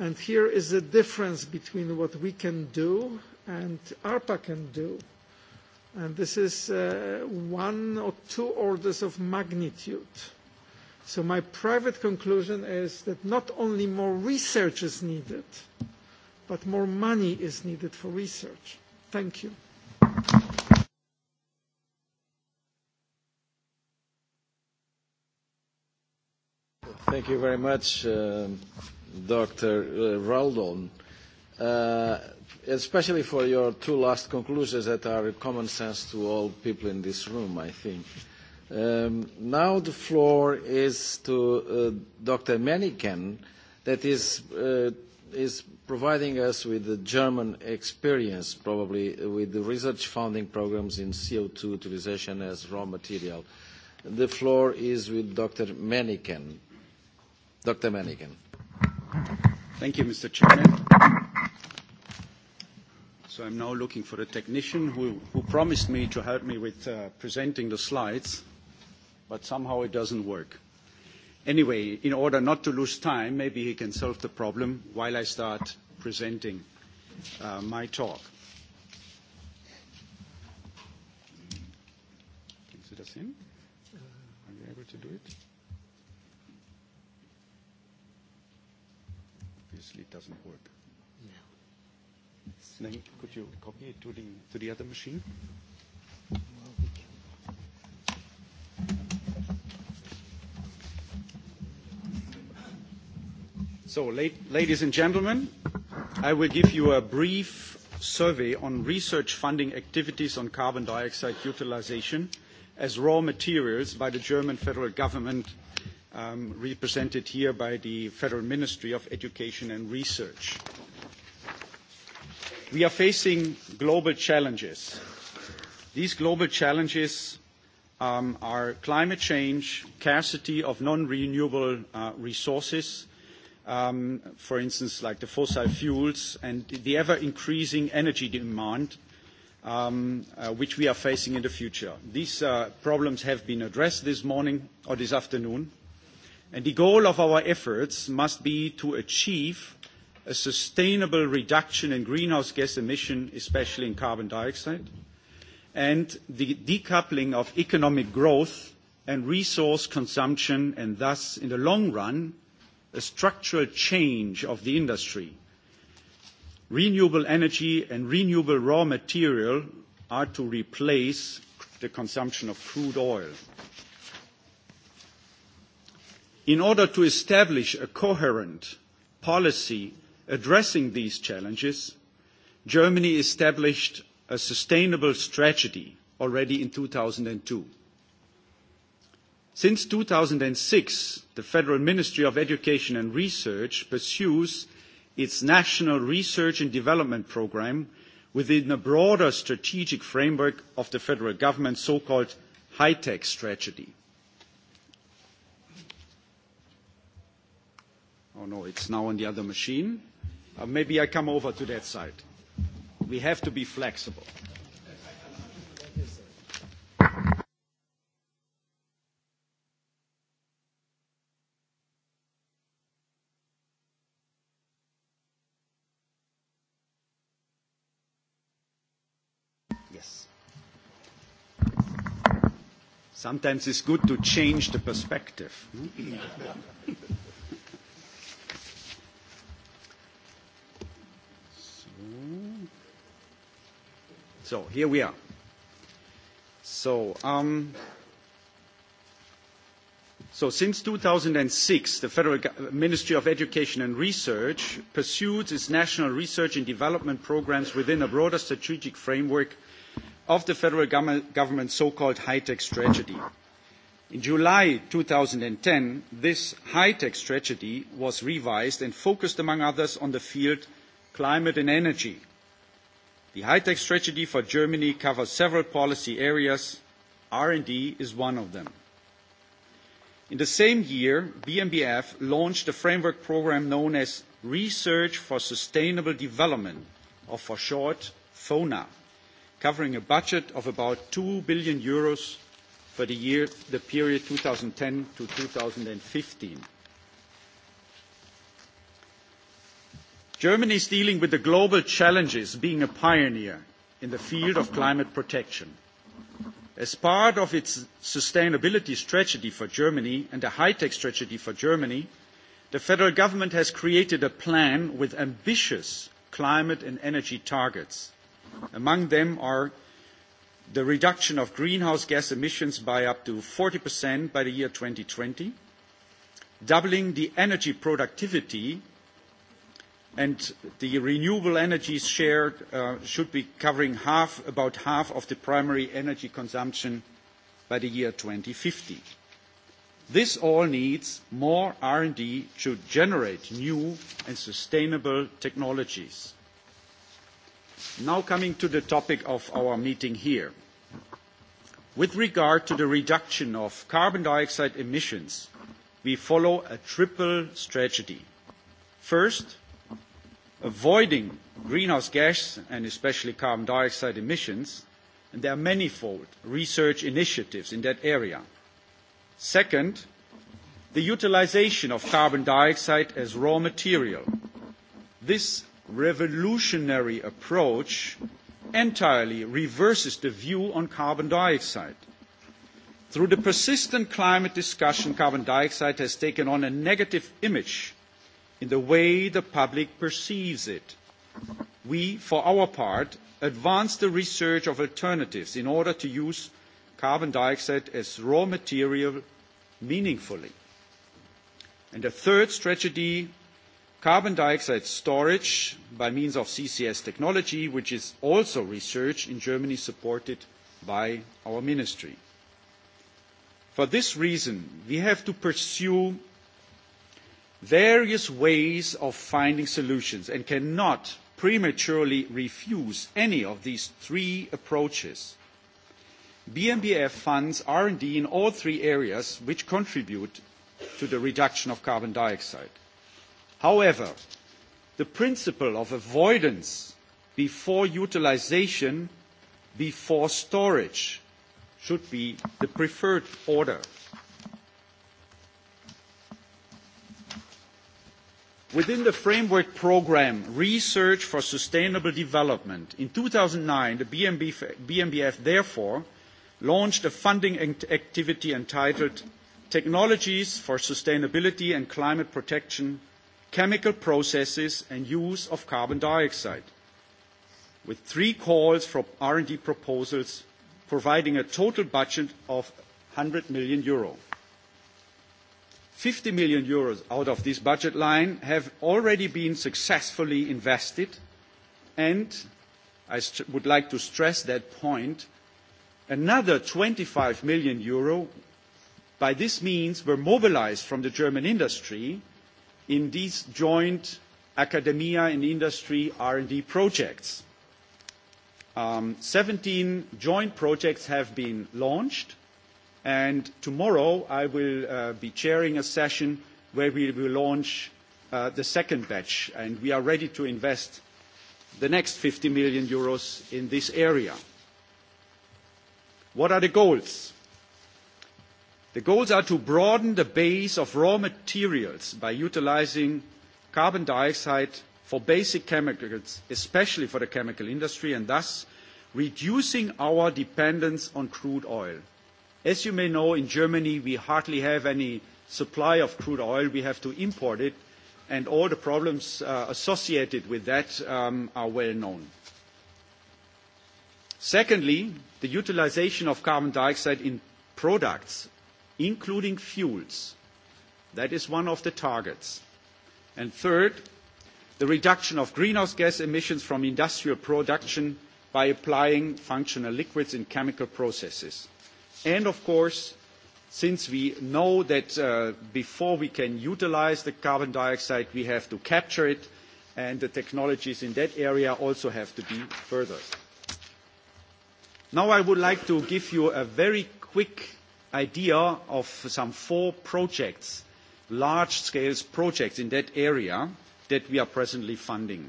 And here is the difference between what we can do and ARPA can do. Uh, And this is uh, one or two orders of magnitude. So my private conclusion is that not only more research is needed, but more money is needed for research. Thank you. Thank you very much, um, uh, Dr. Raldon. Uh, uh, especially for your two last conclusions that are common sense to all people in this room, I think. Um, now the floor is to uh, Dr. Menniken, that is, uh, is providing us with the German experience, probably, with the research funding programs in CO2 utilization as raw material. The floor is with Dr. Menniken. Dr. Menniken. Thank you, Mr. Chairman. So I'm now looking for a technician who, who promised me to help me with uh, presenting the slides, but somehow it doesn't work. Anyway, in order not to lose time, maybe he can solve the problem while I start presenting uh, my talk. Can you see this in? Are you able to do it? Obviously, it doesn't work. Then could you copy it to the, to the other machine? So, ladies and gentlemen, I will give you a brief survey on research funding activities on carbon dioxide utilization as raw materials by the German federal government, um, represented here by the Federal Ministry of Education and Research. We are facing global challenges. These global challenges um, are climate change, scarcity of non-renewable uh, resources, um, for instance, like the fossil fuels, and the ever-increasing energy demand, um, uh, which we are facing in the future. These uh, problems have been addressed this morning or this afternoon, and the goal of our efforts must be to achieve a sustainable reduction in greenhouse gas emission, especially in carbon dioxide, and the decoupling of economic growth and resource consumption, and thus, in the long run, a structural change of the industry. Renewable energy and renewable raw material are to replace the consumption of crude oil. In order to establish a coherent policy addressing these challenges, Germany established a sustainable strategy already in 2002. Since 2006, the Federal Ministry of Education and Research pursues its national research and development program within a broader strategic framework of the federal government's so-called high-tech strategy. Oh no, it's now on the other machine. Uh, maybe I come over to that side. We have to be flexible. Yes. Sometimes it's good to change the perspective. So here we are. So, um, so since 2006, the Federal Ministry of Education and Research pursued its national research and development programs within a broader strategic framework of the federal government's so-called high-tech strategy. In July 2010, this high-tech strategy was revised and focused, among others, on the field climate and energy – The high-tech strategy for Germany covers several policy areas. R&D is one of them. In the same year, BMBF launched a framework program known as Research for Sustainable Development, or for short, FONA, covering a budget of about 2 billion euros for the, year, the period 2010 to 2015. Germany is dealing with the global challenges being a pioneer in the field of climate protection. As part of its sustainability strategy for Germany and a high-tech strategy for Germany, the federal government has created a plan with ambitious climate and energy targets. Among them are the reduction of greenhouse gas emissions by up to 40% by the year 2020, doubling the energy productivity and the renewable energies share uh, should be covering half, about half of the primary energy consumption by the year 2050. This all needs more R&D to generate new and sustainable technologies. Now coming to the topic of our meeting here. With regard to the reduction of carbon dioxide emissions, we follow a triple strategy. First, avoiding greenhouse gas and especially carbon dioxide emissions, and there are manifold research initiatives in that area. Second, the utilization of carbon dioxide as raw material. This revolutionary approach entirely reverses the view on carbon dioxide. Through the persistent climate discussion, carbon dioxide has taken on a negative image in the way the public perceives it. We, for our part, advance the research of alternatives in order to use carbon dioxide as raw material meaningfully. And the third strategy, carbon dioxide storage by means of CCS technology, which is also research in Germany supported by our ministry. For this reason, we have to pursue various ways of finding solutions and cannot prematurely refuse any of these three approaches. BMBF funds R&D in all three areas which contribute to the reduction of carbon dioxide. However, the principle of avoidance before utilization, before storage, should be the preferred order. Within the framework program Research for Sustainable Development, in 2009, the BMBF, BMBF therefore launched a funding activity entitled Technologies for Sustainability and Climate Protection, Chemical Processes and Use of Carbon Dioxide, with three calls for R&D proposals providing a total budget of 100 million euro. 50 million euros out of this budget line have already been successfully invested, and I would like to stress that point, another 25 million euro by this means were mobilized from the German industry in these joint academia and industry R&D projects. Um, 17 joint projects have been launched, And tomorrow I will uh, be chairing a session where we will launch uh, the second batch, and we are ready to invest the next 50 million euros in this area. What are the goals? The goals are to broaden the base of raw materials by utilizing carbon dioxide for basic chemicals, especially for the chemical industry, and thus reducing our dependence on crude oil. As you may know, in Germany, we hardly have any supply of crude oil. We have to import it, and all the problems uh, associated with that um, are well known. Secondly, the utilization of carbon dioxide in products, including fuels. That is one of the targets. And third, the reduction of greenhouse gas emissions from industrial production by applying functional liquids in chemical processes. And of course, since we know that uh, before we can utilize the carbon dioxide, we have to capture it, and the technologies in that area also have to be furthered. Now I would like to give you a very quick idea of some four projects, large-scale projects in that area that we are presently funding.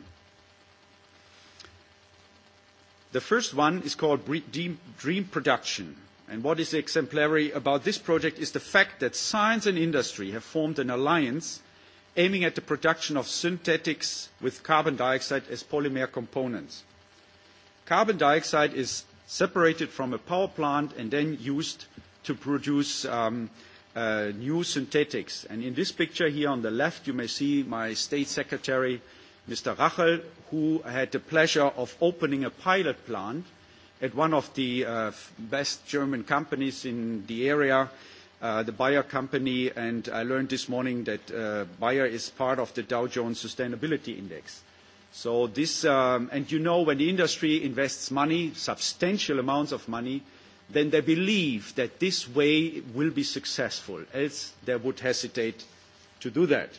The first one is called Dream Production. And what is exemplary about this project is the fact that science and industry have formed an alliance aiming at the production of synthetics with carbon dioxide as polymer components. Carbon dioxide is separated from a power plant and then used to produce um, uh, new synthetics. And in this picture here on the left, you may see my state secretary, Mr. Rachel, who had the pleasure of opening a pilot plant at one of the uh, best German companies in the area, uh, the Bayer company, and I learned this morning that uh, Bayer is part of the Dow Jones Sustainability Index. So this, um, and you know, when the industry invests money, substantial amounts of money, then they believe that this way will be successful, else they would hesitate to do that.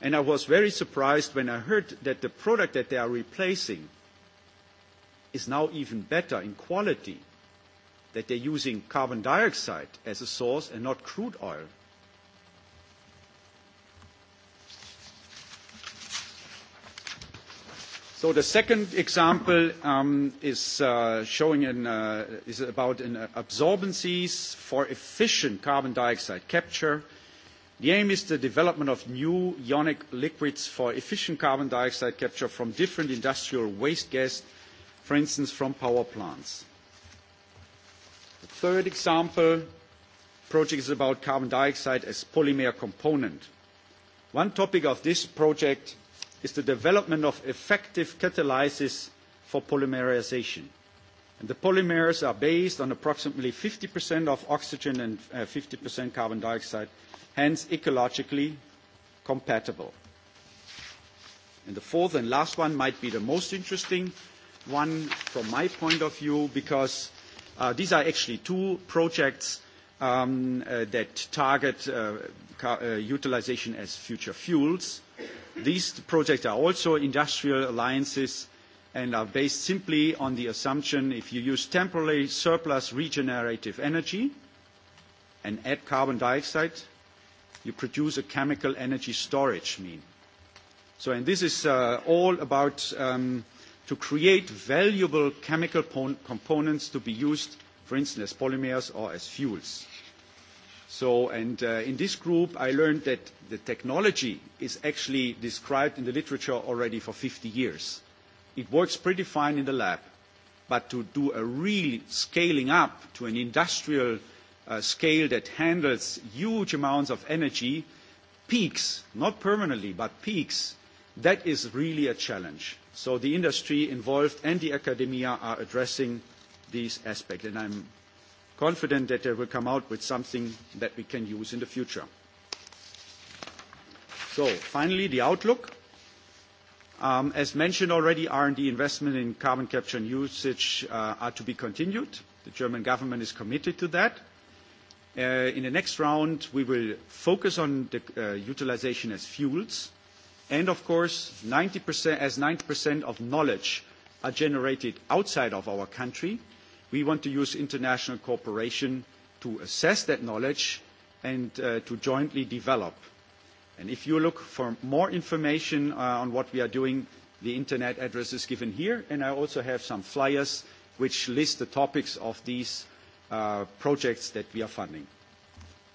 And I was very surprised when I heard that the product that they are replacing is now even better in quality, that they're using carbon dioxide as a source and not crude oil. So the second example um, is uh, showing an, uh, is about an absorbencies for efficient carbon dioxide capture. The aim is the development of new ionic liquids for efficient carbon dioxide capture from different industrial waste gas for instance, from power plants. The third example project is about carbon dioxide as polymer component. One topic of this project is the development of effective catalysis for polymerization. And the polymers are based on approximately 50% of oxygen and uh, 50% carbon dioxide, hence ecologically compatible. And the fourth and last one might be the most interesting, one from my point of view because uh, these are actually two projects um, uh, that target uh, car, uh, utilization as future fuels. These projects are also industrial alliances and are based simply on the assumption if you use temporary surplus regenerative energy and add carbon dioxide, you produce a chemical energy storage mean. So, and this is uh, all about um, uh, to create valuable chemical components to be used, for instance, as polymers or as fuels. So, and uh, in this group, I learned that the technology is actually described in the literature already for 50 years. It works pretty fine in the lab, but to do a real scaling up to an industrial uh, scale that handles huge amounts of energy, peaks, not permanently, but peaks, that is really a challenge. So the industry involved and the academia are addressing these aspects, and I'm confident that they will come out with something that we can use in the future. So finally, the outlook. Um, as mentioned already, R&D investment in carbon capture and usage uh, are to be continued. The German government is committed to that. Uh, in the next round, we will focus on the uh, utilization as fuels, And of course, 90%, as 90% of knowledge are generated outside of our country, we want to use international cooperation to assess that knowledge and uh, to jointly develop. And if you look for more information uh, on what we are doing, the internet address is given here, and I also have some flyers which list the topics of these uh, projects that we are funding.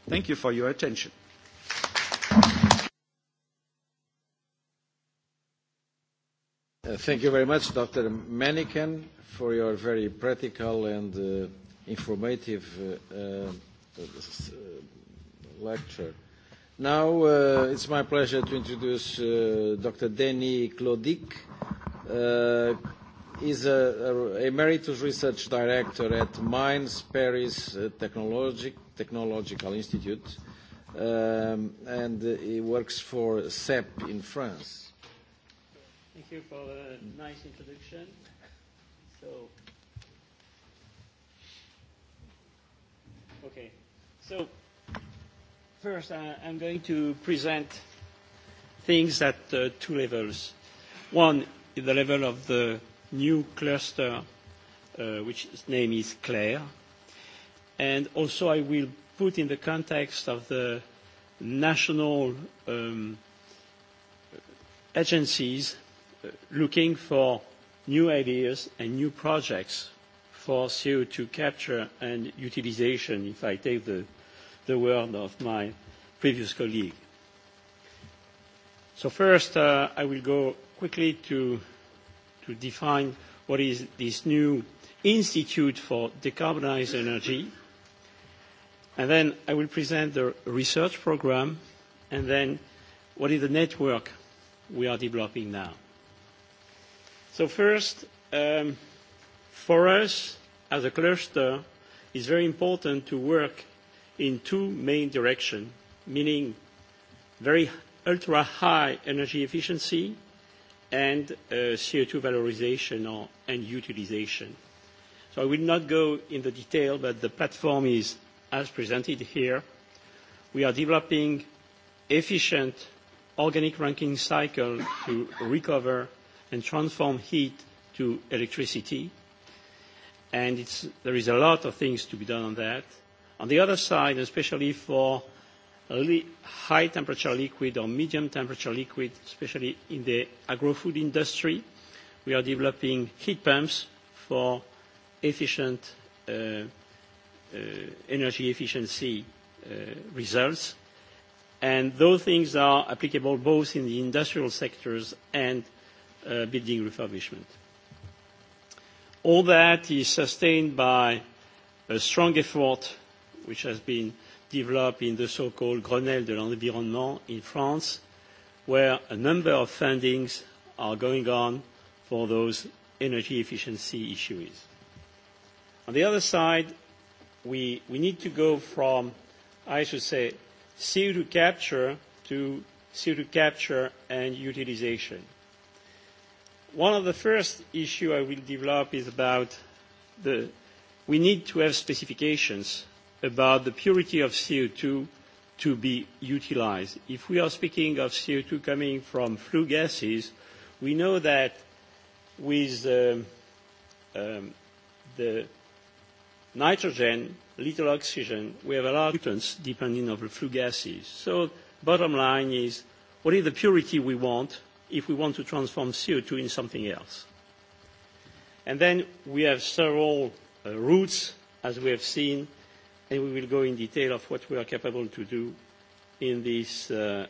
Thank you for your attention. Thank you very much, Dr. Manican, for your very practical and uh, informative uh, uh, uh, lecture. Now uh, it's my pleasure to introduce uh, Dr. Denis Clodic. Uh, he's a, a emeritus research director at Mines Paris uh, Technologic, Technological Institute, um, and he works for CEP in France. Thank you for a nice introduction. So, okay. So, first, uh, I'm going to present things at uh, two levels. One is the level of the new cluster, uh, which its name is Claire. And also, I will put in the context of the national um, agencies looking for new ideas and new projects for CO2 capture and utilization, if I take the, the word of my previous colleague. So first, uh, I will go quickly to, to define what is this new Institute for Decarbonized Energy, and then I will present the research program, and then what is the network we are developing now. So first, um, for us as a cluster, it's very important to work in two main directions, meaning very ultra-high energy efficiency and uh, CO2 valorization or, and utilization. So I will not go into detail, but the platform is as presented here. We are developing efficient organic ranking cycle to recover and transform heat to electricity. And it's, there is a lot of things to be done on that. On the other side, especially for li- high temperature liquid or medium temperature liquid, especially in the agro-food industry, we are developing heat pumps for efficient uh, uh, energy efficiency uh, results. And those things are applicable both in the industrial sectors and uh, building refurbishment. All that is sustained by a strong effort which has been developed in the so-called Grenelle de l'environnement in France, where a number of fundings are going on for those energy efficiency issues. On the other side, we, we need to go from, I should say, CO2 capture to CO2 capture and utilization. One of the first issue I will develop is about the we need to have specifications about the purity of CO2 to be utilized. If we are speaking of CO2 coming from flue gases, we know that with um, um, the nitrogen, little oxygen, we have a lot of mutants depending on the flue gases. So bottom line is, what is the purity we want if we want to transform CO2 in something else. And then we have several uh, routes, as we have seen, and we will go in detail of what we are capable to do in this uh,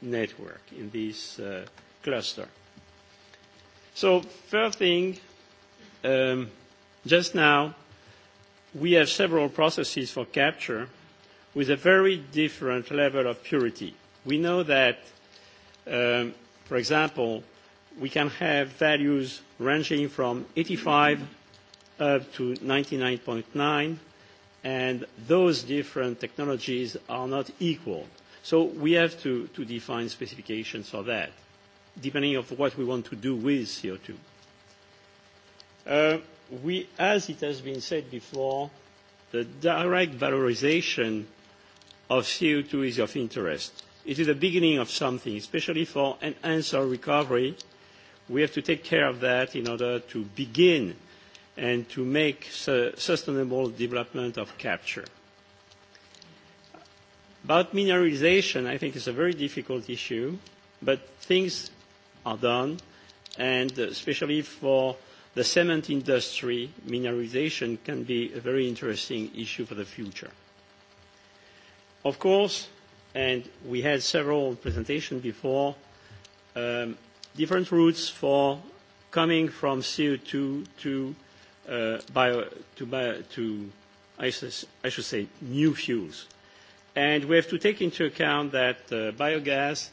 network, in this uh, cluster. So third thing, um, just now, we have several processes for capture with a very different level of purity. We know that um, For example, we can have values ranging from 85 up to 99.9, and those different technologies are not equal. So we have to, to define specifications for that, depending on what we want to do with CO2. Uh, we, as it has been said before, the direct valorization of CO2 is of interest It is the beginning of something, especially for enhanced oil recovery. We have to take care of that in order to begin and to make su sustainable development of capture. About mineralization, I think it's a very difficult issue, but things are done, and especially for the cement industry, mineralization can be a very interesting issue for the future. Of course, and we had several presentations before, um, different routes for coming from CO2 to uh, bio, to, bio, to I, should, I should say, new fuels. And we have to take into account that uh, biogas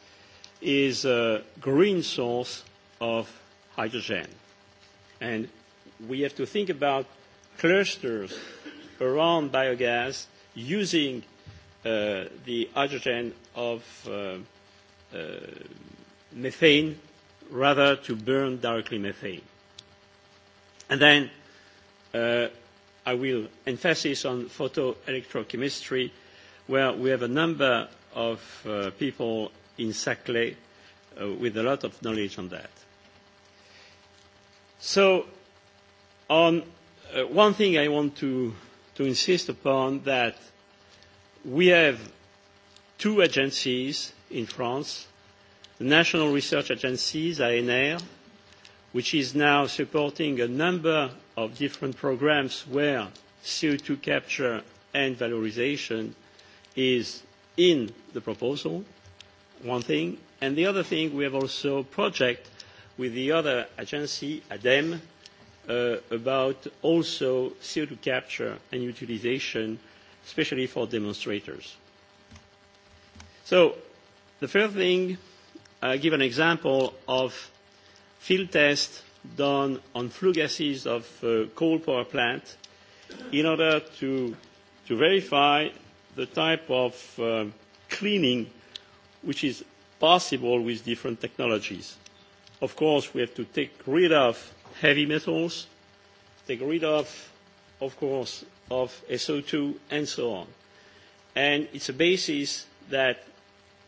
is a green source of hydrogen. And we have to think about clusters around biogas using uh, the hydrogen of uh, uh, methane rather to burn directly methane. And then uh, I will emphasis on photoelectrochemistry, where we have a number of uh, people in Saclay uh, with a lot of knowledge on that. So, on uh, one thing I want to, to insist upon that uh, we have two agencies in France, the National Research Agencies, ANR, which is now supporting a number of different programs where CO2 capture and valorization is in the proposal, one thing. And the other thing, we have also a project with the other agency, ADEME, uh, about also CO2 capture and utilization especially for demonstrators. So the third thing, I give an example of field tests done on flue gases of uh, coal power plant in order to, to verify the type of uh, cleaning which is possible with different technologies. Of course, we have to take rid of heavy metals, take rid of, of course, of SO2 and so on. And it's a basis that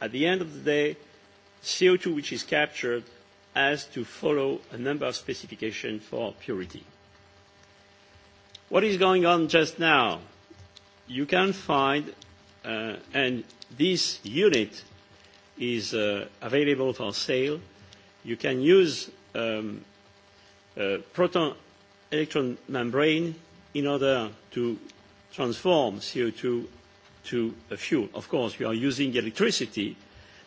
at the end of the day, CO2 which is captured has to follow a number of specifications for purity. What is going on just now? You can find, uh, and this unit is uh, available for sale. You can use um, uh, proton electron membrane in order to transform CO2 to a fuel. Of course, we are using electricity,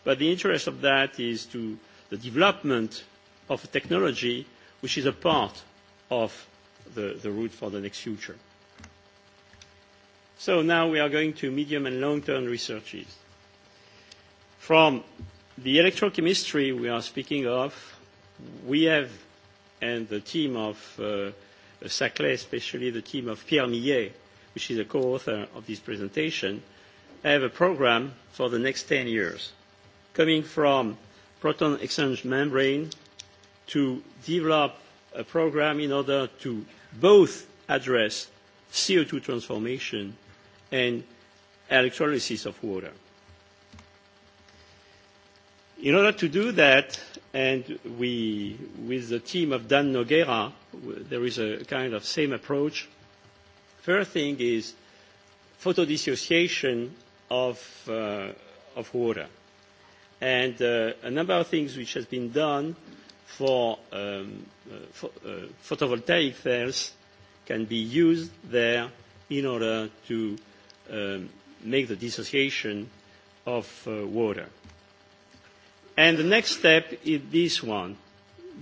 but the interest of that is to the development of a technology which is a part of the, the route for the next future. So now we are going to medium and long-term researches. From the electrochemistry we are speaking of, we have, and the team of uh, Saclay, especially the team of Pierre Millet, which is a co-author of this presentation, have a program for the next 10 years, coming from proton exchange membrane to develop a program in order to both address CO2 transformation and electrolysis of water. In order to do that, and we, with the team of Dan Noguera, there is a kind of same approach. First thing is photodissociation of, uh, of water. And uh, a number of things which has been done for, um, uh, for uh, photovoltaic cells can be used there in order to um, make the dissociation of uh, water. Uh, And the next step is this one,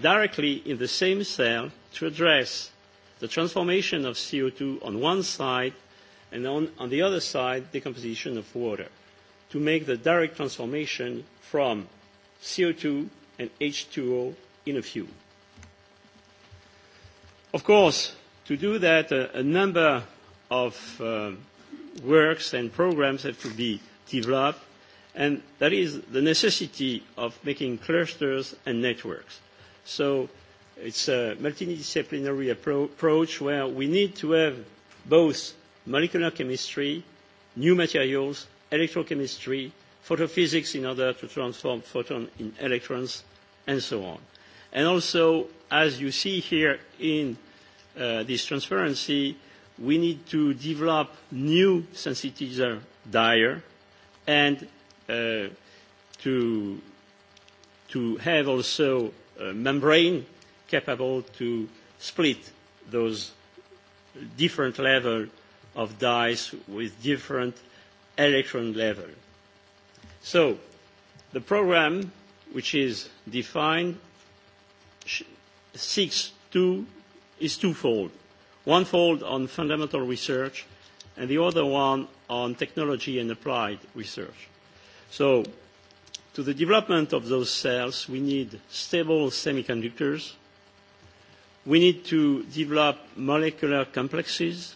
directly in the same cell to address the transformation of CO2 on one side and on, on the other side, decomposition of water to make the direct transformation from CO2 and H2O in a fuel. Of course, to do that, a, a number of um, works and programs have to be developed and that is the necessity of making clusters and networks. So it's a multidisciplinary appro approach where we need to have both molecular chemistry, new materials, electrochemistry, photophysics in order to transform photons in electrons, and so on. And also, as you see here in uh, this transparency, we need to develop new sensitizer dyer and uh, to, to have also a membrane capable to split those different level of dyes with different electron level. So the program which is defined seeks to, is twofold. One fold on fundamental research and the other one on technology and applied research So to the development of those cells, we need stable semiconductors. We need to develop molecular complexes,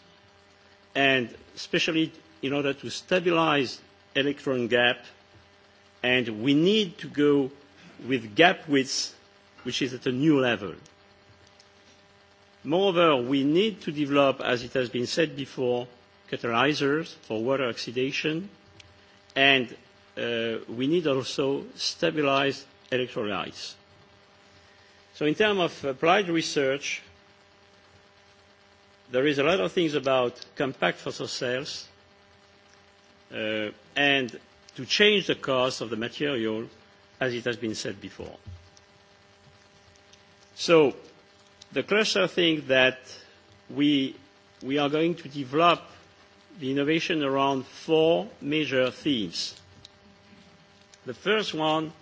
and especially in order to stabilize electron gap, and we need to go with gap width, which is at a new level. Moreover, we need to develop, as it has been said before, catalyzers for water oxidation, and uh, we need also stabilized electrolytes. So in terms of applied research, there is a lot of things about compact fossil cells uh, and to change the cost of the material as it has been said before. So the cluster thinks that we, we are going to develop the innovation around four major themes. The first one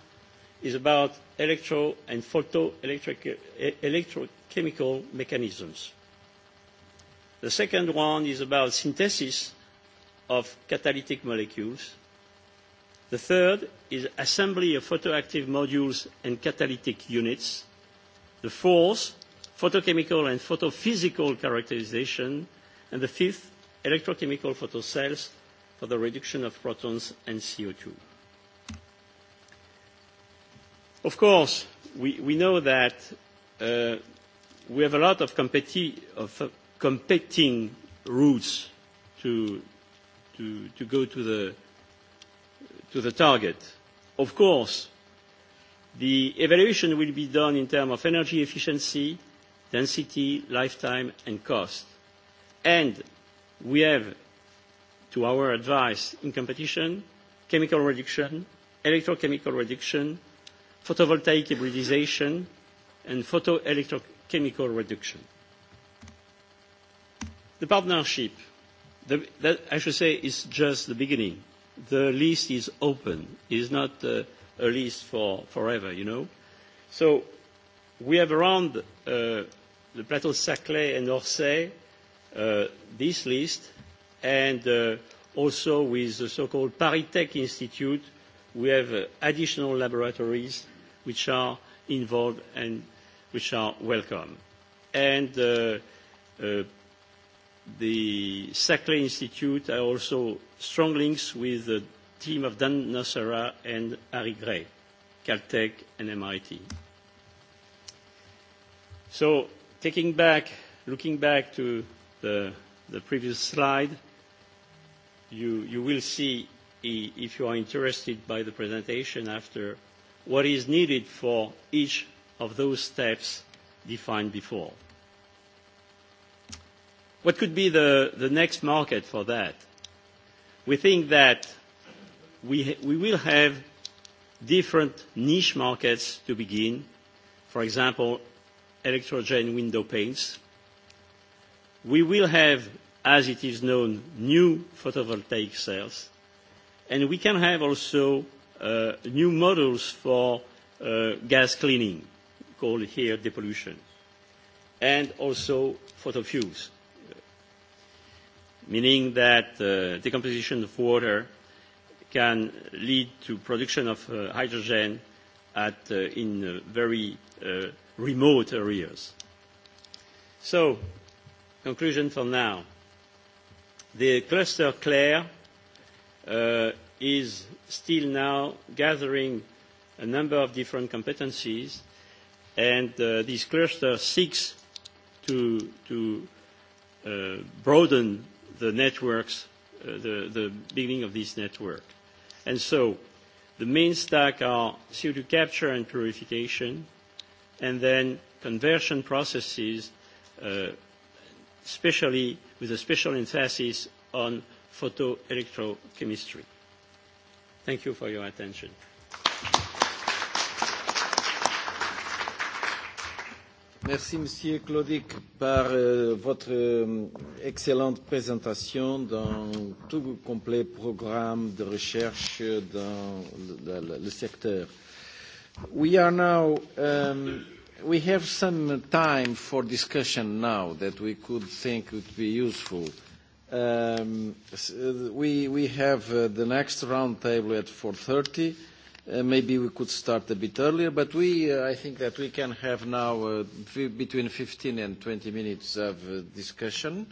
is about electro and photoelectric e, electrochemical mechanisms. The second one is about synthesis of catalytic molecules. The third is assembly of photoactive modules and catalytic units. The fourth, photochemical and photophysical characterization. And the fifth, electrochemical photocells for the reduction of protons and CO2. Of course, we, we know that uh, we have a lot of, competi- of uh, competing routes to, to, to go to the, to the target. Of course, the evaluation will be done in terms of energy efficiency, density, lifetime, and cost. And we have, to our advice in competition, chemical reduction, electrochemical reduction, photovoltaic hybridization, and photoelectrochemical reduction. The partnership, the, that I should say, is just the beginning. The list is open. It's not uh, a list for forever, you know. So we have around uh, the plateau Saclay and Orsay uh, this list, and uh, also with the so-called ParisTech Institute, we have uh, additional laboratories which are involved and which are welcome. And uh, uh, the Saclay Institute are also strong links with the team of Dan Nocera and Harry Gray, Caltech and MIT. So taking back, looking back to the, the previous slide, you, you will see, if you are interested by the presentation after what is needed for each of those steps defined before. What could be the, the next market for that? We think that we, we will have different niche markets to begin. For example, electrogen window paints. We will have, as it is known, new photovoltaic cells, and we can have also uh, new models for uh, gas cleaning, called here depollution, and also photofuels, meaning that uh, decomposition of water can lead to production of uh, hydrogen at, uh, in uh, very uh, remote areas. So, conclusion for now. The cluster CLARE uh, is still now gathering a number of different competencies, and uh, this cluster seeks to, to uh, broaden the networks, uh, the, the beginning of this network. And so the main stack are CO2 capture and purification, and then conversion processes, uh, especially with a special emphasis on photoelectrochemistry. Thank you for your attention. Merci, Monsieur Claudic, par euh, votre euh, excellente présentation d'un tout complet programme de recherche dans le, le, le secteur. We are now, um, we have some time for discussion now that we could think would be useful. Uh, Um, uh, we, we have uh, the next roundtable at 4.30. Uh, maybe we could start a bit earlier, but we, uh, I think that we can have now uh, between 15 and 20 minutes of uh, discussion.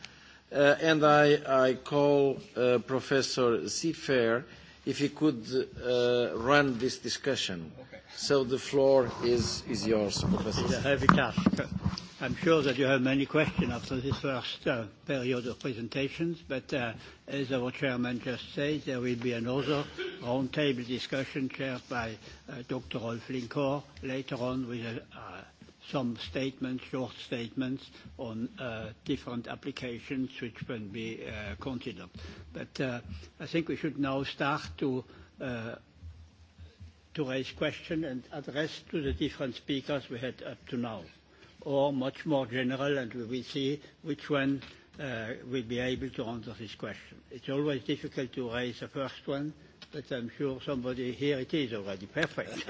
Uh, and I, I call uh, Professor Seafair if he could uh, run this discussion. Okay. So the floor is, is yours, Professor. Yeah, heavy cash. I'm sure that you have many questions after this first uh, period of presentations, but uh, as our chairman just said, there will be another roundtable discussion chaired by uh, Dr. Rolf Linkor later on with a, uh, some statements, short statements on uh, different applications which can be uh, considered. But uh, I think we should now start to uh, to raise questions and address to the different speakers we had up to now or much more general, and we will see which one uh, will be able to answer this question. It's always difficult to raise the first one, but I'm sure somebody here it is already. Perfect.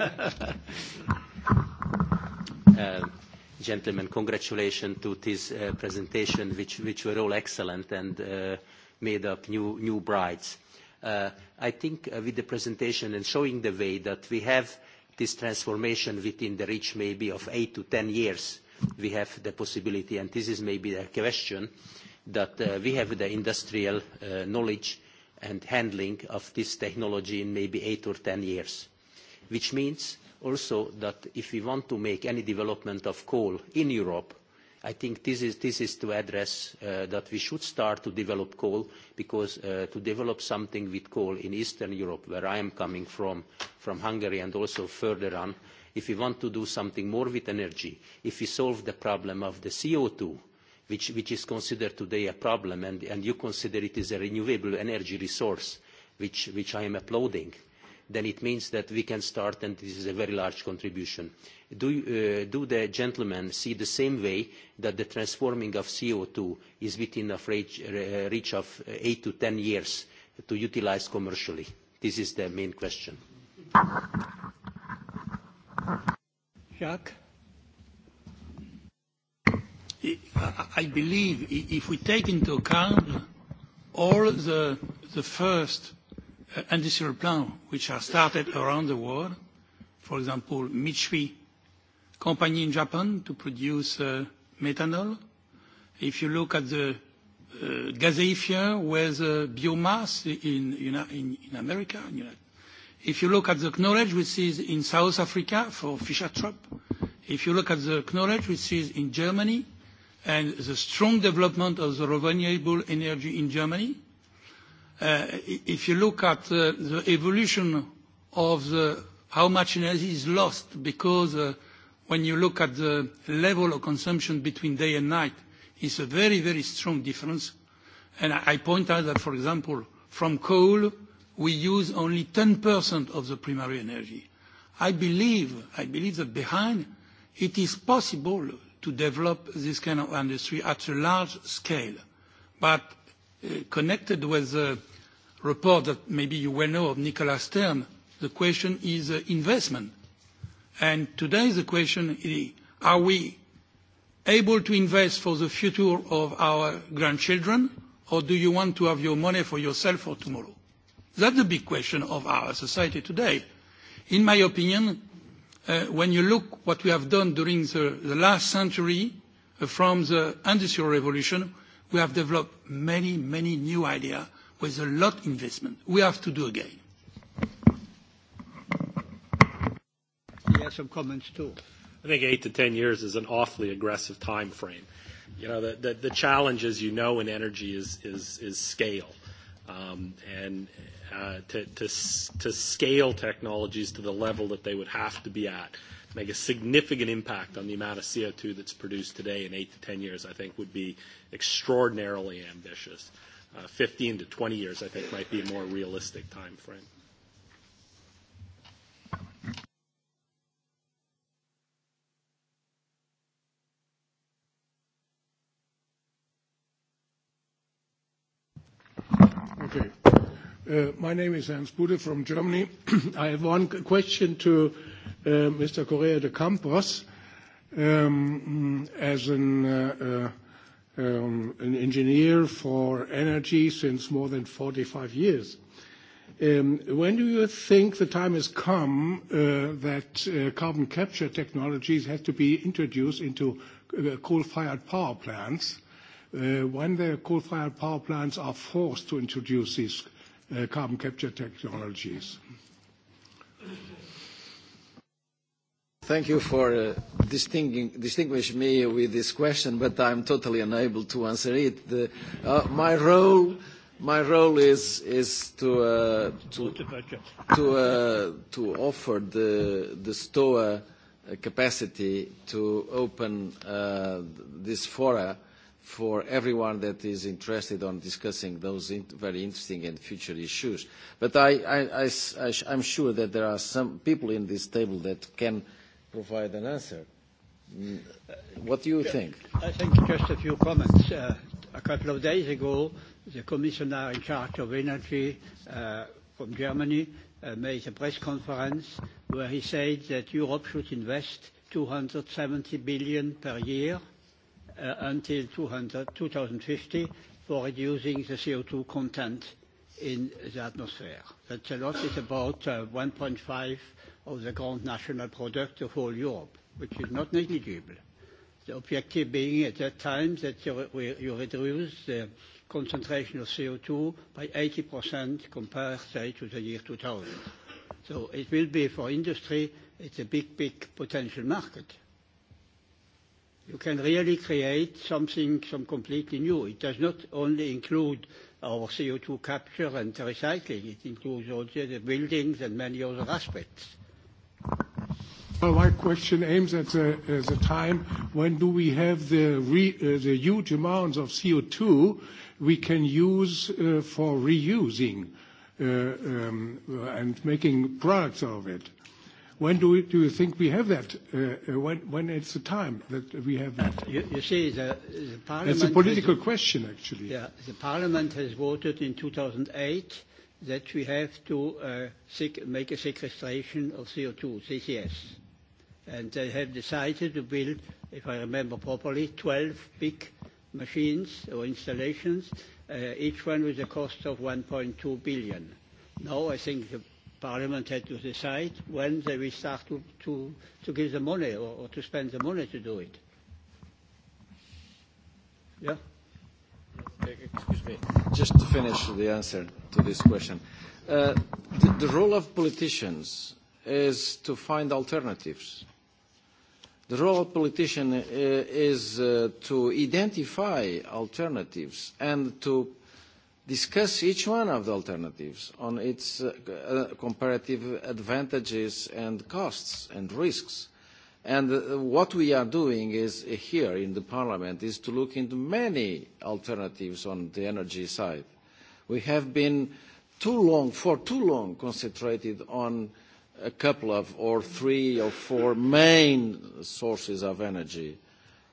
uh, gentlemen, congratulations to this uh, presentation, which, which were all excellent and uh, made up new, new brides. Uh, I think uh, with the presentation and showing the way that we have this transformation within the reach maybe of 8 to 10 years we have the possibility, and this is maybe the question, that uh, we have the industrial uh, knowledge and handling of this technology in maybe eight or 10 years. Which means also that if we want to make any development of coal in Europe, I think this is, this is to address uh, that we should start to develop coal because uh, to develop something with coal in Eastern Europe, where I am coming from, from Hungary and also further on, if we want to do something more with energy, if we solve the problem of the CO2, which, which is considered today a problem, and, and you consider it is a renewable energy resource, which, which I am applauding, then it means that we can start, and this is a very large contribution. Do, uh, do the gentlemen see the same way that the transforming of CO2 is within a reach, uh, reach of 8 to 10 years to utilize commercially? This is the main question. Thank you. Jacques? I believe if we take into account all the, the first uh, industrial plants which are started around the world, for example, Mitsui company in Japan to produce uh, methanol. If you look at the uh, gazeifier with uh, biomass in, in, in America, in United If you look at the knowledge which is in South Africa for Fischer Tropsch, if you look at the knowledge which is in Germany and the strong development of the renewable energy in Germany, uh, if you look at uh, the evolution of the, how much energy is lost because uh, when you look at the level of consumption between day and night, it's a very, very strong difference. And I point out that, for example, from coal we use only 10% of the primary energy. I believe, I believe that behind it is possible to develop this kind of industry at a large scale. But uh, connected with the report that maybe you well know of Nicola Stern, the question is uh, investment. And today the question is, are we able to invest for the future of our grandchildren, or do you want to have your money for yourself for tomorrow? That's the big question of our society today. In my opinion, uh, when you look what we have done during the, the last century, uh, from the Industrial Revolution, we have developed many, many new idea with a lot investment. We have to do again. You have some comments, too? I think 8-10 years is an awfully aggressive time frame. You know, the, the, the challenge, as you know, in energy is, is, is scale. Um, and uh, to, to, to scale technologies to the level that they would have to be at, make a significant impact on the amount of CO2 that's produced today in eight to 10 years, I think would be extraordinarily ambitious. Uh, 15 to 20 years, I think, might be a more realistic time frame. Okay. Uh, my name is Hans Bude from Germany. I have one question to uh, Mr. Correa de Campos. Um, as an, uh, uh, um, an engineer for energy since more than 45 years, um, when do you think the time has come uh, that uh, carbon capture technologies have to be introduced into coal-fired power plants? When the coal-fired power plants are forced to introduce these uh, carbon capture technologies. Thank you for uh, distinguishing me with this question, but I'm totally unable to answer it. The, uh, my role my role is is to uh, to to, uh, to offer the the STOA capacity to open uh, this fora for everyone that is interested on discussing those in very interesting and future issues. But I, I, I, I, I'm sure that there are some people in this table that can provide an answer. Mm, what do you think? I think just a few comments. Uh, a couple of days ago, the commissioner in charge of energy uh, from Germany uh, made a press conference where he said that Europe should invest 270 billion per year uh, Uh, until 2050 for reducing the CO2 content in the atmosphere. That's a lot. It's about 1.5 uh, of the gross national product of whole Europe, which is not negligible. The objective being at that time that you, you reduce the concentration of CO2 by 80% compared, say, to the year 2000. So it will be for industry, it's a big, big potential market you can really create something, some completely new. It does not only include our CO2 capture and recycling, it includes also the buildings and many other aspects. Well, my question aims at the, at the time when do we have the, re, uh, the huge amounts of CO2 we can use uh, for reusing uh, um, and making products of it. When do, we, do you think we have that? Uh, uh when, when is the time that we have that? You, you see, the, the parliament- That's a political has, question, actually. Yeah. The parliament has voted in 2008 that we have to uh, make a sequestration of CO2, CCS. And they have decided to build, if I remember properly, 12 big machines or installations, uh, each one with a cost of 1.2 billion. Now, I think the Parliament had to decide when they will start to, to, to give the money or, or to spend the money to do it. Yeah? Eh, eh, excuse me. Just to finish the answer to this question. Uh, the, the role of politicians is to find alternatives. The role of politician uh, is uh, to identify alternatives and to discuss each one of the alternatives on its uh, uh, comparative advantages and costs and risks. And uh, what we are doing is uh, here in the Parliament is to look into many alternatives on the energy side. We have been too long, for too long, concentrated on a couple of or three or four main sources of energy.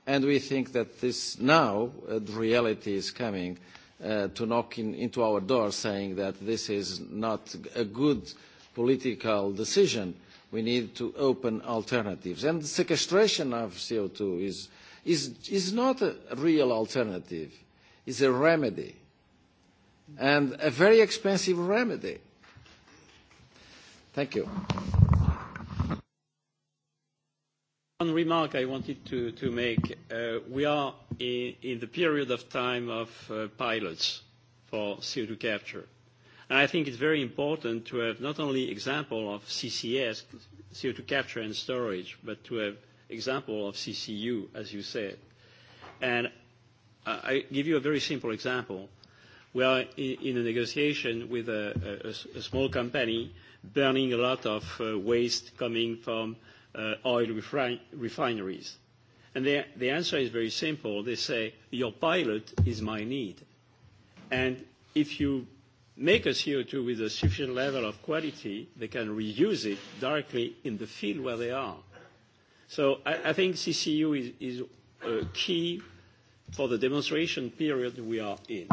And we think that this now, uh, the reality is coming, uh, uh, to knock in, into our door saying that this is not a good political decision. We need to open alternatives. And the sequestration of CO2 is, is, is not a real alternative. It's a remedy. And a very expensive remedy. Thank you. One remark I wanted to, to make. Uh, we are in, in the period of time of uh, pilots for CO2 capture. And I think it's very important to have not only example of CCS, CO2 capture and storage, but to have example of CCU, as you said. And I give you a very simple example. We are in a negotiation with a, a, a small company burning a lot of uh, waste coming from uh, uh, oil refri- refineries? And the, the answer is very simple. They say, your pilot is my need. And if you make a CO2 with a sufficient level of quality, they can reuse it directly in the field where they are. So I, I think CCU is, is uh, key for the demonstration period we are in.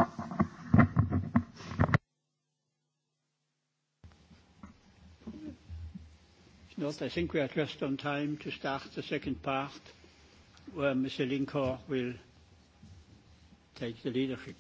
not, I think we are just on time to start the second part, where Mr. Lincor will take the leadership.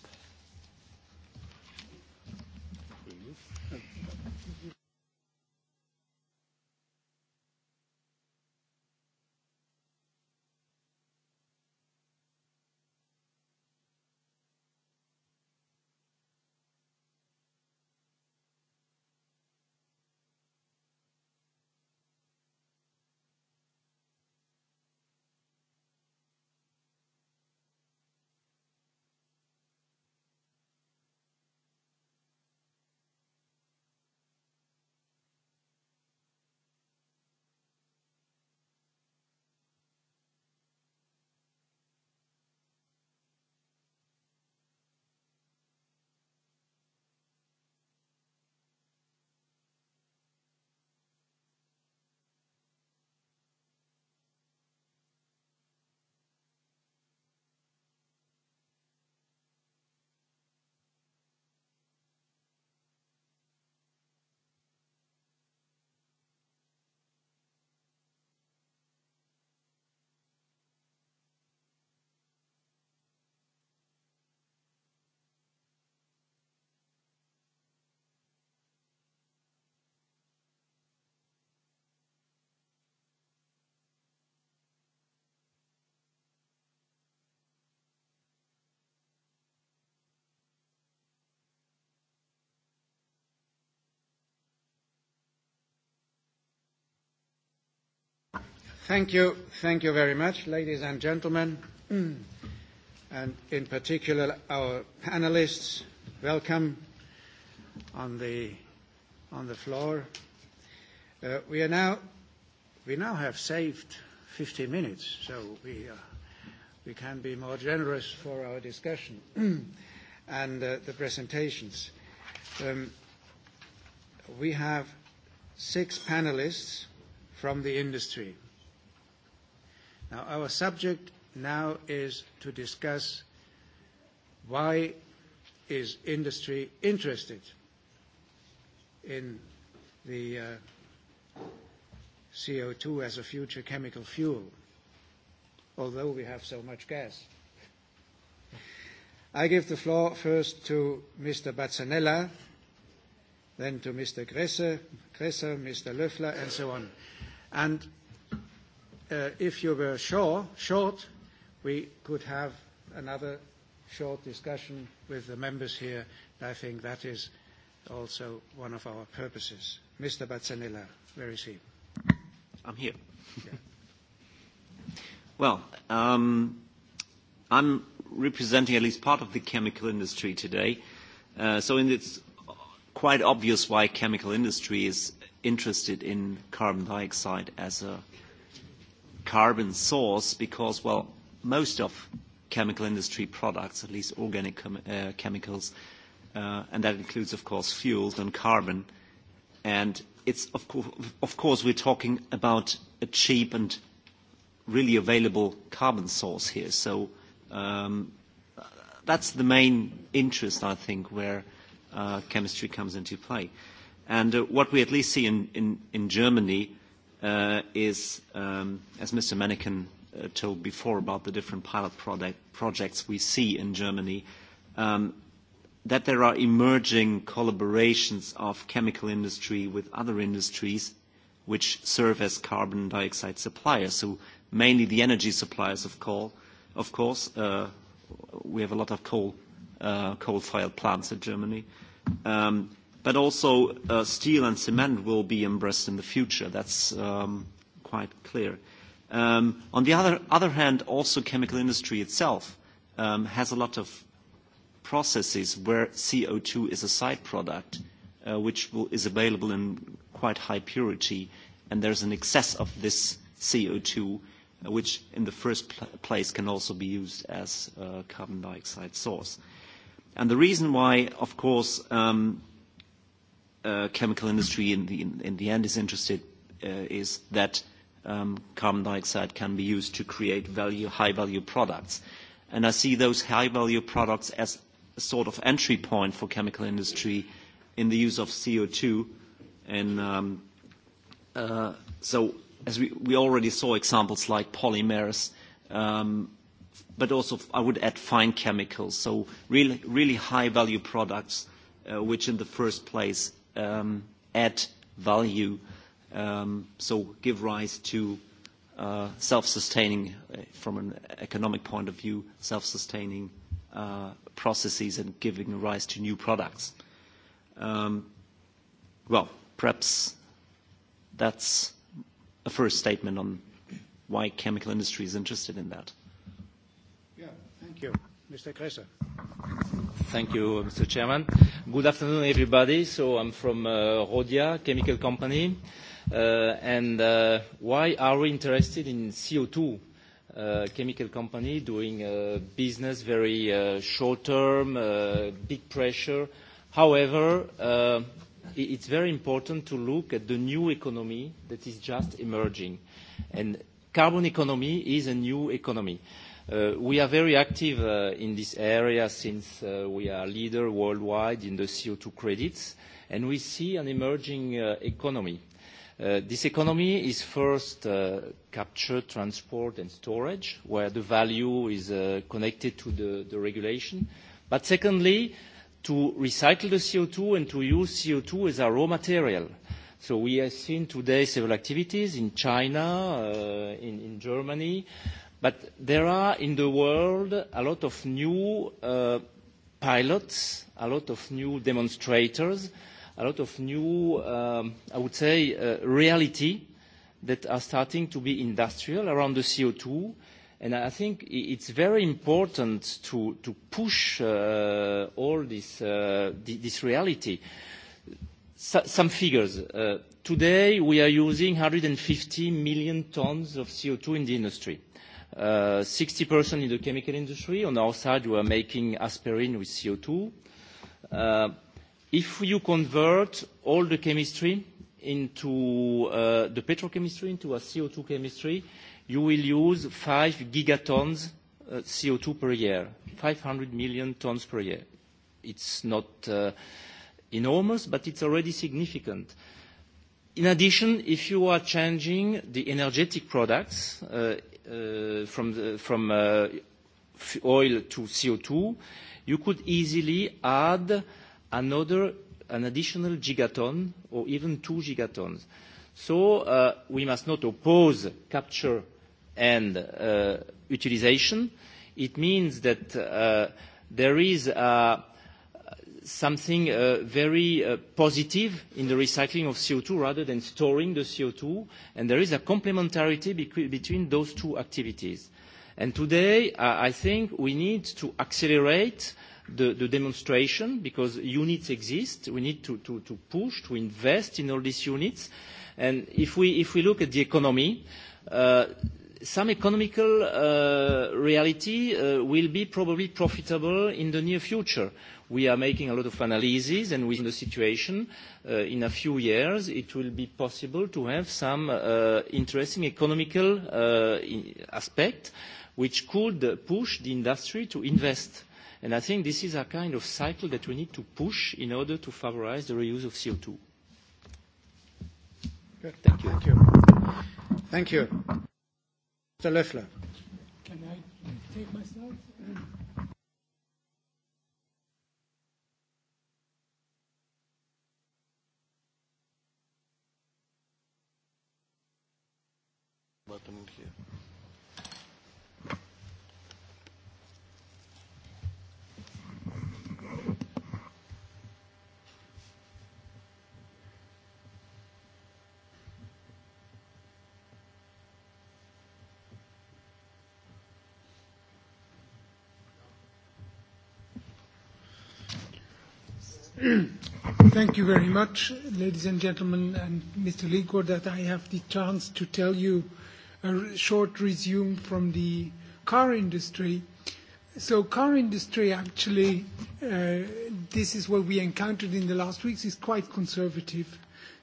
Thank you. Thank you very much, ladies and gentlemen, and in particular, our panelists. Welcome on the, on the floor. Uh, we, now, we now have saved 50 minutes, so we, uh, we can be more generous for our discussion and uh, the presentations. Um, we have six panelists from the industry. Now, our subject now is to discuss why is industry interested in the uh, CO2 as a future chemical fuel, although we have so much gas. I give the floor first to Mr. Bazzanella, then to Mr. Gresser, Gresser, Mr. Löffler, and so on. And uh, if you were sure, short, we could have another short discussion with the members here. And I think that is also one of our purposes. Mr. Bazzanella, where is he? I'm here. Yeah. Well, um, I'm representing at least part of the chemical industry today. Uh, so in it's quite obvious why chemical industry is interested in carbon dioxide as a carbon source because, well, most of chemical industry products, at least organic chem- uh, chemicals, uh, and that includes, of course, fuels and carbon. And it's of, co- of course we're talking about a cheap and really available carbon source here. So um, that's the main interest, I think, where uh, chemistry comes into play. And uh, what we at least see in, in, in Germany uh, is, um, as Mr. Mannikin uh, told before about the different pilot product projects we see in Germany, um, that there are emerging collaborations of chemical industry with other industries which serve as carbon dioxide suppliers, so mainly the energy suppliers of coal. Of course, uh, we have a lot of coal, uh, coal-fired plants in Germany. Um, But also uh, steel and cement will be embraced in the future. That's um, quite clear. Um, on the other, other hand, also chemical industry itself um, has a lot of processes where CO2 is a side product, uh, which will, is available in quite high purity, and there's an excess of this CO2, uh, which in the first pl place can also be used as a carbon dioxide source. And the reason why, of course, um, uh, chemical industry in the, in, in the end is interested uh, is that um, carbon dioxide can be used to create value, high-value products. And I see those high-value products as a sort of entry point for chemical industry in the use of CO2. And um, uh, so as we, we already saw examples like polymers, um, but also I would add fine chemicals, so really, really high-value products, uh, which in the first place um, add value, um, so give rise to uh, self-sustaining, uh, from an economic point of view, self-sustaining uh, processes and giving rise to new products. Um, well, perhaps that's a first statement on why chemical industry is interested in that. Yeah, thank you. Mr. Kresser. Thank you, Mr. Chairman. Good afternoon, everybody. So I'm from uh, Rhodia Chemical Company. Uh, and uh, why are we interested in CO2? Uh, chemical company doing uh, business very uh, short term, uh, big pressure. However, uh, it's very important to look at the new economy that is just emerging. And carbon economy is a new economy. Uh, Uh, we are very active uh, in this area since uh, we are leader worldwide in the CO2 credits, and we see an emerging uh, economy. Uh, this economy is first uh, capture, transport, and storage, where the value is connected to the, the regulation. But secondly, to recycle the CO2 and to use CO2 as a raw material. So we have seen today several activities in China, in, in Germany, But there are in the world a lot of new uh, pilots, a lot of new demonstrators, a lot of new, um, I would say, uh, reality that are starting to be industrial around the CO2. And I think it's very important to, to push uh, all this, uh, this reality. So, some figures. Uh, today, we are using 150 million tons of CO2 in the industry uh, 60% in the chemical industry. On our side, we are making aspirin with CO2. Uh, if you convert all the chemistry into uh, the petrochemistry into a CO2 chemistry, you will use 5 gigatons uh, CO2 per year, 500 million tons per year. It's not uh, enormous, but it's already significant. In addition, if you are changing the energetic products, uh, uh, from, the, from uh, oil to CO2, you could easily add another, an additional gigaton or even two gigatons. So uh, we must not oppose capture and uh, utilization. It means that uh, there is a something uh, very uh, positive in the recycling of CO2 rather than storing the CO2, and there is a complementarity be between those two activities. And today, uh, I think we need to accelerate the, the demonstration because units exist. We need to, to, to push, to invest in all these units. And if we, if we look at the economy, uh, some economical uh, reality uh, will be probably profitable in the near future. We are making a lot of analysis, and within the situation, uh, in a few years, it will be possible to have some uh, interesting economical uh, aspect which could push the industry to invest. And I think this is a kind of cycle that we need to push in order to favorize the reuse of CO2. Good. Thank you. Thank you. Thank you. Mr. Loeffler. Can I take myself? Thank you very much, ladies and gentlemen, and Mr. Linkor, that I have the chance to tell you a short resume from the car industry. So car industry, actually, uh, this is what we encountered in the last weeks, is quite conservative.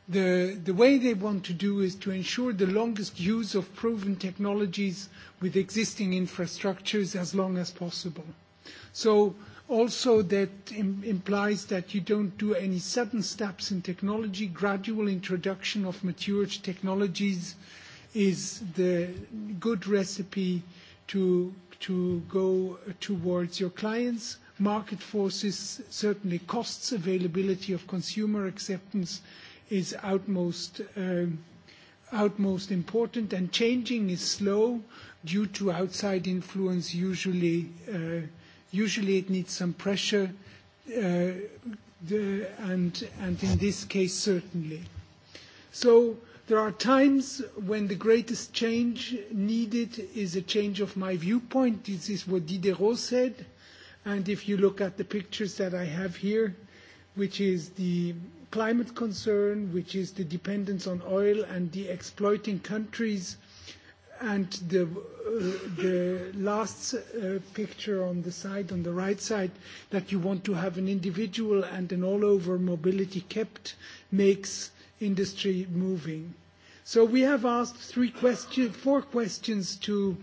The, the way they want to do is to ensure the longest use of proven technologies with existing infrastructures as long as possible. So Also, that im implies that you don't do any sudden steps in technology. Gradual introduction of mature technologies is the good recipe to, to go towards your clients. Market forces, certainly costs, availability of consumer acceptance is outmost, um, outmost important, and changing is slow due to outside influence, usually uh, Usually it needs some pressure, uh, the, and, and in this case, certainly. So there are times when the greatest change needed is a change of my viewpoint. This is what Diderot said. And if you look at the pictures that I have here, which is the climate concern, which is the dependence on oil and the exploiting countries – And the, uh, the last uh, picture on the side, on the right side, that you want to have an individual and an all-over mobility kept makes industry moving. So we have asked three question, four questions to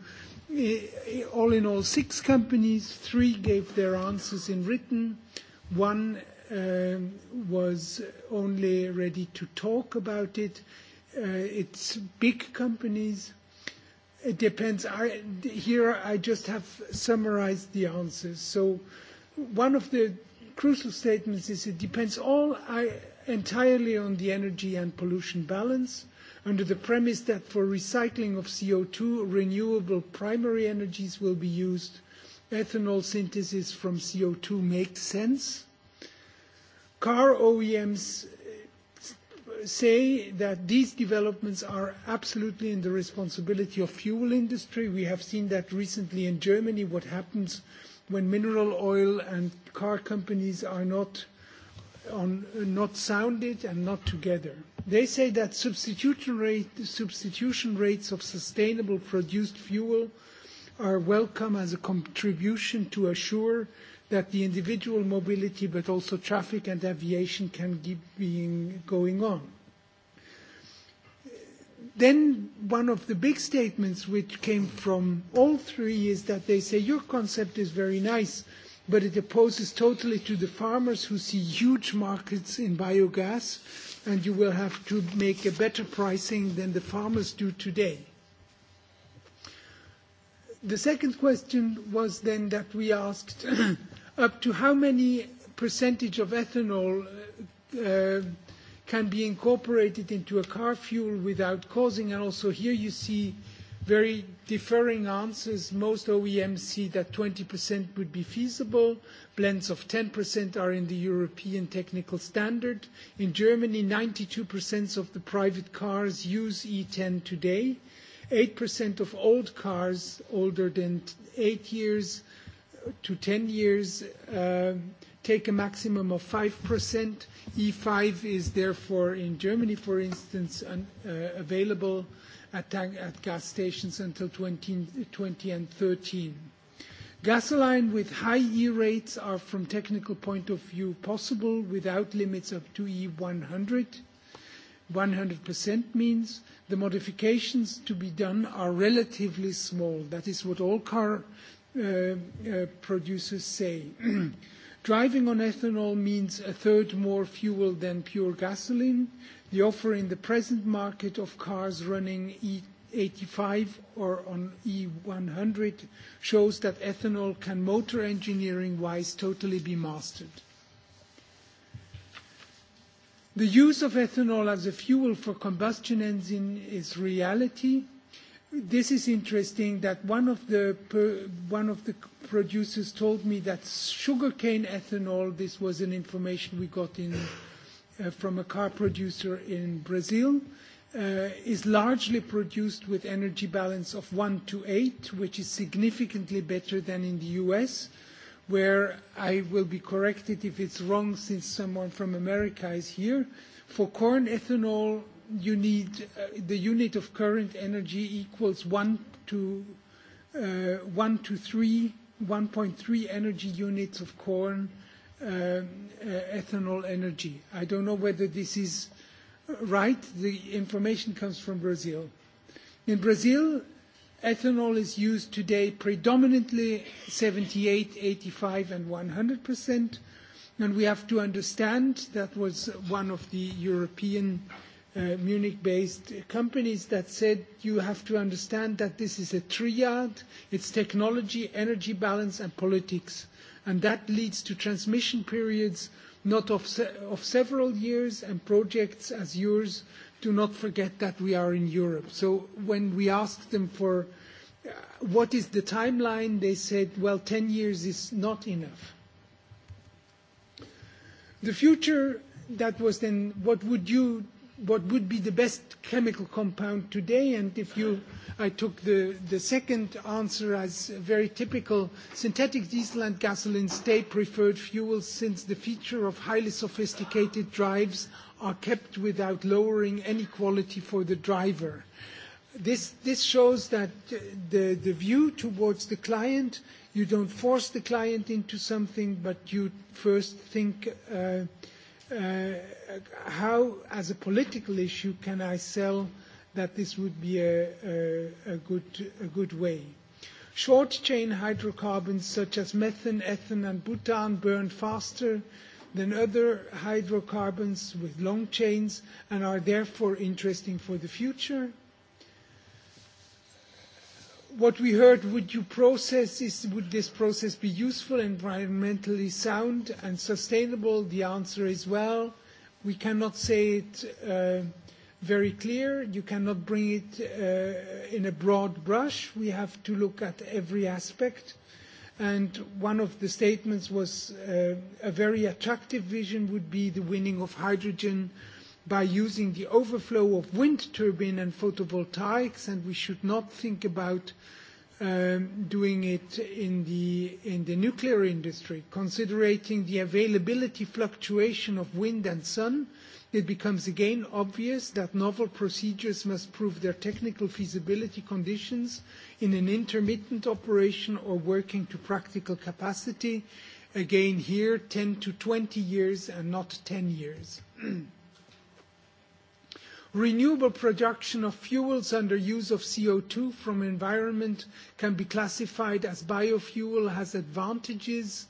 uh, all in all six companies. Three gave their answers in written. One uh, was only ready to talk about it. Uh, it's big companies. Uh, It depends. I, here I just have summarized the answers. So one of the crucial statements is it depends all I, entirely on the energy and pollution balance under the premise that for recycling of CO2, renewable primary energies will be used. Ethanol synthesis from CO2 makes sense. Car OEMs say that these developments are absolutely in the responsibility of fuel industry. We have seen that recently in Germany, what happens when mineral oil and car companies are not, on, not sounded and not together. They say that substitution, rate, substitution rates of sustainable produced fuel are welcome as a contribution to assure uh, that the individual mobility, but also traffic and aviation can keep being going on. Then one of the big statements which came from all three is that they say, your concept is very nice, but it opposes totally to the farmers who see huge markets in biogas, and you will have to make a better pricing than the farmers do today. The second question was then that we asked Up to how many percentage of ethanol uh, uh, can be incorporated into a car fuel without causing, and also here you see very differing answers. Most OEMs see that 20% would be feasible. Blends of 10% are in the European technical standard. In Germany, 92% of the private cars use E10 today. 8% of old cars older than eight years to 10 years um, take a maximum of 5%. E5 is therefore in Germany, for instance, un, uh, available at, at gas stations until 2020 and 2013. Gasoline with high E rates are, from technical point of view, possible without limits up to E100. 100% means the modifications to be done are relatively small. That is what all car Uh, uh, producers say. Driving on ethanol means a third more fuel than pure gasoline. The offer in the present market of cars running E85 or on E100 shows that ethanol can motor engineering-wise totally be mastered. The use of ethanol as a fuel for combustion engine is reality, this is interesting that one of the per, one of the producers told me that sugarcane ethanol this was an information we got in uh, from a car producer in Brazil uh, is largely produced with energy balance of 1 to 8 which is significantly better than in the US where I will be corrected if it's wrong since someone from America is here for corn ethanol you need uh, the unit of current energy equals 1 to uh, 1 to 3, 1.3 energy units of corn uh, uh, ethanol energy. I don't know whether this is right. The information comes from Brazil. In Brazil, ethanol is used today predominantly 78, 85, and 100 percent. And we have to understand that was one of the European uh, uh, Munich-based companies that said you have to understand that this is a triad. It's technology, energy balance, and politics. And that leads to transmission periods not of, se of several years, and projects as yours do not forget that we are in Europe. So when we asked them for uh, what is the timeline, they said, well, 10 years is not enough. The future, that was then, what would you what would be the best chemical compound today. And if you, I took the, the second answer as very typical. Synthetic diesel and gasoline stay preferred fuels since the feature of highly sophisticated drives are kept without lowering any quality for the driver. This, this shows that uh, the, the view towards the client, you don't force the client into something, but you first think uh, uh, how, as a political issue, can I sell that this would be a, a, a, good, a good way? Short chain hydrocarbons such as methane, ethane, and butane burn faster than other hydrocarbons with long chains and are therefore interesting for the future what we heard, would you process this, would this process be useful, environmentally sound and sustainable? The answer is well. We cannot say it uh, very clear. You cannot bring it uh, in a broad brush. We have to look at every aspect. And one of the statements was uh, a very attractive vision would be the winning of hydrogen uh, by using the overflow of wind turbine and photovoltaics, and we should not think about um, doing it in the, in the nuclear industry. Considering the availability fluctuation of wind and sun, it becomes again obvious that novel procedures must prove their technical feasibility conditions in an intermittent operation or working to practical capacity. Again, here, 10-20 to years and not 10 years. Renewable production of fuels under use of CO2 from environment can be classified as biofuel, has advantages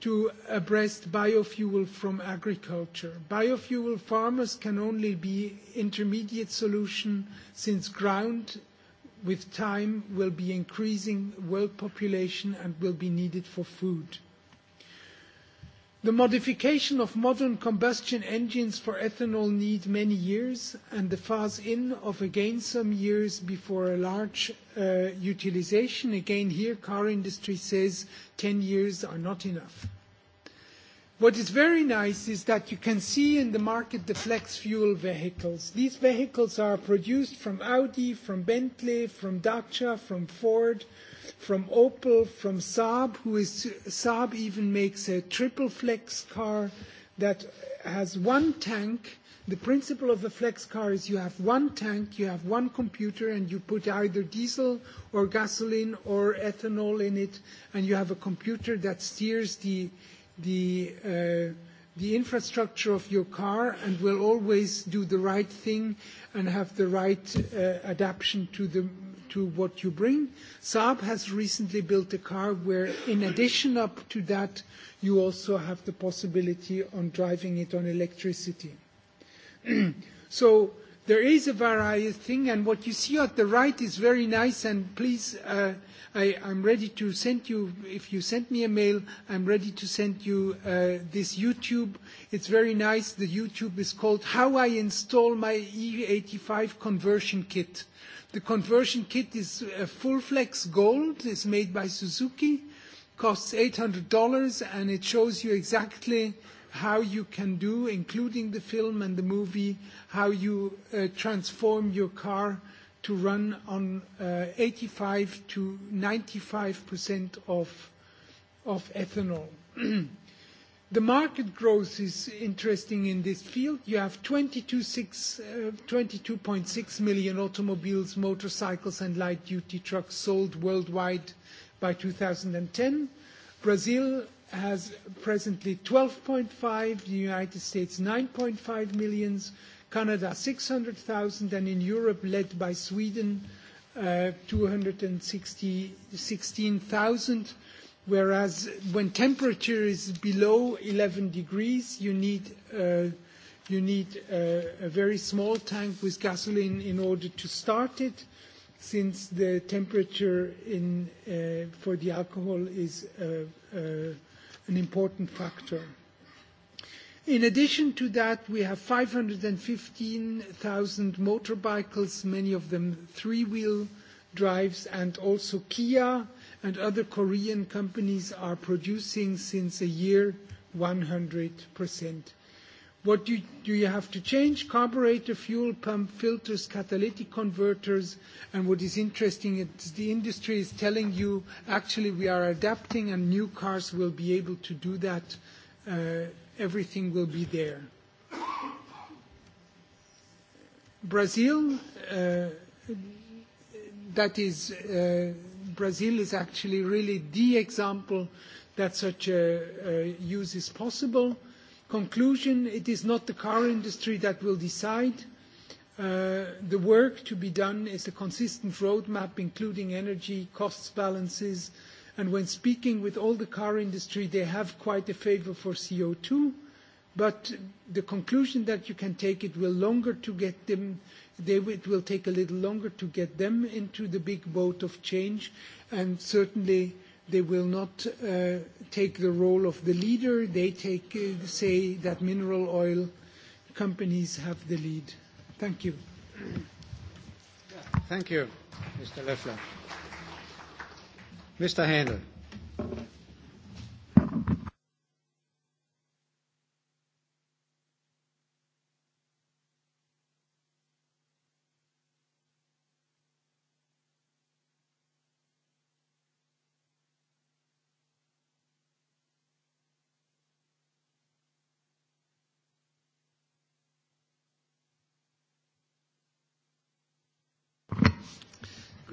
to abreast biofuel from agriculture. Biofuel farmers can only be intermediate solution since ground with time will be increasing world population and will be needed for food. The modification of modern combustion engines for ethanol need many years and the phase-in of again some years before a large uh, utilization. Again here car industry says 10 years are not enough. What is very nice is that you can see in the market the flex fuel vehicles. These vehicles are produced from Audi, from Bentley, from Dacia, from Ford, uh, from Opel, from Saab, who is Saab even makes a triple flex car that has one tank. The principle of the flex car is you have one tank, you have one computer, and you put either diesel or gasoline or ethanol in it, and you have a computer that steers the the uh, the infrastructure of your car and will always do the right thing and have the right uh, adaptation to the to what you bring. Saab has recently built a car where, in addition up to that, you also have the possibility on driving it on electricity. so there is a variety thing, and what you see at the right is very nice, and please, uh, I, I'm ready to send you, if you send me a mail, I'm ready to send you uh, this YouTube. It's very nice. The YouTube is called How I Install My E85 Conversion Kit. Uh, The conversion kit is uh, full flex gold. It's made by Suzuki. Costs $800 and it shows you exactly how you can do, including the film and the movie, how you uh, transform your car to run on uh, 85 to 95% of, of ethanol. The market growth is interesting in this field. You have 22.6 uh, million automobiles, motorcycles, and light-duty trucks sold worldwide by 2010. Brazil has presently 12.5, the United States 9.5 million, Canada 600,000, and in Europe, led by Sweden, uh, 216,000 Whereas when temperature is below 11 degrees, you need, uh, you need uh, a very small tank with gasoline in order to start it, since the temperature in, uh, for the alcohol is uh, uh, an important factor. In addition to that, we have 515,000 motorcycles, many of them three-wheel drives, and also Kia, and other Korean companies are producing since a year 100%. What do you, do you have to change? Carburetor, fuel pump, filters, catalytic converters. And what is interesting is the industry is telling you, actually, we are adapting, and new cars will be able to do that. Uh, everything will be there. Brazil, uh, that is uh, Brazil is actually really the example that such a, a use is possible. Conclusion, it is not the car industry that will decide. Uh, the work to be done is a consistent roadmap, including energy, costs balances, and when speaking with all the car industry, they have quite a favor for CO2. But the conclusion that you can take, it will longer to get them, they, it will take a little longer to get them into the big boat of change, and certainly they will not uh, take the role of the leader. They take, uh, say that mineral oil companies have the lead. Thank you. Thank you, Mr. Loeffler. Mr. Händel.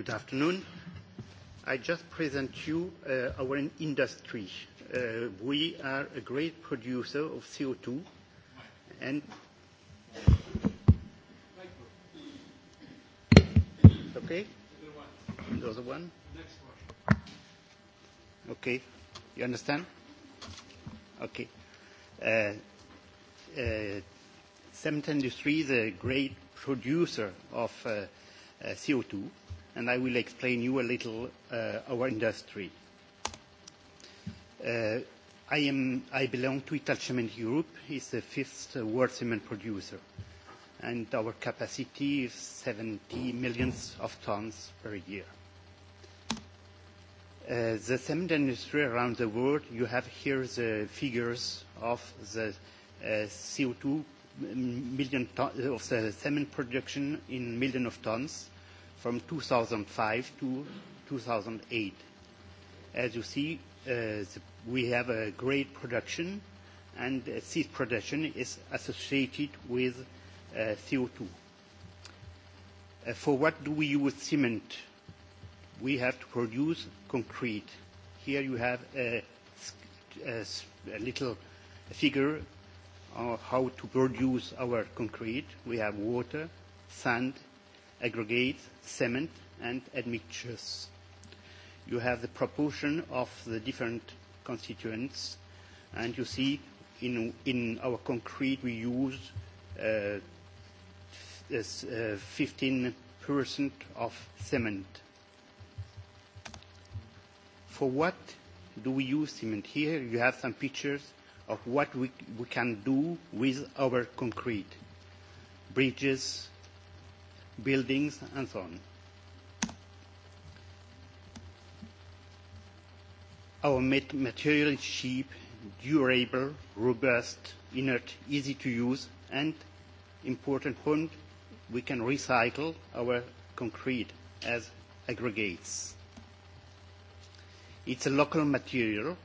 Good afternoon. I just present you uh, our industry. Uh, we are a great producer of CO2 and Okay? The other one? Next one. Okay. You understand? Okay. Uh, uh, cement industry is a great producer of uh, uh, CO2 and I will explain you a little uh, our industry. Uh, I, am, I belong to Italcementi Europe. It's the fifth uh, world cement producer, and our capacity is 70 million tons per year. Uh, the cement industry around the world, you have here the figures of the uh, CO2 million ton, of the cement production in million of tons from 2005 to 2008. As you see, uh, we have a great production, and uh, seed production is associated with uh, CO2. Uh, for what do we use cement? We have to produce concrete. Here you have a, a, a little figure on how to produce our concrete. We have water, sand, aggregate, cement, and admixtures. You have the proportion of the different constituents, and you see in, in our concrete we use uh, is, uh, 15% of cement. For what do we use cement? Here you have some pictures of what we, we can do with our concrete. Bridges, buildings, and so on. Our material is cheap, durable, robust, inert, easy to use, and important point, we can recycle our concrete as aggregates. It's a local material.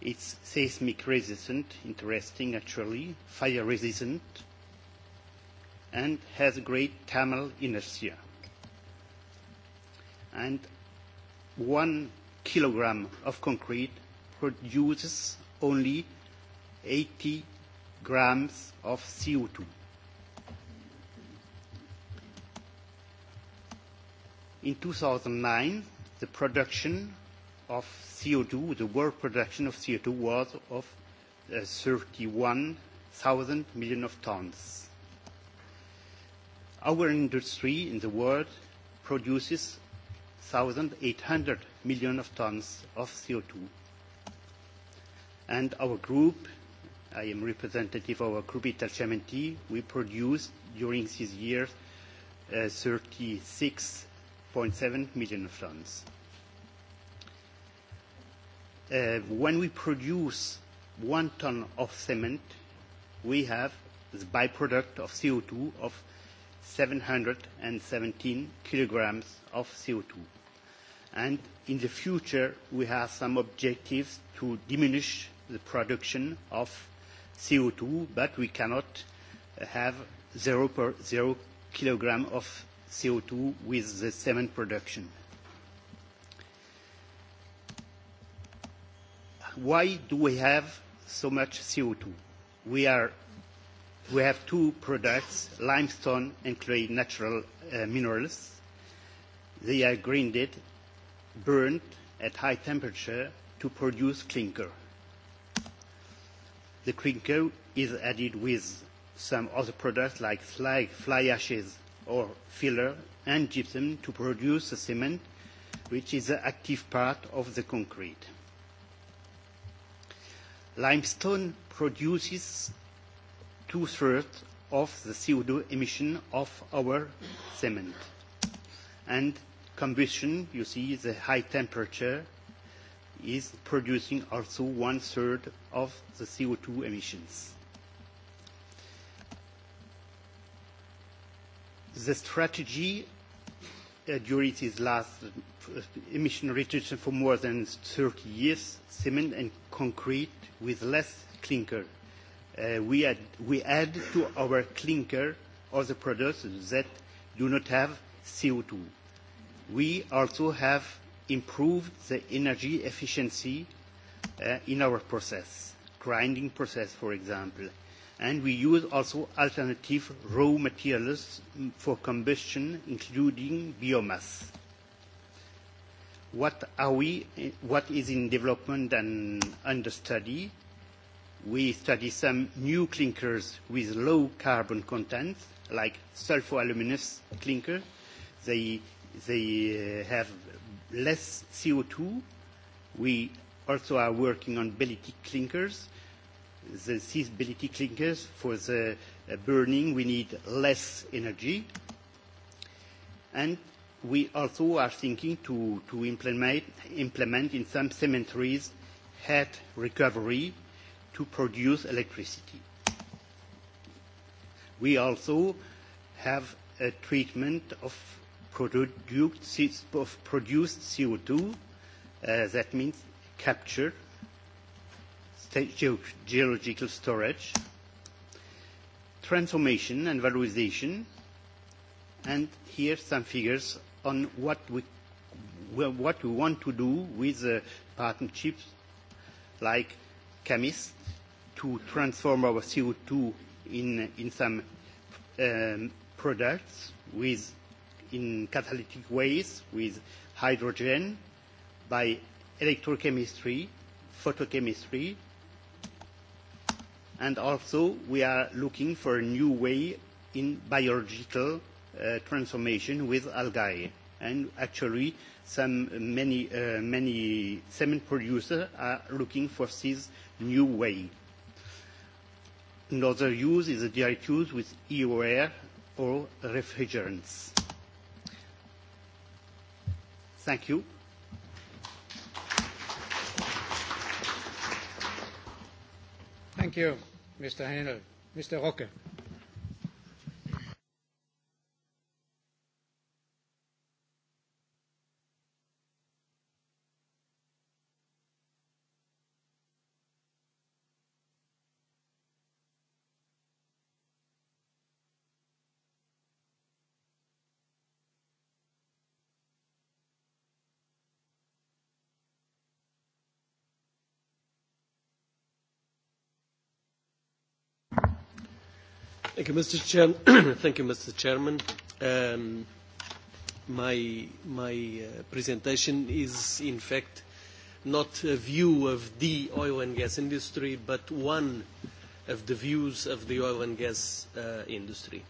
It's seismic resistant, interesting actually, fire resistant, and has great Tamil inertia. And one kilogram of concrete produces only 80 grams of CO2. In 2009, the production of CO2, the world production of CO2 was of uh, 31,000 million of tons Our industry in the world produces 1,800 million of tons of CO2. And our group, I am representative of our group Italcementi, we produced during this year uh, 36.7 million of tons. Uh, when we produce one ton of cement, we have the byproduct of CO2 of 717 kilograms of CO2. And in the future, we have some objectives to diminish the production of CO2, but we cannot have zero, per, zero kilogram of CO2 with the cement production. Why do we have so much CO2? We are we have two products, limestone and clay natural uh, minerals. They are grinded, burned at high temperature to produce clinker. The clinker is added with some other products like fly, fly ashes or filler and gypsum to produce a cement which is the active part of the concrete. Limestone produces two-thirds of the CO2 emission of our cement. And combustion, you see the high temperature is producing also one-third of the CO2 emissions. The strategy uh, during its last uh, emission reduction for more than 30 years, cement and concrete with less clinker uh, we, add, we add to our clinker other products that do not have CO2. We also have improved the energy efficiency uh, in our process, grinding process, for example. And we use also alternative raw materials for combustion, including biomass. What are we, what is in development and under study? Uh, We study some new clinkers with low carbon content, like sulfo-aluminous clinker. They, they uh, have less CO2. We also are working on Belitic clinkers. The these Belitic clinkers, for the uh, burning, we need less energy. And we also are thinking to, to implement, implement in some cemeteries head recovery to produce electricity. We also have a treatment of produced, of produced CO2, uh, that means capture, ge geological storage, transformation and valorization, and here some figures on what we, well, what we want to do with uh, partnerships like chemists to transform our CO2 in, in some um, products with, in catalytic ways with hydrogen by electrochemistry, photochemistry, and also we are looking for a new way in biological uh, transformation with algae. And actually, some many uh, many cement producers are looking for these uh, new way. Another use is a direct use with EOR or refrigerants. Thank you. Thank you, Mr. Henel. Mr. Rocke. Thank you, Mr. Chair. Thank you, Mr. Chairman. Um, my my uh, presentation is, in fact, not a view of the oil and gas industry, but one of the views of the oil and gas uh, industry.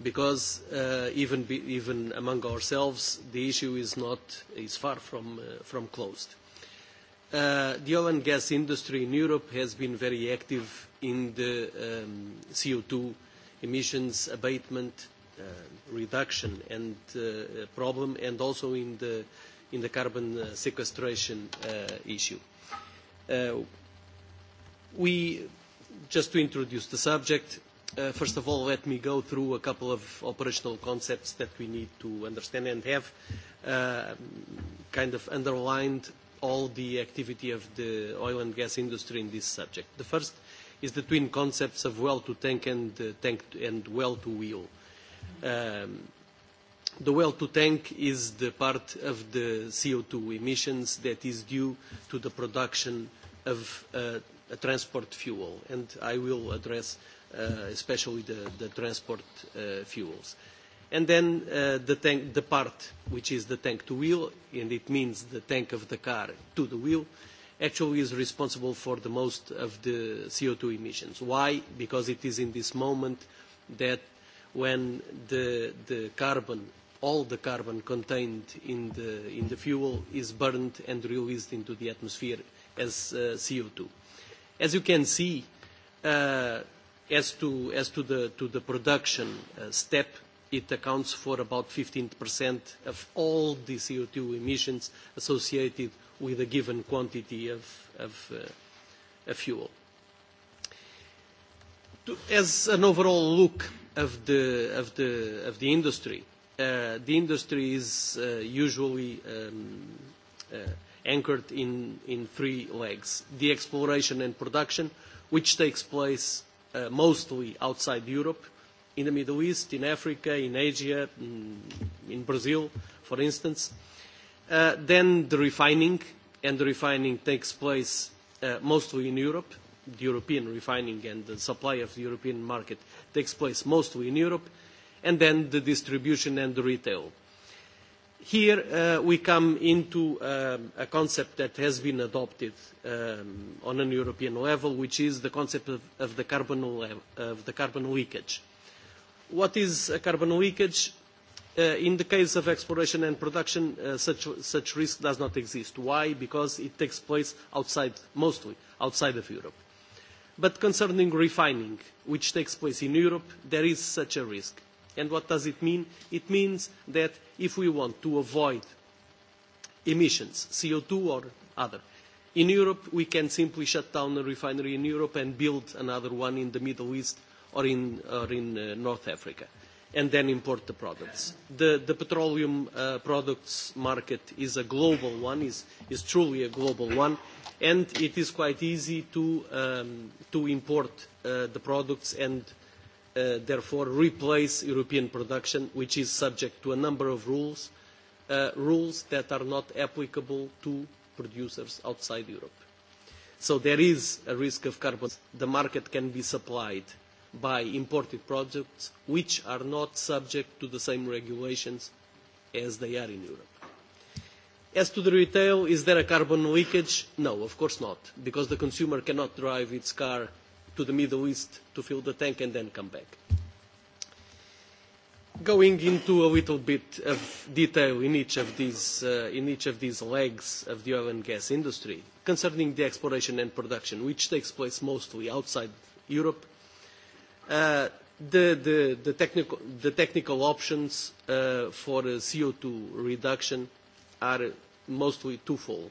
Because uh, even, be, even among ourselves, the issue is, not, is far from, uh, from closed. Uh, the oil and gas industry in Europe has been very active in the um, CO2 emissions abatement uh, reduction and uh, problem and also in the in the carbon uh, sequestration uh, issue. Uh, we just to introduce the subject, uh, first of all, let me go through a couple of operational concepts that we need to understand and have uh, kind of underlined all the activity of the oil and gas industry in this subject. The first uh, is the twin concepts of well to tank and, uh, tank and well to wheel. Um, the well to tank is the part of the CO2 emissions that is due to the production of uh, a transport fuel, and I will address uh, especially the, the transport uh, fuels. And then uh, the, tank, the part which is the tank to wheel, and it means the tank of the car to the wheel, uh, actually is responsible for the most of the CO2 emissions. Why? Because it is in this moment that when the, the carbon, all the carbon contained in the, in the fuel is burned and released into the atmosphere as uh, CO2. As you can see, uh, as to, as to, the, to the production uh, step, it accounts for about 15% of all the CO2 emissions associated with a given quantity of, of, uh, of fuel. To, as an overall look of the, of the, of the industry, uh, the industry is uh, usually um, uh, anchored in, in three legs. The exploration and production, which takes place uh, mostly outside Europe, in the Middle East, in Africa, in Asia, in, in Brazil, for instance. Uh, Uh, then the refining, and the refining takes place uh, mostly in Europe. The European refining and the supply of the European market takes place mostly in Europe. And then the distribution and the retail. Here uh, we come into um, a concept that has been adopted um, on an European level, which is the concept of, of, the, carbon, of the carbon leakage. What is a carbon leakage? Uh, in the case of exploration and production, uh, such, such risk does not exist. Why? Because it takes place outside, mostly outside of Europe. But concerning refining, which takes place in Europe, there is such a risk. And what does it mean? It means that if we want to avoid emissions, CO2 or other, in Europe we can simply shut down a refinery in Europe and build another one in the Middle East or in, or in uh, North Africa. Uh, and then import the products. The, the petroleum uh, products market is a global one, is, is truly a global one, and it is quite easy to, um, to import uh, the products and uh, therefore replace European production, which is subject to a number of rules, uh, rules that are not applicable to producers outside Europe. So there is a risk of carbon. The market can be supplied uh, by imported products which are not subject to the same regulations as they are in Europe. As to the retail, is there a carbon leakage? No, of course not, because the consumer cannot drive its car to the Middle East to fill the tank and then come back. Going into a little bit of detail in each of these, uh, in each of these legs of the oil and gas industry, concerning the exploration and production, which takes place mostly outside Europe, uh, the, the, the, technical, the technical options uh, for uh, CO2 reduction are mostly twofold.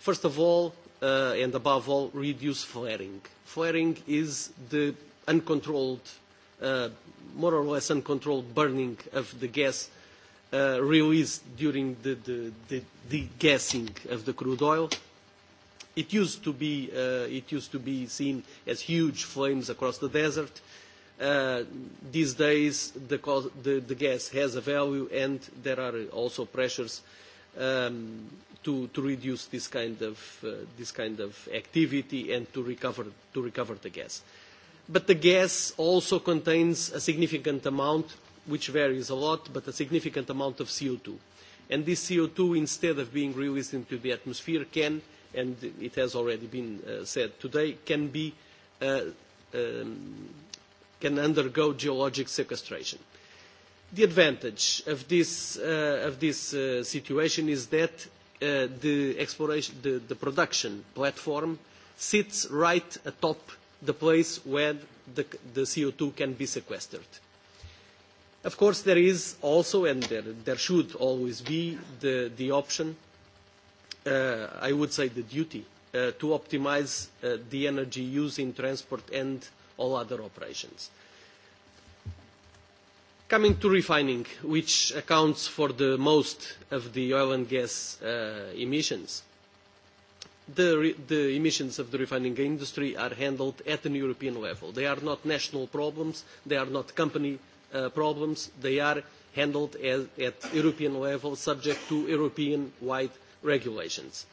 First of all, uh, and above all, reduce flaring. Flaring is the uncontrolled, uh, more or less uncontrolled burning of the gas uh, released during the, the, the, the gassing of the crude oil. Uh, It used to be, uh, it used to be seen as huge flames across the desert. Uh, these days, the, cost, the, the gas has a value, and there are also pressures um, to, to reduce this kind of uh, this kind of activity and to recover to recover the gas. But the gas also contains a significant amount, which varies a lot, but a significant amount of CO2. And this CO2, instead of being released into the atmosphere, can uh, and it has already been uh, said today, can be uh, um, can undergo geologic sequestration. The advantage of this, uh, of this uh, situation is that uh, the, exploration, the, the production platform sits right atop the place where the, the CO2 can be sequestered. Of course, there is also, and there, there should always be, the, the option uh, uh, I would say, the duty uh, to optimize uh, the energy used in transport and all other operations. Coming to refining, which accounts for the most of the oil and gas uh, emissions, the, re the emissions of the refining industry are handled at an European level. They are not national problems, they are not company uh, problems, they are handled as, at European level subject to European-wide regulations.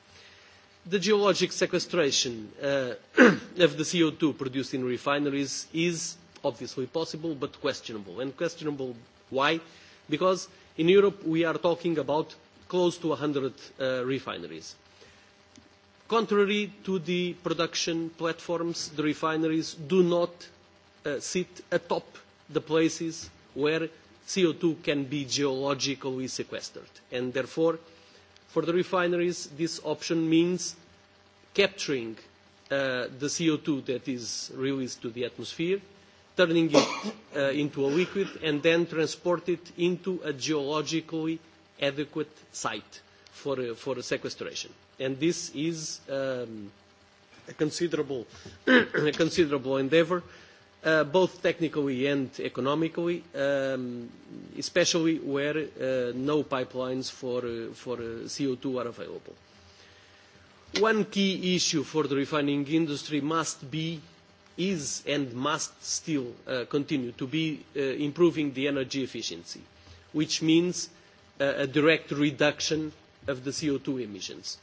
The geologic sequestration uh, of the CO2 produced in refineries is obviously possible but questionable. And questionable why? Because in Europe we are talking about close to 100 uh, refineries. Contrary to the production platforms, the refineries do not uh, sit atop the places where CO2 can be geologically sequestered. And therefore, uh, For the refineries, this option means capturing uh, the CO2 that is released to the atmosphere, turning it uh, into a liquid, and then transport it into a geologically adequate site for, uh, for sequestration. And this is um, a, considerable a considerable endeavor. Uh, uh, both technically and economically, um, especially where uh, no pipelines for, uh, for uh, CO2 are available. One key issue for the refining industry must be, is and must still uh, continue to be uh, improving the energy efficiency, which means uh, a direct reduction of the CO2 emissions.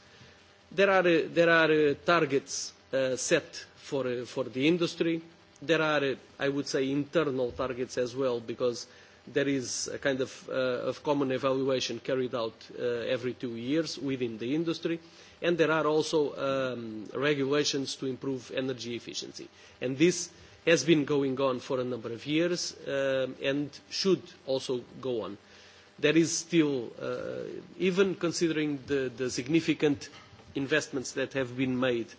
There are, uh, there are uh, targets uh, set for, uh, for the industry. Uh, There are, I would say, internal targets as well, because there is a kind of, uh, of common evaluation carried out uh, every two years within the industry, and there are also um, regulations to improve energy efficiency. And this has been going on for a number of years uh, and should also go on. There is still, uh, even considering the, the significant investments that have been made uh,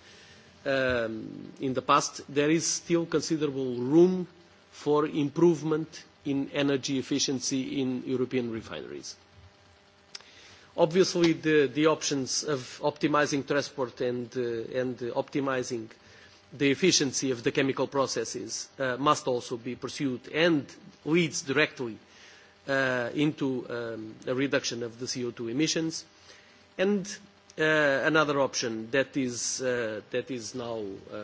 um, in the past, there is still considerable room for improvement in energy efficiency in European refineries. Obviously, the, the options of optimizing transport and, uh, and optimizing the efficiency of the chemical processes uh, must also be pursued and leads directly uh, into um, a reduction of the CO2 emissions. And uh, another option that is, uh, that is now uh,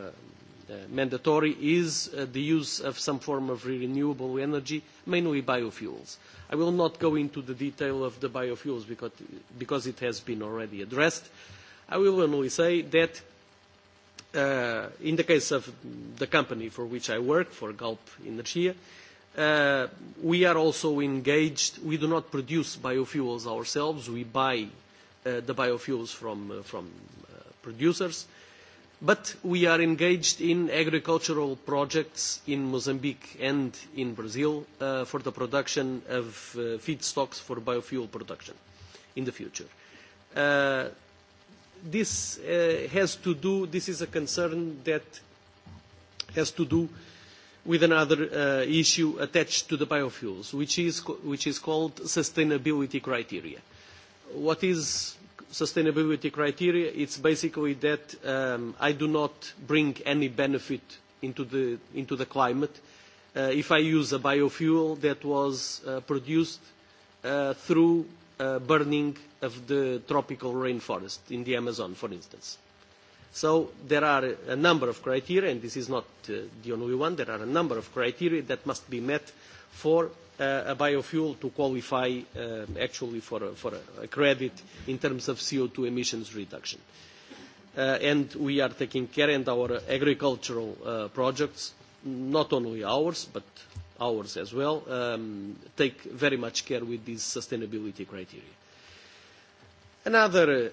uh, mandatory is uh, the use of some form of renewable energy, mainly biofuels. I will not go into the detail of the biofuels because, because it has been already addressed. I will only say that uh, in the case of the company for which I work, for Galp Energia, uh, we are also engaged. We do not produce biofuels ourselves. We buy uh, uh, the biofuels from, uh, from uh, producers. But we are engaged in agricultural projects in Mozambique and in Brazil uh, for the production of uh, feedstocks for biofuel production in the future. Uh, this uh, has to do, this is a concern that has to do with another uh, issue attached to the biofuels, which is, which is called sustainability criteria. Uh, what is sustainability criteria? It's basically that um, I do not bring any benefit into the, into the climate. Uh, if I use a biofuel that was uh, produced uh, through uh, burning of the tropical rainforest in the Amazon, for instance. So there are a number of criteria, and this is not uh, the only one, there are a number of criteria that must be met for uh, a biofuel to qualify uh, actually for, a, for a, a credit in terms of CO2 emissions reduction. Uh, and we are taking care and our agricultural uh, projects, not only ours, but ours as well, um, take very much care with these sustainability criteria. Another,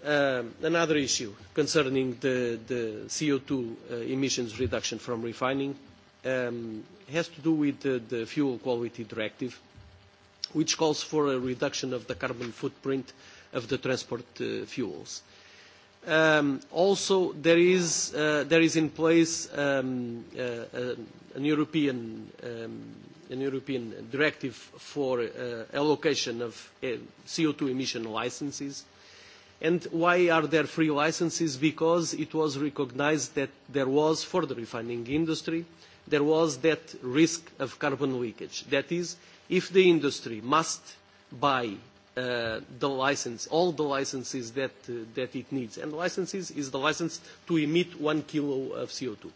uh, another issue concerning the, the CO2 uh, emissions reduction from refining uh, um, has to do with the, the Fuel Quality Directive, which calls for a reduction of the carbon footprint of the transport uh, fuels. Um, also, there is, uh, there is in place um, uh, uh, an, European, um, an European directive for uh, allocation of uh, CO2 emission licenses. And why are there free licenses? Because it was recognized that there was, for the refining industry, uh, there was that risk of carbon leakage. That is, if the industry must buy uh, the license, all the licenses that, uh, that it needs, and licenses is the license to emit one kilo of CO2.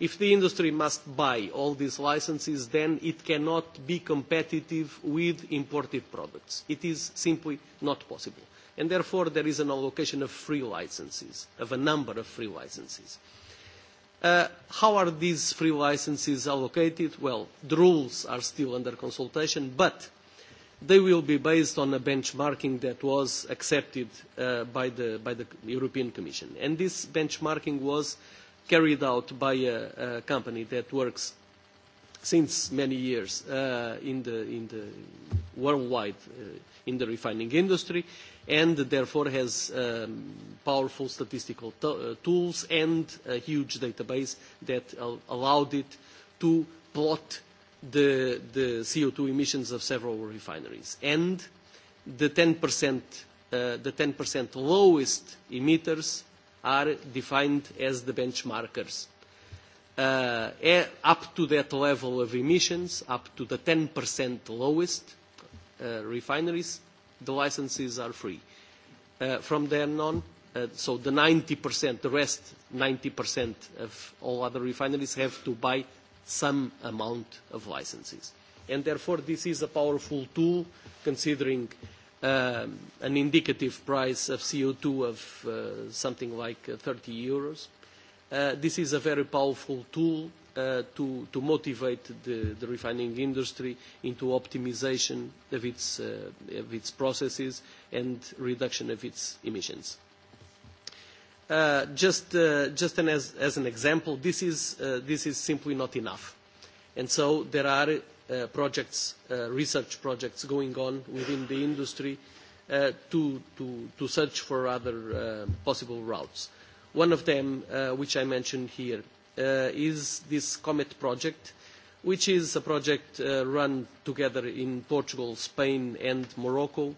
If the industry must buy all these licenses, then it cannot be competitive with imported products. It is simply not possible. And therefore, there is an allocation of free licenses, of a number of free licenses. Uh, Uh, how are these free licenses allocated? Well, the rules are still under consultation, but they will be based on a benchmarking that was accepted uh, by, the, by the European Commission. And this benchmarking was carried out by a, a company that works since many years uh, in the, in the worldwide uh, in the refining industry and therefore has um, powerful statistical to uh, tools and a huge database that al allowed it to plot the, the CO2 emissions of several refineries. And the 10%, uh, the 10 lowest emitters are defined as the benchmarkers uh, uh, e up to that level of emissions, up to the 10% lowest uh, refineries, the licenses are free. Uh, from then on, uh, so the 90%, the rest 90% of all other refineries have to buy some amount of licenses. And therefore, this is a powerful tool considering um, an indicative price of CO2 of uh, something like 30 uh, euros. Uh, Uh, this is a very powerful tool uh, to, to motivate the, the refining industry into optimization of its, uh, of its processes and reduction of its emissions. Uh, just uh, just an, as, as an example, this is, uh, this is simply not enough. And so there are uh, projects, uh, research projects going on within the industry uh, to, to, to search for other uh, possible routes. Uh, One of them, uh, which I mentioned here, uh, is this COMET project, which is a project uh, run together in Portugal, Spain and Morocco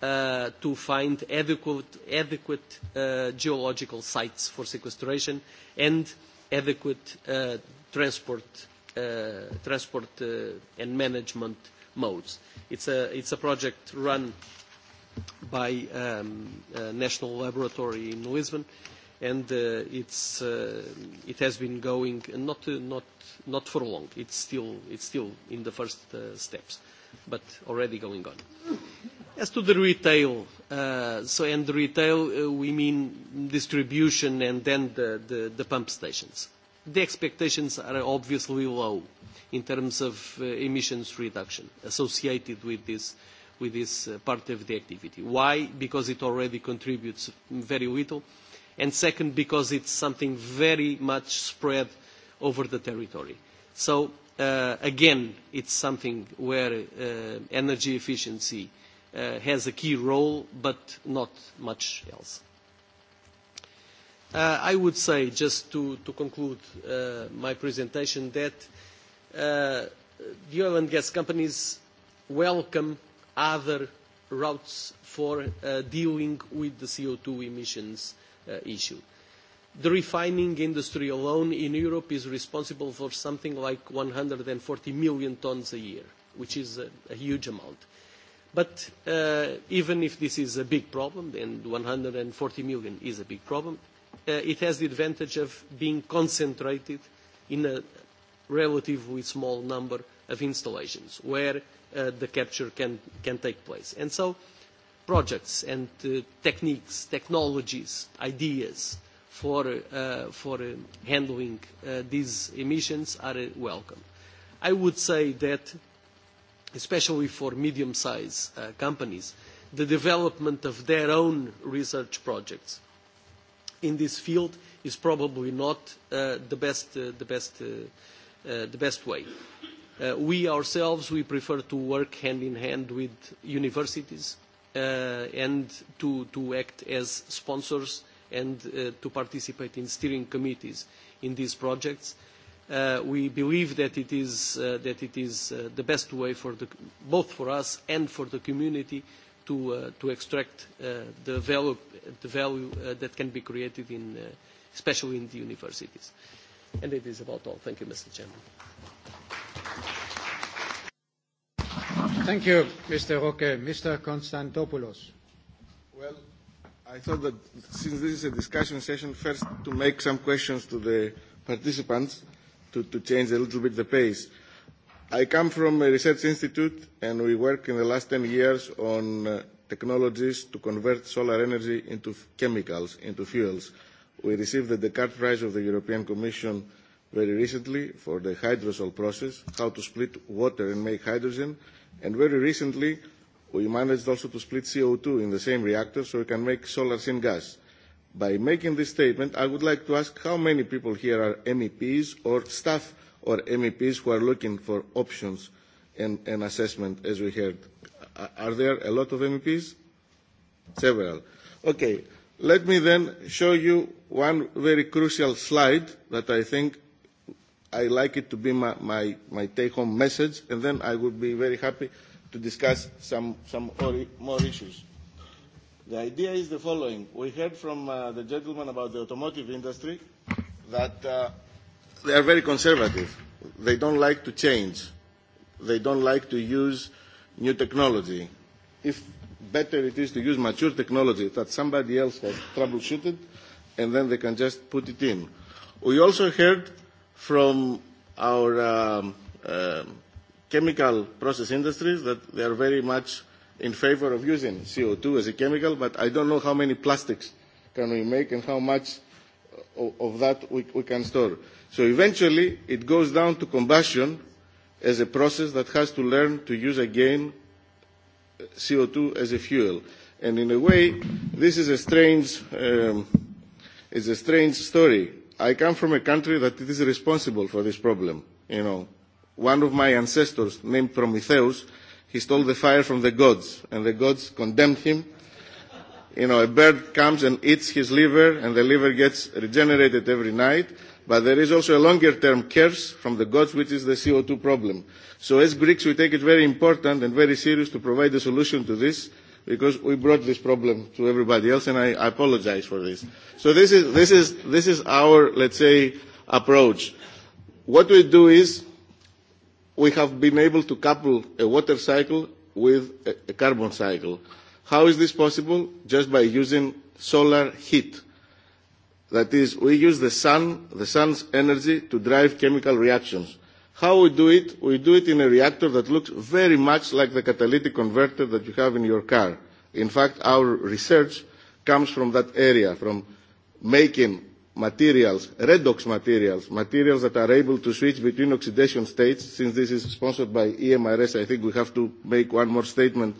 uh, to find adequate, adequate uh, geological sites for sequestration and adequate uh, transport, uh, transport uh, and management modes. It's a, it's a project run by um, a national laboratory in Lisbon uh, and uh, it's, uh, it has been going not, uh, not, not for long. It's still, it's still in the first uh, steps, but already going on. As to the retail, uh, so and the retail, uh, we mean distribution and then the, the, the pump stations. The expectations are obviously low in terms of uh, emissions reduction associated with this, with this uh, part of the activity. Why? Because it already contributes very little. Uh, and second because it's something very much spread over the territory. So uh, again, it's something where uh, energy efficiency uh, has a key role, but not much else. Uh, I would say, just to, to conclude uh, my presentation, that uh, the oil and gas companies welcome other routes for uh, dealing with the CO2 emissions uh, uh, issue. The refining industry alone in Europe is responsible for something like 140 million tons a year, which is a, a huge amount. But uh, even if this is a big problem, and 140 million is a big problem, uh, it has the advantage of being concentrated in a relatively small number of installations where uh, the capture can, can take place. And so uh, projects and uh, techniques, technologies, ideas for, uh, for uh, handling uh, these emissions are uh, welcome. I would say that, especially for medium-sized uh, companies, the development of their own research projects in this field is probably not uh, the, best, uh, the, best, uh, uh, the best way. Uh, we ourselves, we prefer to work hand in hand with universities, uh, and to, to act as sponsors and uh, to participate in steering committees in these projects. Uh, we believe that it is, uh, that it is uh, the best way for the, both for us and for the community to, uh, to extract uh, the value, the value uh, that can be created, in, uh, especially in the universities. And it is about all. Thank you, Mr. Chairman. Thank you, Mr. Roque. Mr. Konstantopoulos. Well, I thought that since this is a discussion session, first to make some questions to the participants to, to change a little bit the pace. I come from a research institute and we work in the last 10 years on uh, technologies to convert solar energy into chemicals, into fuels. We received the Descartes Prize of the European Commission very recently for the hydrosol process, how to split water and make hydrogen. Uh, And very recently, we managed also to split CO2 in the same reactor so we can make solar syngas. By making this statement, I would like to ask how many people here are MEPs or staff or MEPs who are looking for options and, and assessment, as we heard. Are there a lot of MEPs? Several. Okay, let me then show you one very crucial slide that I think I like it to be my, my, my take-home message, and then I would be very happy to discuss some, some more issues. The idea is the following. We heard from uh, the gentleman about the automotive industry that uh, they are very conservative. They don't like to change. They don't like to use new technology. If better it is to use mature technology that somebody else has troubleshooted, and then they can just put it in. We also heard from our um, uh, chemical process industries that they are very much in favor of using CO2 as a chemical, but I don't know how many plastics can we make and how much of that we, we can store. So eventually it goes down to combustion as a process that has to learn to use again uh, CO2 as a fuel. And in a way, this is a strange, um, it's a strange story I come from a country that it is responsible for this problem. You know, one of my ancestors, named Prometheus, he stole the fire from the gods, and the gods condemned him. You know, a bird comes and eats his liver, and the liver gets regenerated every night. But there is also a longer-term curse from the gods, which is the CO2 problem. So as Greeks, we take it very important and very serious to provide a solution to this because we brought this problem to everybody else, and I, I apologize for this. So this is, this, is, this is our, let's say, approach. What we do is we have been able to couple a water cycle with a, a carbon cycle. How is this possible? Just by using solar heat. That is, we use the sun, the sun's energy to drive chemical reactions. How we do it? We do it in a reactor that looks very much like the catalytic converter that you have in your car. In fact, our research comes from that area, from making materials, redox materials, materials that are able to switch between oxidation states. Since this is sponsored by EMRS, I think we have to make one more statement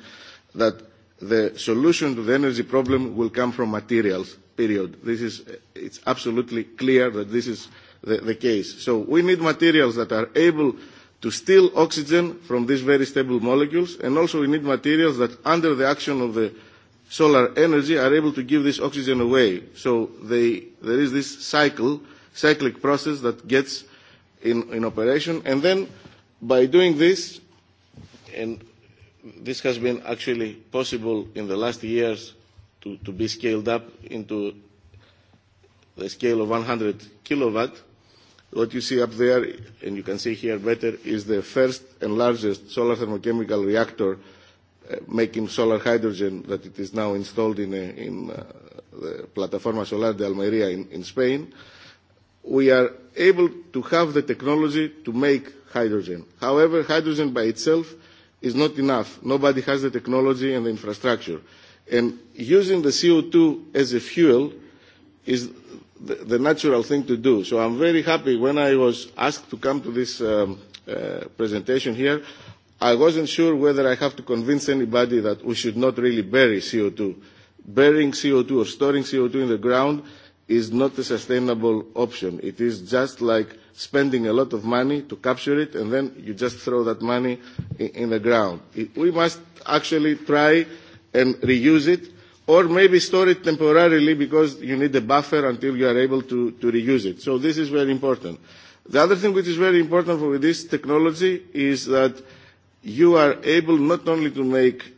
that the solution to the energy problem will come from materials, period. This is, it's absolutely clear that this is the, the case. So we need materials that are able to steal oxygen from these very stable molecules, and also we need materials that, under the action of the solar energy, are able to give this oxygen away. So they, there is this cycle, cyclic process that gets in, in operation, and then by doing this, and this has been actually possible in the last years to, to be scaled up into the scale of 100 kilowatt, what you see up there, and you can see here better, is the first and largest solar thermochemical reactor uh, making solar hydrogen that it is now installed in, a, uh, in uh, the Plataforma Solar de Almería in, in Spain. We are able to have the technology to make hydrogen. However, hydrogen by itself is not enough. Nobody has the technology and the infrastructure. And using the CO2 as a fuel is the, the natural thing to do. So I'm very happy when I was asked to come to this um, uh, presentation here. I wasn't sure whether I have to convince anybody that we should not really bury CO2. Burying CO2 or storing CO2 in the ground is not a sustainable option. It is just like spending a lot of money to capture it and then you just throw that money in, in the ground. It, we must actually try and reuse it or maybe store it temporarily because you need a buffer until you are able to, to reuse it. So this is very important. The other thing which is very important for this technology is that you are able not only to make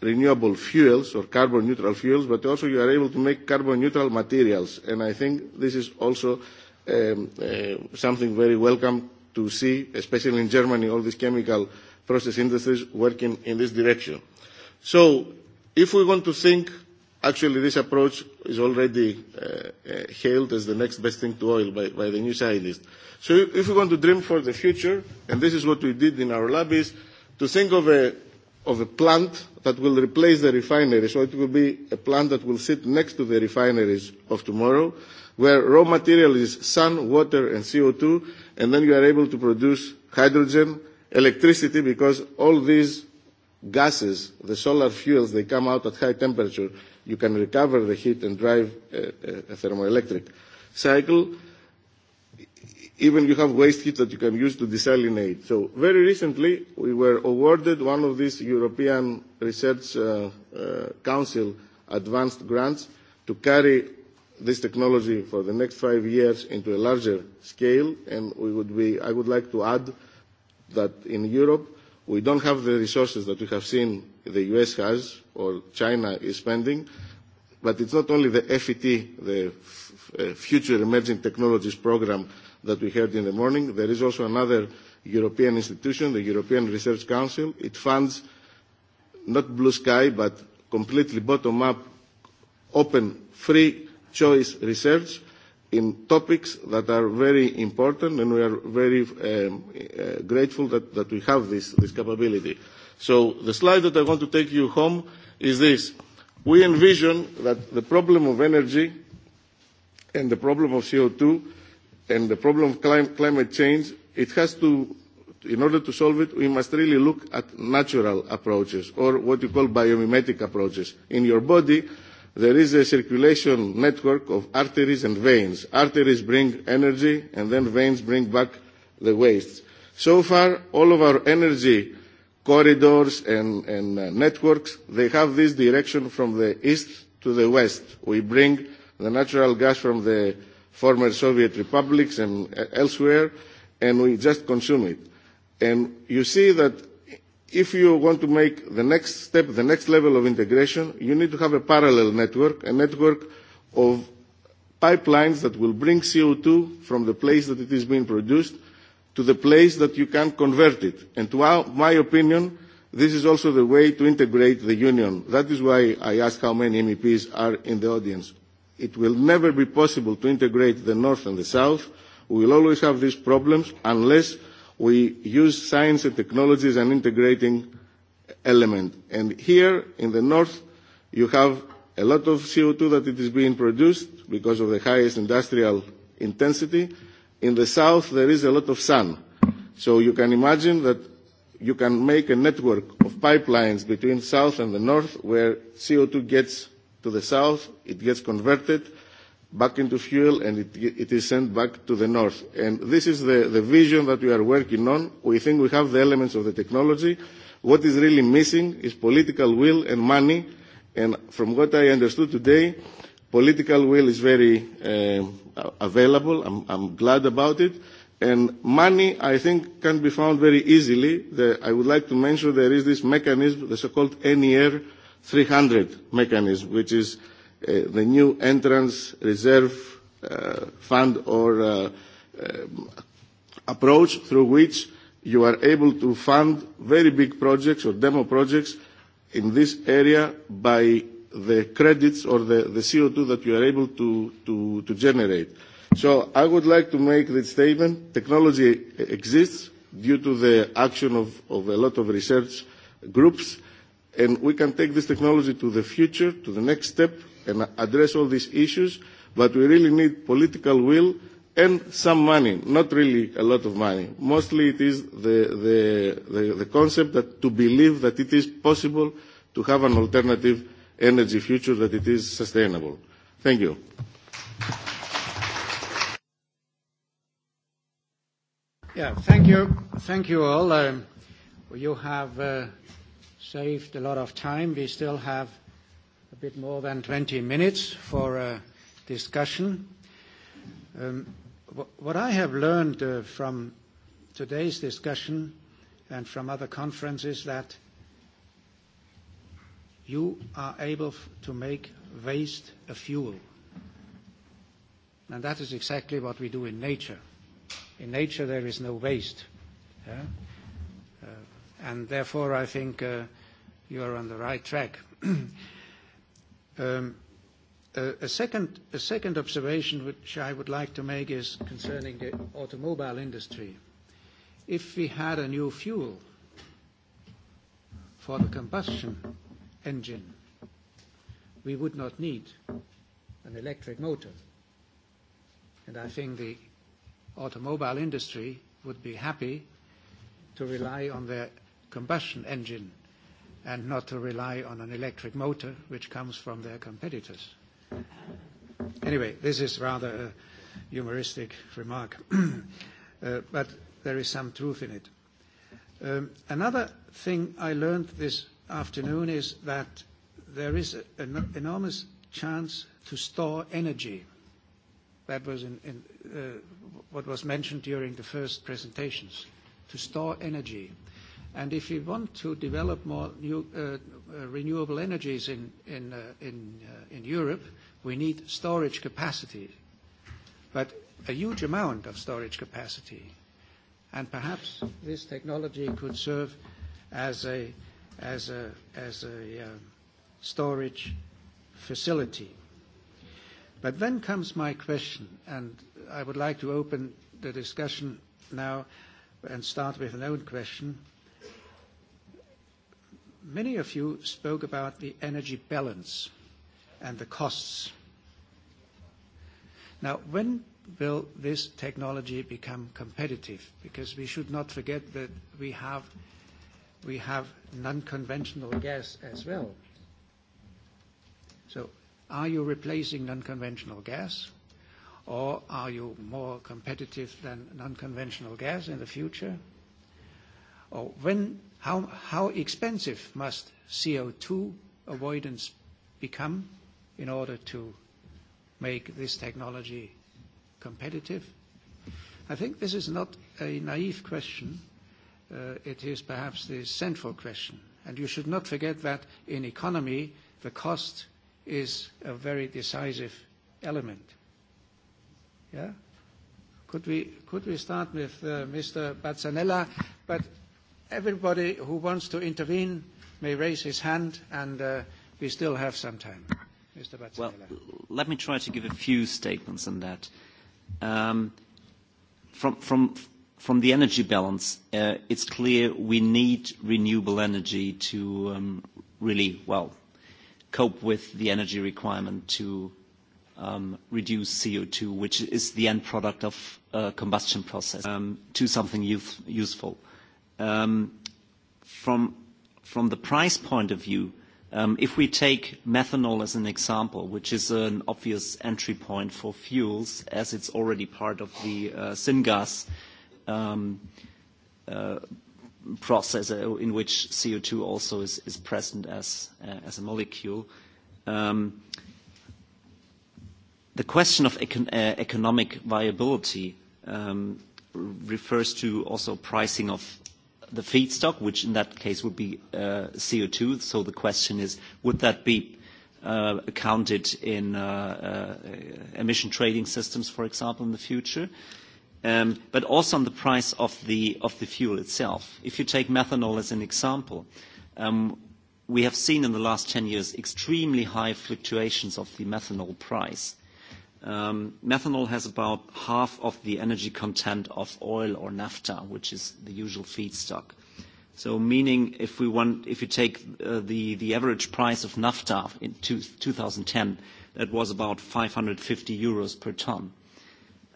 renewable fuels or carbon neutral fuels, but also you are able to make carbon neutral materials. And I think this is also um, uh, something very welcome to see, especially in Germany, all these chemical process industries working in this direction. So if we want to think Actually, this approach is already uh, uh, hailed as the next best thing to oil by, by the new scientists. So if we want to dream for the future, and this is what we did in our lab, is to think of a, of a plant that will replace the refinery. So it will be a plant that will sit next to the refineries of tomorrow, where raw material is sun, water, and CO2, and then you are able to produce hydrogen, electricity, because all these gases, the solar fuels, they come out at high temperature you can recover the heat and drive a, a, a thermoelectric cycle. Even you have waste heat that you can use to desalinate. So very recently, we were awarded one of these European Research uh, uh, Council advanced grants to carry this technology for the next five years into a larger scale. And we would be, I would like to add that in Europe, we don't have the resources that we have seen the U.S. has or China is spending. But it's not only the FET, the uh, Future Emerging Technologies Program that we heard in the morning. There is also another European institution, the European Research Council. It funds not blue sky, but completely bottom-up, open, free choice research in topics that are very important, and we are very um, uh, grateful that, that we have this, this capability. So the slide that I want to take you home is this. We envision that the problem of energy and the problem of CO2 and the problem of clim climate change, it has to, in order to solve it, we must really look at natural approaches or what you call biomimetic approaches. In your body, there is a circulation network of arteries and veins. Arteries bring energy and then veins bring back the waste. So far, all of our energy corridors and, and uh, networks, they have this direction from the east to the west. We bring the natural gas from the former Soviet republics and uh, elsewhere, and we just consume it. And you see that if you want to make the next step, the next level of integration, you need to have a parallel network, a network of pipelines that will bring CO2 from the place that it is being produced – to the place that you can convert it. And to our, my opinion, this is also the way to integrate the union. That is why I ask how many MEPs are in the audience. It will never be possible to integrate the North and the South. We will always have these problems unless we use science and technology as an integrating element. And here in the North, you have a lot of CO2 that it is being produced because of the highest industrial intensity in the south there is a lot of sun. So you can imagine that you can make a network of pipelines between south and the north where CO2 gets to the south, it gets converted back into fuel and it, it is sent back to the north. And this is the, the vision that we are working on. We think we have the elements of the technology. What is really missing is political will and money. And from what I understood today, uh, Political will is very uh, available. I'm, I'm glad about it. And money, I think, can be found very easily. The, I would like to mention there is this mechanism, the so-called NER 300 mechanism, which is uh, the new entrance reserve uh, fund or uh, um, approach through which you are able to fund very big projects or demo projects in this area by the credits or the, the CO2 that you are able to, to, to generate. So I would like to make the statement, technology exists due to the action of, of a lot of research groups, and we can take this technology to the future, to the next step, and address all these issues, but we really need political will and some money, not really a lot of money. Mostly it is the, the, the, the concept that to believe that it is possible to have an alternative energy future that it is sustainable. Thank you. Yeah, thank you. Thank you all. Um, you have uh, saved a lot of time. We still have a bit more than 20 minutes for uh, discussion. Um, what I have learned uh, from today's discussion and from other conferences that you are able to make waste a fuel. And that is exactly what we do in nature. In nature, there is no waste. Yeah? Uh, and therefore, I think uh, you are on the right track. um, uh, a, second, a second observation which I would like to make is concerning the automobile industry. If we had a new fuel for the combustion engine. We would not need an electric motor. And I think the automobile industry would be happy to rely on their combustion engine and not to rely on an electric motor which comes from their competitors. Anyway, this is rather a humoristic remark, uh, but there is some truth in it. Um, another thing I learned this afternoon is that there is an enormous chance to store energy. That was in, in, uh, what was mentioned during the first presentations, to store energy. And if you want to develop more new, uh, uh, renewable energies in, in, uh, in, uh, in Europe, we need storage capacity, but a huge amount of storage capacity. And perhaps this technology could serve as a as a, as a um, storage facility. But then comes my question, and I would like to open the discussion now and start with an own question. Many of you spoke about the energy balance and the costs. Now, when will this technology become competitive? Because we should not forget that we have we have non-conventional gas as well. So are you replacing non-conventional gas, or are you more competitive than non-conventional gas in the future? Or when, how, how expensive must CO2 avoidance become in order to make this technology competitive? I think this is not a naive question uh, it is perhaps the central question. And you should not forget that in economy, the cost is a very decisive element. Yeah? Could we, could we start with uh, Mr. Bazzanella? But everybody who wants to intervene may raise his hand, and uh, we still have some time. Mr. Bazzanella. Well, let me try to give a few statements on that. Um, from, from from the energy balance, uh, it's clear we need renewable energy to um, really, well, cope with the energy requirement to um, reduce CO2, which is the end product of uh, combustion process, um, to something use, useful. Um, from, from the price point of view, um, if we take methanol as an example, which is an obvious entry point for fuels, as it's already part of the uh, syngas um, uh, process uh, in which CO2 also is, is present as, uh, as a molecule. Um, the question of econ uh, economic viability um, refers to also pricing of the feedstock, which in that case would be uh, CO2. So the question is, would that be uh, accounted in uh, uh, emission trading systems, for example, in the future? Uh, um, but also on the price of the, of the fuel itself. If you take methanol as an example, um, we have seen in the last 10 years extremely high fluctuations of the methanol price. Um, methanol has about half of the energy content of oil or naphtha, which is the usual feedstock. So meaning if we want, if you take uh, the, the average price of naphtha in two, 2010, that was about 550 euros per ton.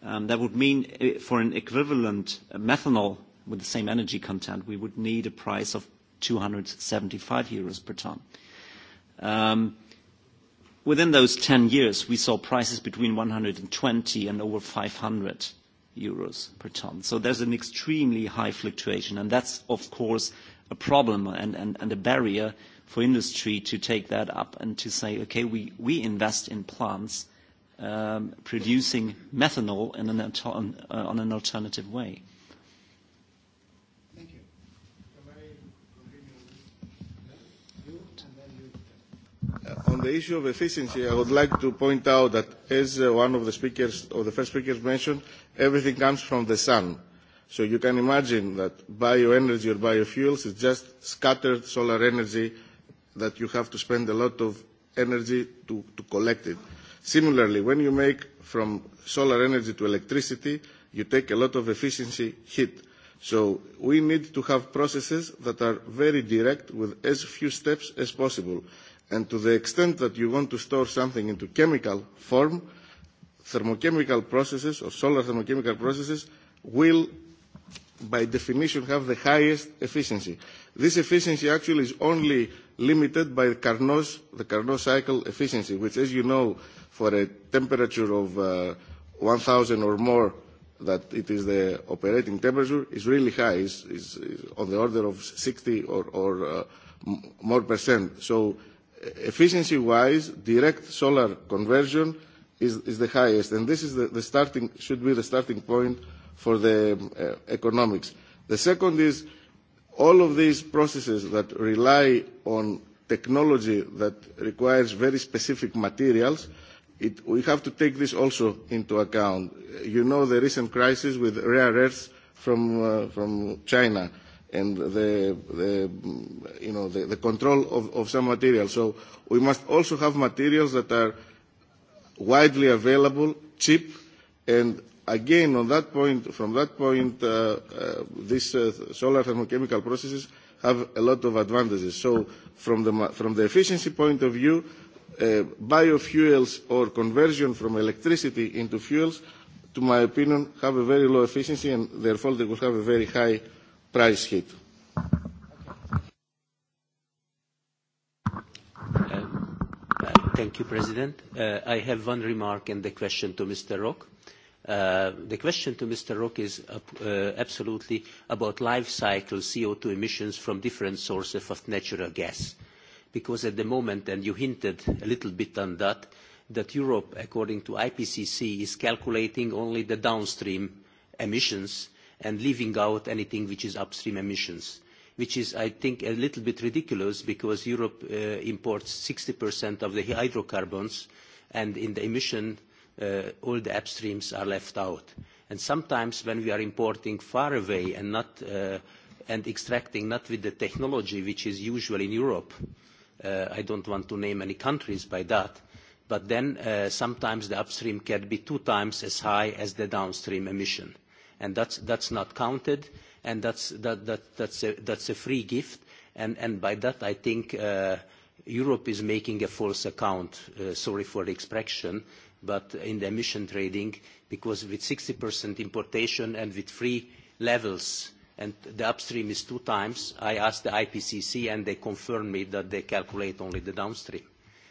Um, that would mean eh, for an equivalent uh, methanol with the same energy content, we would need a price of 275 euros per ton. Um, within those 10 years, we saw prices between 120 and over 500 euros per ton. So there's an extremely high fluctuation, and that's, of course, a problem and, and, and a barrier for industry to take that up and to say, "Okay, we, we invest in plants um, producing methanol in an, on, uh, on an alternative way. Thank you. Uh, on the issue of efficiency, I would like to point out that, as uh, one of the speakers, or the first speakers mentioned, everything comes from the sun. So you can imagine that bioenergy or biofuels is just scattered solar energy that you have to spend a lot of energy to, to collect it. Uh, Similarly, when you make from solar energy to electricity, you take a lot of efficiency hit. So we need to have processes that are very direct with as few steps as possible. And to the extent that you want to store something into chemical form, thermochemical processes or solar thermochemical processes will by definition have the highest efficiency. This efficiency actually is only limited by the Carnot, the Carnot cycle efficiency, which as you know for a temperature of uh, 1,000 or more that it is the operating temperature is really high, is, is, is on the order of 60 or, or uh, m more percent. So uh, efficiency-wise, direct solar conversion is, is the highest, and this is the, the starting, should be the starting point for the uh, economics. The second is all of these processes that rely on technology that requires very specific materials, uh, It, we have to take this also into account. You know the recent crisis with rare earths from, uh, from China and the, the, you know, the, the control of, of some materials. So we must also have materials that are widely available, cheap, and again, on that point, from that point, uh, uh, these uh, solar thermochemical processes have a lot of advantages. So from the, from the efficiency point of view, uh, uh, biofuels or conversion from electricity into fuels, to my opinion, have a very low efficiency and therefore they will have a very high price hit. Uh, uh, thank you, President. Uh, I have one remark and a question to Mr. Rock. Uh, the question to Mr. Rock is uh, uh, absolutely about life cycle CO2 emissions from different sources of natural gas. Uh, because at the moment, and you hinted a little bit on that, that Europe, according to IPCC, is calculating only the downstream emissions and leaving out anything which is upstream emissions, which is, I think, a little bit ridiculous because Europe uh, imports 60% of the hydrocarbons, and in the emission, uh, all the upstreams are left out. And sometimes when we are importing far away and, not, uh, and extracting not with the technology which is usual in Europe, uh, uh, I don't want to name any countries by that, but then uh, sometimes the upstream can be two times as high as the downstream emission. And that's, that's not counted, and that's, that, that, that's, a, that's a free gift. And, and by that, I think uh, Europe is making a false account, uh, sorry for the expression, but in the emission trading, because with 60% importation and with free levels uh, and the upstream is two times. I asked the IPCC, and they confirmed me that they calculate only the downstream.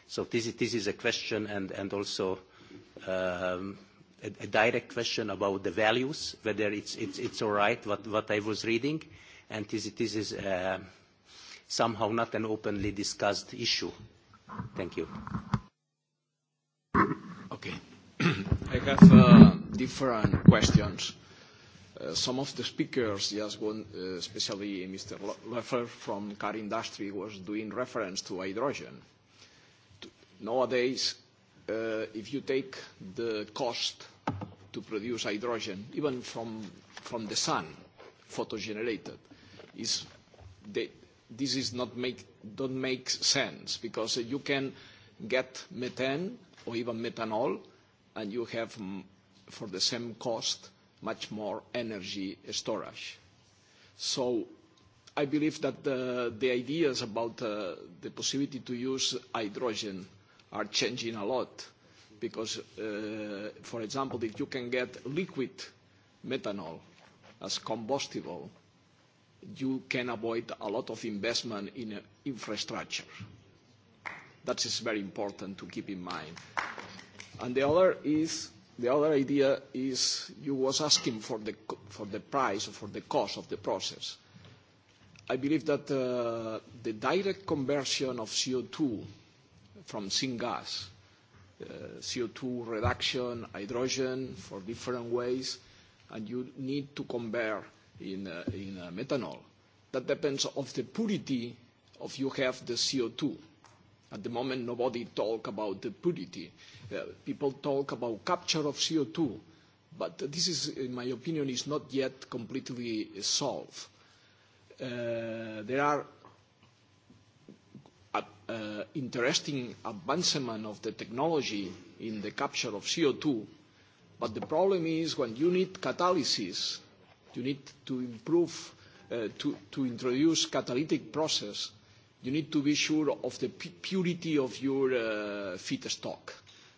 So this is, this is a question and, and also um, a, a direct question about the values, whether it's, it's, it's all right what, what I was reading, and this, this is uh, somehow not an openly discussed issue. Thank you. Okay. I have uh, different questions. Uh, some of the speakers, yes, one, uh, especially Mr. Leffer from car industry, was doing reference to hydrogen. To, nowadays, uh, if you take the cost to produce hydrogen, even from, from the sun, photogenerated, is they, this is not make, don't make sense because you can get methane or even methanol, and you have, for the same cost, uh, much more energy storage. So I believe that the, the ideas about uh, the possibility to use hydrogen are changing a lot because, uh, for example, if you can get liquid methanol as combustible, you can avoid a lot of investment in uh, infrastructure. That is very important to keep in mind. And the other is the other idea is you was asking for the, for the price or for the cost of the process. I believe that uh, the direct conversion of CO2 from syngas, uh, CO2 reduction, hydrogen for different ways, and you need to convert in, uh, in uh, methanol. That depends of the purity of you have the CO2 At the moment, nobody talk about the purity. Uh, people talk about capture of CO2, but this is, in my opinion, is not yet completely solved. Uh, there are uh, uh, interesting advancement of the technology in the capture of CO2, but the problem is when you need catalysis, you need to improve, uh, to, to introduce catalytic process, you need to be sure of the purity of your uh, feedstock.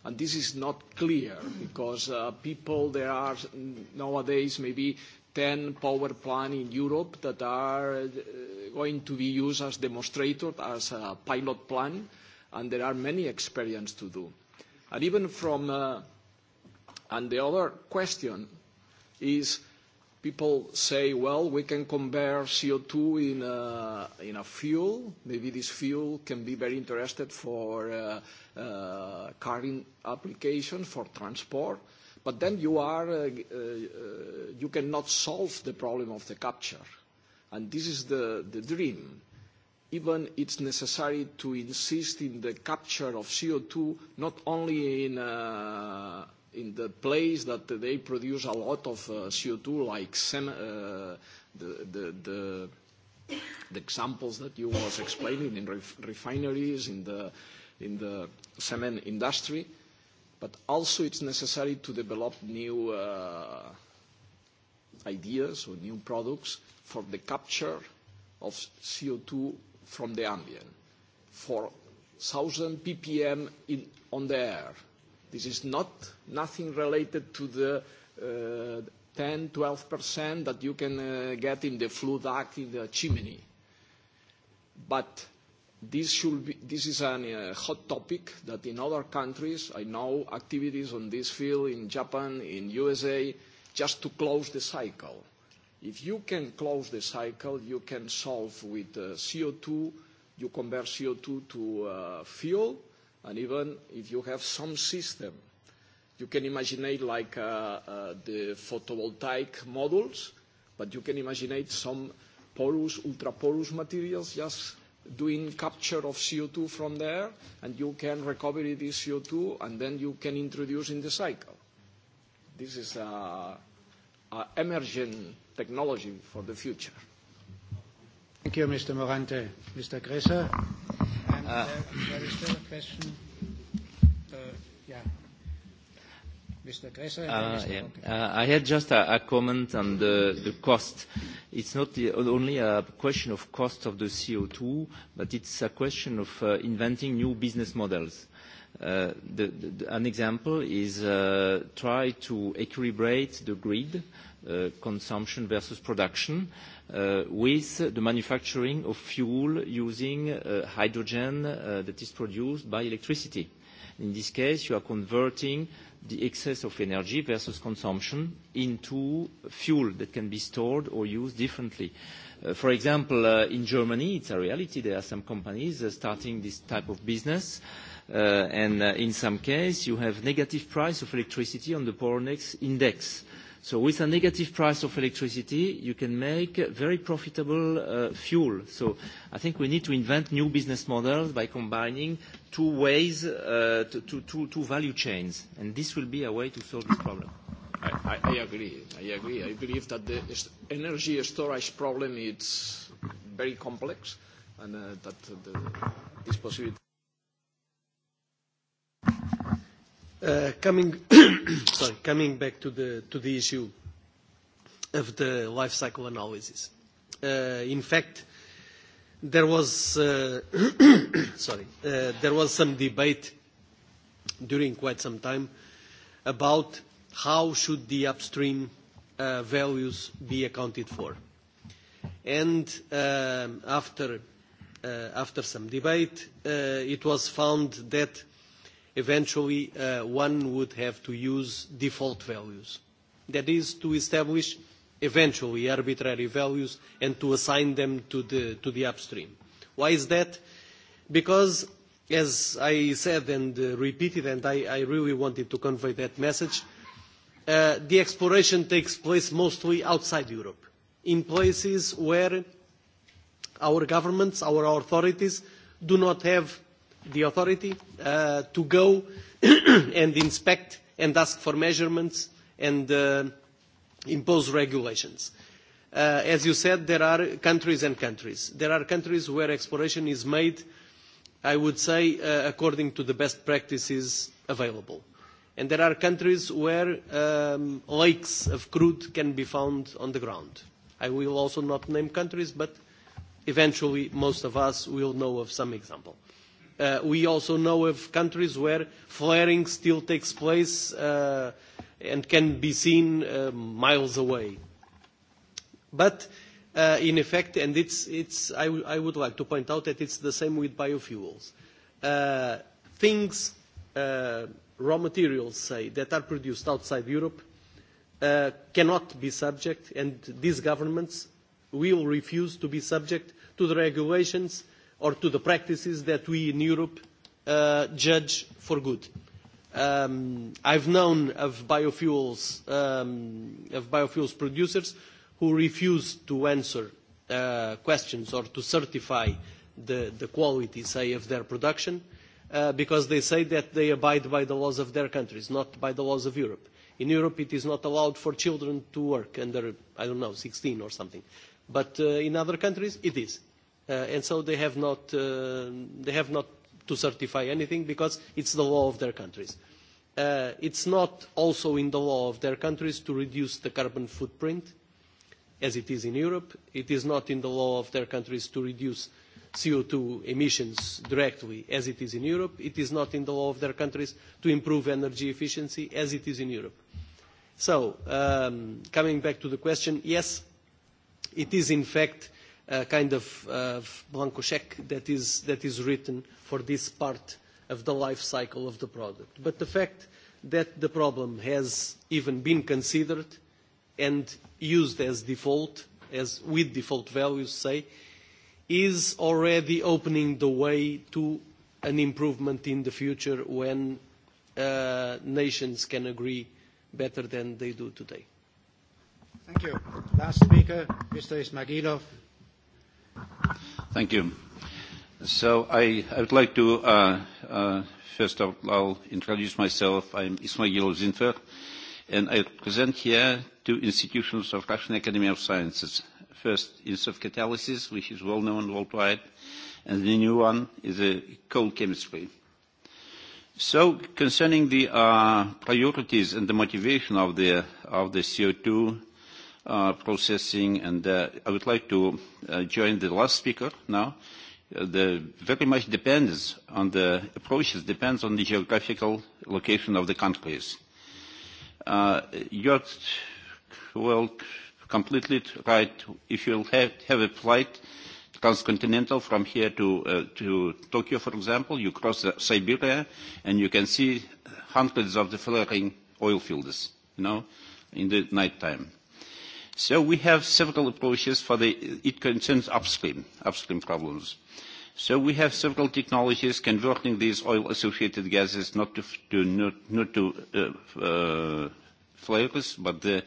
And this is not clear because uh, people, there are nowadays maybe 10 power plants in Europe that are uh, going to be used as demonstrator, as a pilot plant, and there are many experiments to do. And even from, uh, and the other question is, uh, people say, well, we can compare CO2 in a, uh, in a fuel. Maybe this fuel can be very interested for uh, uh, carrying applications, for transport. But then you, are, uh, uh, uh, you cannot solve the problem of the capture. And this is the, the dream. Even it's necessary to insist in the capture of CO2, not only in uh, in the place that they produce a lot of uh, CO2, like sem- uh, the, the, the, the examples that you was explaining in ref- refineries, in the, in the cement industry. But also it's necessary to develop new uh, ideas or new products for the capture of CO2 from the ambient for 1,000 ppm in, on the air This is not nothing related to the uh, 10%-12% that you can uh, get in the flue duct in the chimney. But this should be, this is a uh, hot topic that in other countries, I know activities on this field in Japan, in USA, just to close the cycle. If you can close the cycle, you can solve with uh, CO2, you convert CO2 to uh, fuel, And even if you have some system, you can imagine it like uh, uh, the photovoltaic models, but you can imagine it some porous, ultra-porous materials just doing capture of CO2 from there, and you can recover this CO2, and then you can introduce in the cycle. This is a, uh, a emerging technology for the future. Thank you, Mr. Morante. Mr. Gresser? And uh, there, there is still a question. Uh, yeah. Mr. Dresser. Uh, yeah. Okay. uh, I had just a, a comment on the, the cost. It's not the, only a question of cost of the CO2, but it's a question of uh, inventing new business models. Uh, the, the, an example is uh, try to equilibrate the grid, uh, consumption versus production, uh, uh, with the manufacturing of fuel using uh, hydrogen uh, that is produced by electricity. In this case, you are converting the excess of energy versus consumption into fuel that can be stored or used differently. Uh, for example, uh, in Germany, it's a reality. There are some companies uh, starting this type of business. Uh, and uh, in some case, you have negative price of electricity on the Power Next index. Uh, So with a negative price of electricity, you can make very profitable uh, fuel. So I think we need to invent new business models by combining two ways, uh, two, two, two value chains, and this will be a way to solve this problem. I, I agree. I agree. I believe that the energy storage problem is very complex and uh, that the, this possibility Uh, coming, sorry, coming back to the, to the issue of the life cycle analysis. Uh, in fact, there was, uh, sorry, uh, there was some debate during quite some time about how should the upstream uh, values be accounted for. And um, after, uh, after some debate, uh, it was found that eventually uh, one would have to use default values. That is to establish eventually arbitrary values and to assign them to the, to the upstream. Why is that? Because as I said and uh, repeated, and I, I really wanted to convey that message, uh, the exploration takes place mostly outside Europe, in places where our governments, our authorities, do not have the authority uh, to go and inspect and ask for measurements and uh, impose regulations. Uh, as you said, there are countries and countries. There are countries where exploration is made, I would say, uh, according to the best practices available. And there are countries where um, lakes of crude can be found on the ground. I will also not name countries, but eventually most of us will know of some example. Uh, we also know of countries where flaring still takes place uh, and can be seen uh, miles away. But uh, in effect, and it's, it's, I, w- I would like to point out that it's the same with biofuels. Uh, things, uh, raw materials, say, that are produced outside Europe uh, cannot be subject, and these governments will refuse to be subject to the regulations or to the practices that we in Europe uh, judge for good. Um, I've known of biofuels, um, of biofuels producers who refuse to answer uh, questions or to certify the, the quality, say, of their production uh, because they say that they abide by the laws of their countries, not by the laws of Europe. In Europe, it is not allowed for children to work under, I don't know, 16 or something. But uh, in other countries, it is. Uh, uh, and so they have not uh, they have not to certify anything because it's the law of their countries. Uh, it's not also in the law of their countries to reduce the carbon footprint, as it is in Europe. It is not in the law of their countries to reduce CO2 emissions directly, as it is in Europe. It is not in the law of their countries to improve energy efficiency, as it is in Europe. So, um, coming back to the question, yes, it is in fact uh, kind of uh, blanco check that is, that is written for this part of the life cycle of the product. But the fact that the problem has even been considered and used as default, as with default values, say, is already opening the way to an improvement in the future when uh, nations can agree better than they do today. Thank you. Last speaker, Mr. Ismailov, Thank you. So I, I would like to, uh, uh, first of all, introduce myself. I'm Ismail Zinfer, and I present here two institutions of Russian Academy of Sciences. First, Institute of Catalysis, which is well known worldwide, and the new one is uh, coal chemistry. So concerning the uh, priorities and the motivation of the, of the CO2 uh, processing. And uh, I would like to uh, join the last speaker now. Uh, the very much depends on the approaches, depends on the geographical location of the countries. Uh, you're well, completely right. If you'll have, have a flight transcontinental from here to, uh, to Tokyo, for example, you cross uh, Siberia and you can see hundreds of the flaring oil fields, you know, in the night time. Uh, So we have several approaches for the, it concerns upstream, upstream problems. So we have several technologies converting these oil-associated gases not to, to, not, not to uh, uh, flares, but the,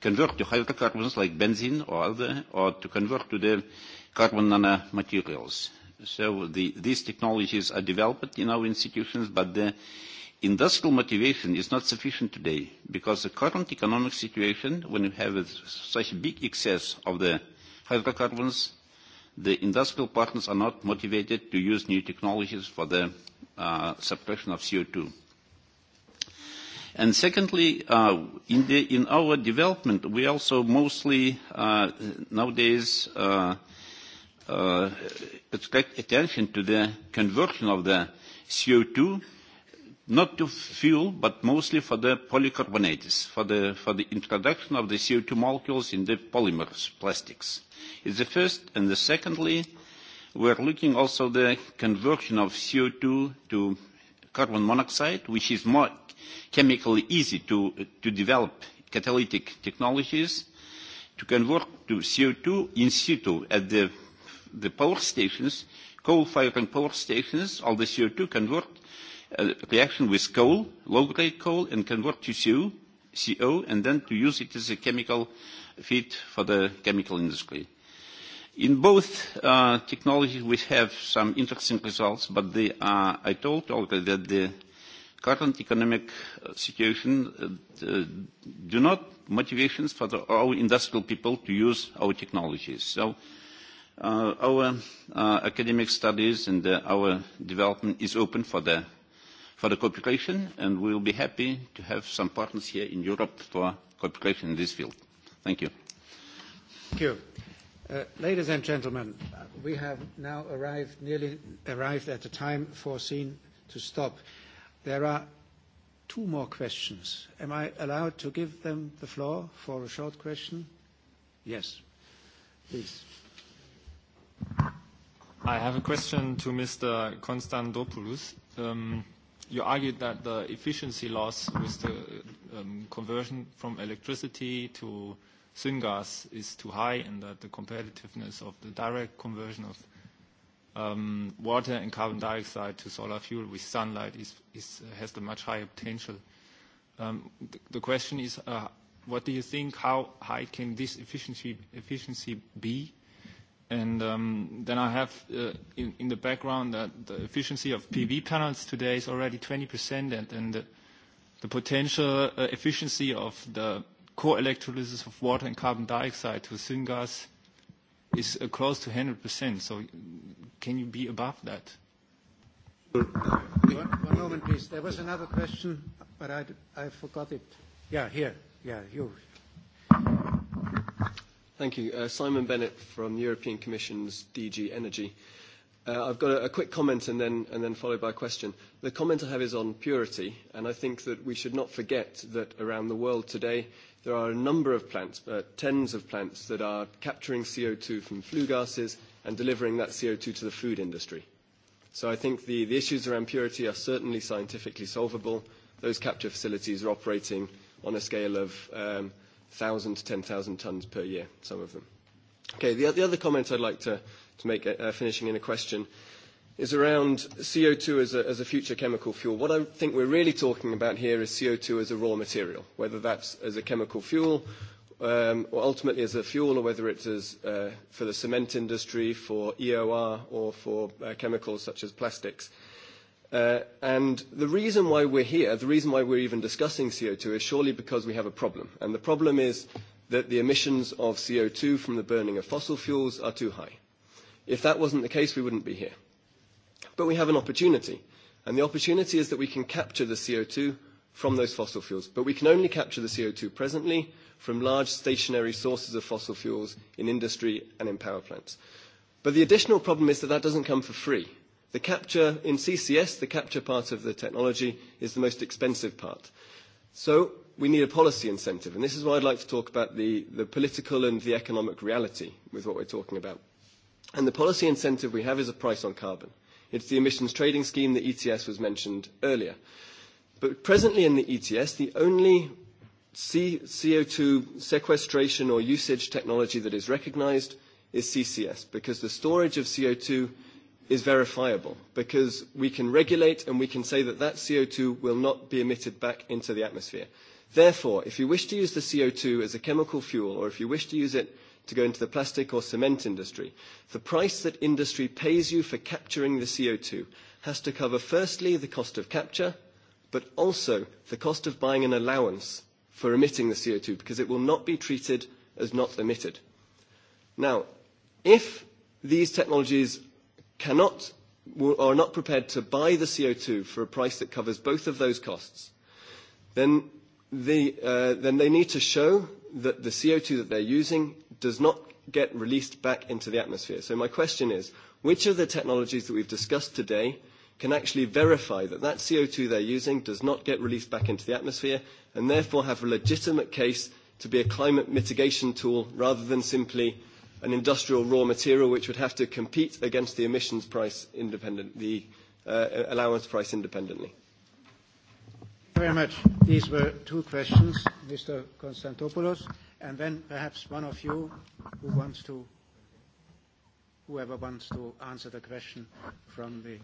convert to hydrocarbons like benzene or other, or to convert to the carbon nanomaterials. So the, these technologies are developed in our institutions, but the Industrial motivation is not sufficient today because the current economic situation, when you have a, such a big excess of the hydrocarbons, the industrial partners are not motivated to use new technologies for the uh, suppression of CO2. And secondly, uh, in, the, in our development, we also mostly uh, nowadays uh, uh, attract attention to the conversion of the CO2 not to fuel, but mostly for the polycarbonates, for the, for the introduction of the CO2 molecules in the polymers, plastics. It's the first, and the secondly, we're looking also the conversion of CO2 to carbon monoxide, which is more chemically easy to, to develop catalytic technologies, to convert to CO2 in situ at the, the power stations, coal-firing power stations, all the CO2 convert a uh, reaction with coal, low-grade coal, and convert to CO, CO, and then to use it as a chemical feed for the chemical industry. In both uh, technologies, we have some interesting results, but they are, I told already that the current economic uh, situation uh, do not motivations for the, our industrial people to use our technologies. So uh, our uh, academic studies and uh, our development is open for the for the cooperation, and we will be happy to have some partners here in Europe for cooperation in this field. Thank you. Thank you. Uh, ladies and gentlemen, we have now arrived, nearly arrived at the time foreseen to stop. There are two more questions. Am I allowed to give them the floor for a short question? Yes. Please. I have a question to Mr. Konstantinopoulos. Um, you argued that the efficiency loss with the um, conversion from electricity to syngas is too high and that the competitiveness of the direct conversion of um, water and carbon dioxide to solar fuel with sunlight is, is, uh, has a much higher potential. Um, the, the question is, uh, what do you think, how high can this efficiency, efficiency be? Uh, And um, then I have uh, in, in the background that uh, the efficiency of PV panels today is already 20%, and, and the, the potential uh, efficiency of the core electrolysis of water and carbon dioxide to syngas is uh, close to 100%. So can you be above that? One, one moment, please. There was another question, but I, I forgot it. Yeah, here. Yeah, you. Thank you. Uh, Simon Bennett from European Commission's DG Energy. Uh, I've got a, a quick comment and then, and then followed by a question. The comment I have is on purity, and I think that we should not forget that around the world today, there are a number of plants, uh, tens of plants, that are capturing CO2 from flue gases and delivering that CO2 to the food industry. So I think the, the issues around purity are certainly scientifically solvable. Those capture facilities are operating on a scale of um, – 1,000 to 10,000 tonnes per year, some of them. Okay, the, the other comment I'd like to, to make, uh, uh finishing in a question, is around CO2 as a, as a future chemical fuel. What I think we're really talking about here is CO2 as a raw material, whether that's as a chemical fuel um, or ultimately as a fuel, or whether it's as, uh, for the cement industry, for EOR, or for uh, chemicals such as plastics. Uh, Uh, and the reason why we're here, the reason why we're even discussing CO2 is surely because we have a problem. And the problem is that the emissions of CO2 from the burning of fossil fuels are too high. If that wasn't the case, we wouldn't be here. But we have an opportunity. And the opportunity is that we can capture the CO2 from those fossil fuels. But we can only capture the CO2 presently from large stationary sources of fossil fuels in industry and in power plants. But the additional problem is that that doesn't come for free. The capture in CCS, the capture part of the technology, is the most expensive part. So we need a policy incentive, and this is why I'd like to talk about the, the political and the economic reality with what we're talking about. And the policy incentive we have is a price on carbon. It's the emissions trading scheme that ETS was mentioned earlier. But presently in the ETS, the only C- CO2 sequestration or usage technology that is recognized is CCS, because the storage of CO2 is verifiable because we can regulate and we can say that that CO2 will not be emitted back into the atmosphere. Therefore, if you wish to use the CO2 as a chemical fuel or if you wish to use it to go into the plastic or cement industry, the price that industry pays you for capturing the CO2 has to cover firstly the cost of capture, but also the cost of buying an allowance for emitting the CO2 because it will not be treated as not emitted. Now, if these technologies cannot or are not prepared to buy the CO2 for a price that covers both of those costs, then, the, uh, then they need to show that the CO2 that they're using does not get released back into the atmosphere. So my question is, which of the technologies that we've discussed today can actually verify that that CO2 they're using does not get released back into the atmosphere and therefore have a legitimate case to be a climate mitigation tool rather than simply uh, an industrial raw material which would have to compete against the emissions price independent, the uh, allowance price independently? Very much. These were two questions, Mr. Konstantopoulos, and then perhaps one of you who wants to, whoever wants to answer the question from the,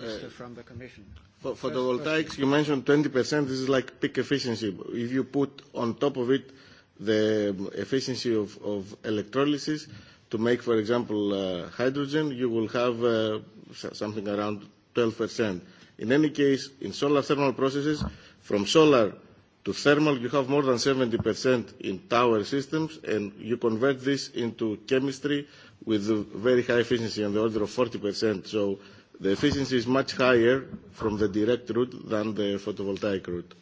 Mr. Uh, from the Commission. For, for First, the voltaics, you mentioned 20%. This is like peak efficiency. If you put on top of it the efficiency of, of electrolysis to make, for example, uh, hydrogen, you will have uh, something around 12%. In any case, in solar thermal processes, from solar to thermal, you have more than 70% in tower systems, and you convert this into chemistry with very high efficiency on the order of 40%. So the efficiency is much higher from the direct route than the photovoltaic route.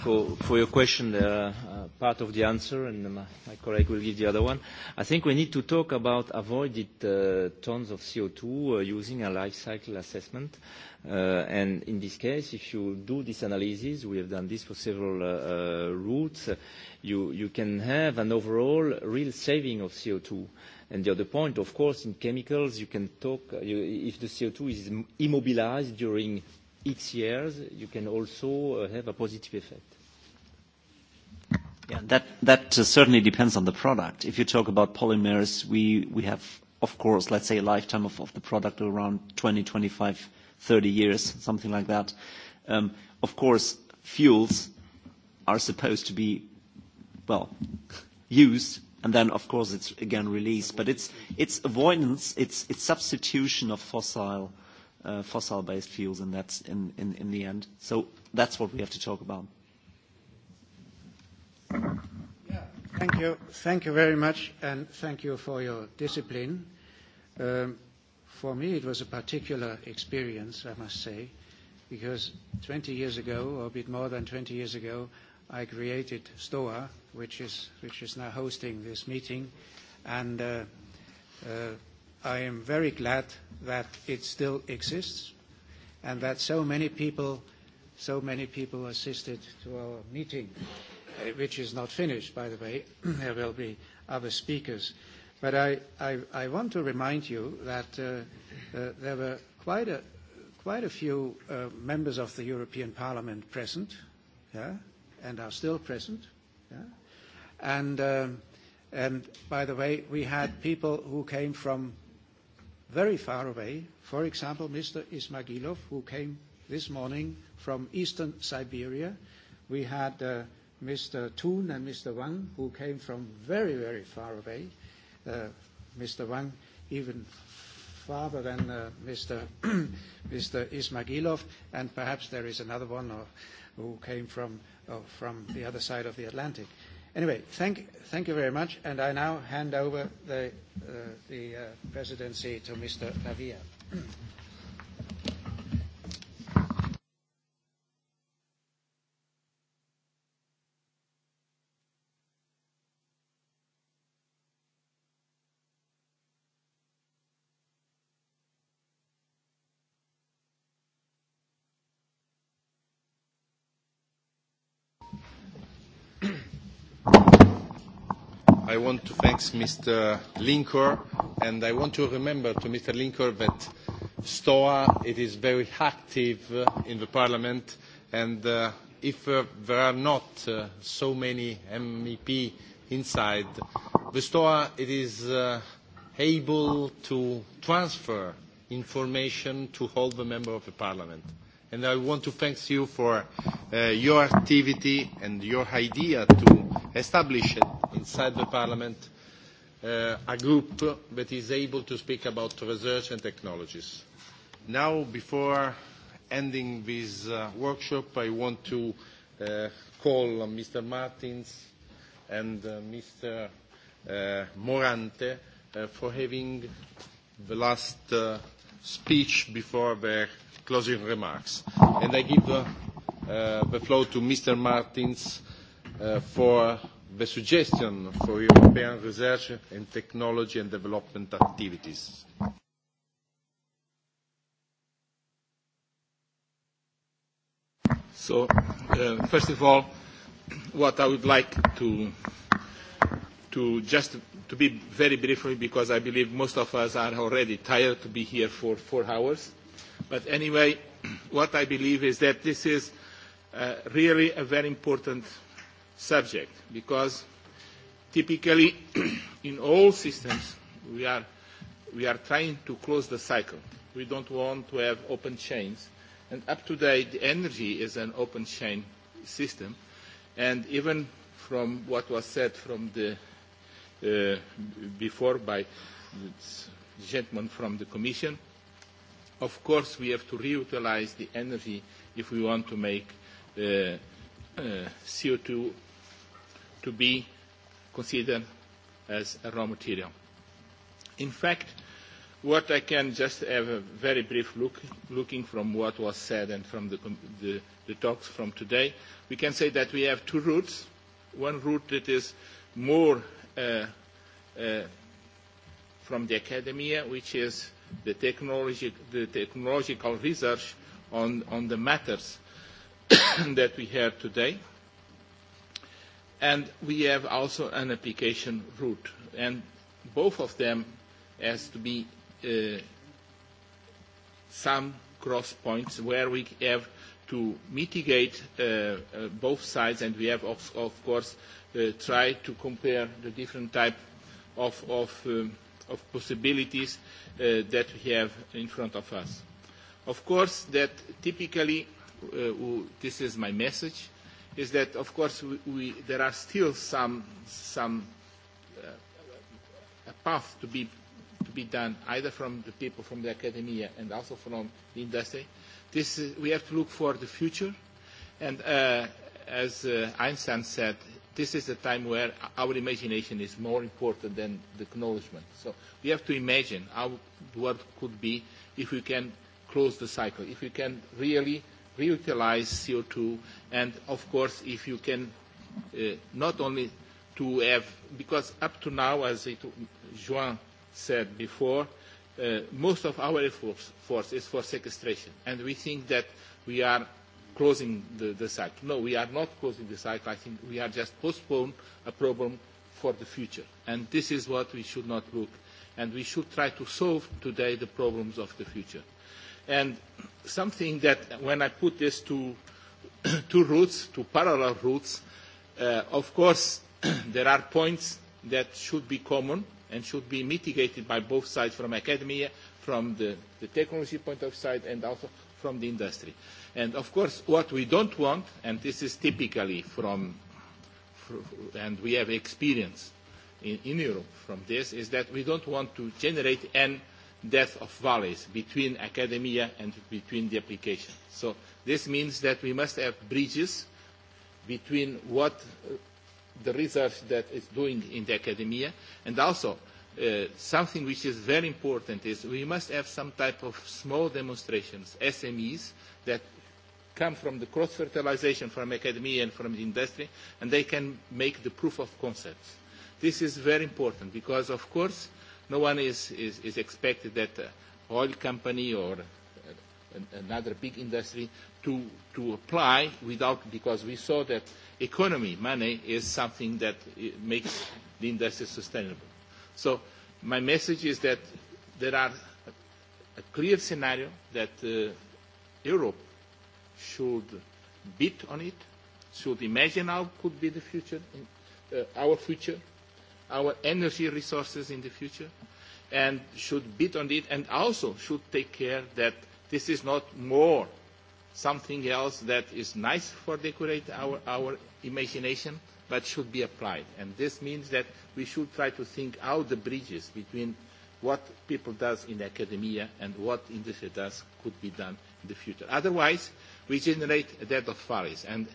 for, for your question, uh, uh, part of the answer, and my, my colleague will give the other one. I think we need to talk about avoided uh, tons of CO2 uh, using a life cycle assessment. Uh, and in this case, if you do this analysis, we have done this for several uh, uh, routes, uh, you, you can have an overall real saving of CO2. And the other point, of course, in chemicals, you can talk, uh, you, if the CO2 is immobilized during X years, you can also uh, have a positive effect. Yeah, that, that uh, certainly depends on the product. If you talk about polymers, we, we have, of course, let's say a lifetime of, of the product around 20, 25, 30 years, something like that. Um, of course, fuels are supposed to be, well, used, and then, of course, it's again released. But it's, it's avoidance, it's, it's substitution of fossil uh, uh, fossil-based fuels in, that's in, in, in the end. So that's what we have to talk about. Yeah, thank you. Thank you very much, and thank you for your discipline. Um, for me, it was a particular experience, I must say, because 20 years ago, or a bit more than 20 years ago, I created STOA, which is, which is now hosting this meeting. And uh, uh, I am very glad that it still exists and that so many people, so many people assisted to our meeting, uh, which is not finished, by the way. there will be other speakers. But I, I, I want to remind you that uh, uh, there were quite a, quite a few uh, members of the European Parliament present, yeah, and are still present. Yeah? And, um, and by the way, we had people who came from very far away. For example, Mr. Ismailov, who came this morning from eastern Siberia. We had uh, Mr. Toon and Mr. Wang, who came from very, very far away. Uh, Mr. Wang even farther than uh, Mr. Mr. Ismailov, and perhaps there is another one or, uh, who came from, or uh, from the other side of the Atlantic. Anyway, thank, thank you very much, and I now hand over the, uh, the uh, presidency to Mr. Lavia. I want to thank Mr. Linker, and I want to remember to Mr. Linker that STOA it is very active uh, in the Parliament, and uh, if uh, there are not uh, so many MEP inside, the STOA it is uh, able to transfer information to all the members of the Parliament. And I want to thank you for uh, your activity and your idea to establish a inside the Parliament uh, a group that is able to speak about research and technologies. Now, before ending this uh, workshop, I want to uh, call on Mr. Martins and uh, Mr. Uh, Morante uh, for having the last uh, speech before their closing remarks. And I give uh, uh, the floor to Mr. Martins uh, for the suggestion for European research and technology and development activities. So, uh, first of all, what I would like to to just to be very briefly, because I believe most of us are already tired to be here for four hours. But anyway, what I believe is that this is uh, really a very important subject because typically in all systems we are, we are trying to close the cycle. We don't want to have open chains. And up to date, energy is an open chain system. And even from what was said from the uh, before by the gentleman from the Commission, of course we have to reutilize the energy if we want to make uh, uh, CO2 to be considered as a raw material. In fact, what I can just have a very brief look, looking from what was said and from the, the, the talks from today, we can say that we have two routes. One route that is more uh, uh, from the academia, which is the, technology, the technological research on, on the matters that we have today and we have also an application route. And both of them has to be uh, some cross points where we have to mitigate uh, uh, both sides, and we have, of, of course, uh, tried to compare the different type of, of, um, of possibilities uh, that we have in front of us. Of course, that typically, uh, this is my message, uh, is that, of course, we, we, there are still some, some uh, a path to be, to be done, either from the people from the academia and also from the industry. This is, we have to look for the future, and uh, as uh, Einstein said, this is a time where our imagination is more important than the acknowledgement. So we have to imagine how the world could be if we can close the cycle, if we can really reutilize CO2, and of course, if you can uh, not only to have, because up to now, as it, Joan said before, uh, most of our efforts force is for sequestration, and we think that we are closing the, the cycle. No, we are not closing the cycle. I think we are just postponing a problem for the future. And this is what we should not look. And we should try to solve today the problems of the future. And something that when I put this to two routes, to parallel routes, uh, of course there are points that should be common and should be mitigated by both sides from academia, from the, the technology point of sight and also from the industry. And of course what we don't want, and this is typically from, and we have experience in, in Europe from this, is that we don't want to generate an death of valleys between academia and between the application. So this means that we must have bridges between what uh, the research that is doing in the academia and also uh, something which is very important is we must have some type of small demonstrations, SMEs, that come from the cross-fertilization from academia and from the industry, and they can make the proof of concepts. This is very important because, of course, uh, no one is, is, is expected that uh, oil company or uh, another big industry to, to apply without, because we saw that economy, money, is something that makes the industry sustainable. So my message is that there are a clear scenario that uh, Europe should bid on it, should imagine how could be the future, in, uh, our future, our energy resources in the future and should bid on it and also should take care that this is not more something else that is nice for decorate our, our imagination but should be applied. And this means that we should try to think out the bridges between what people does in academia and what industry does could be done in the future. Otherwise, we generate a dead of valleys. And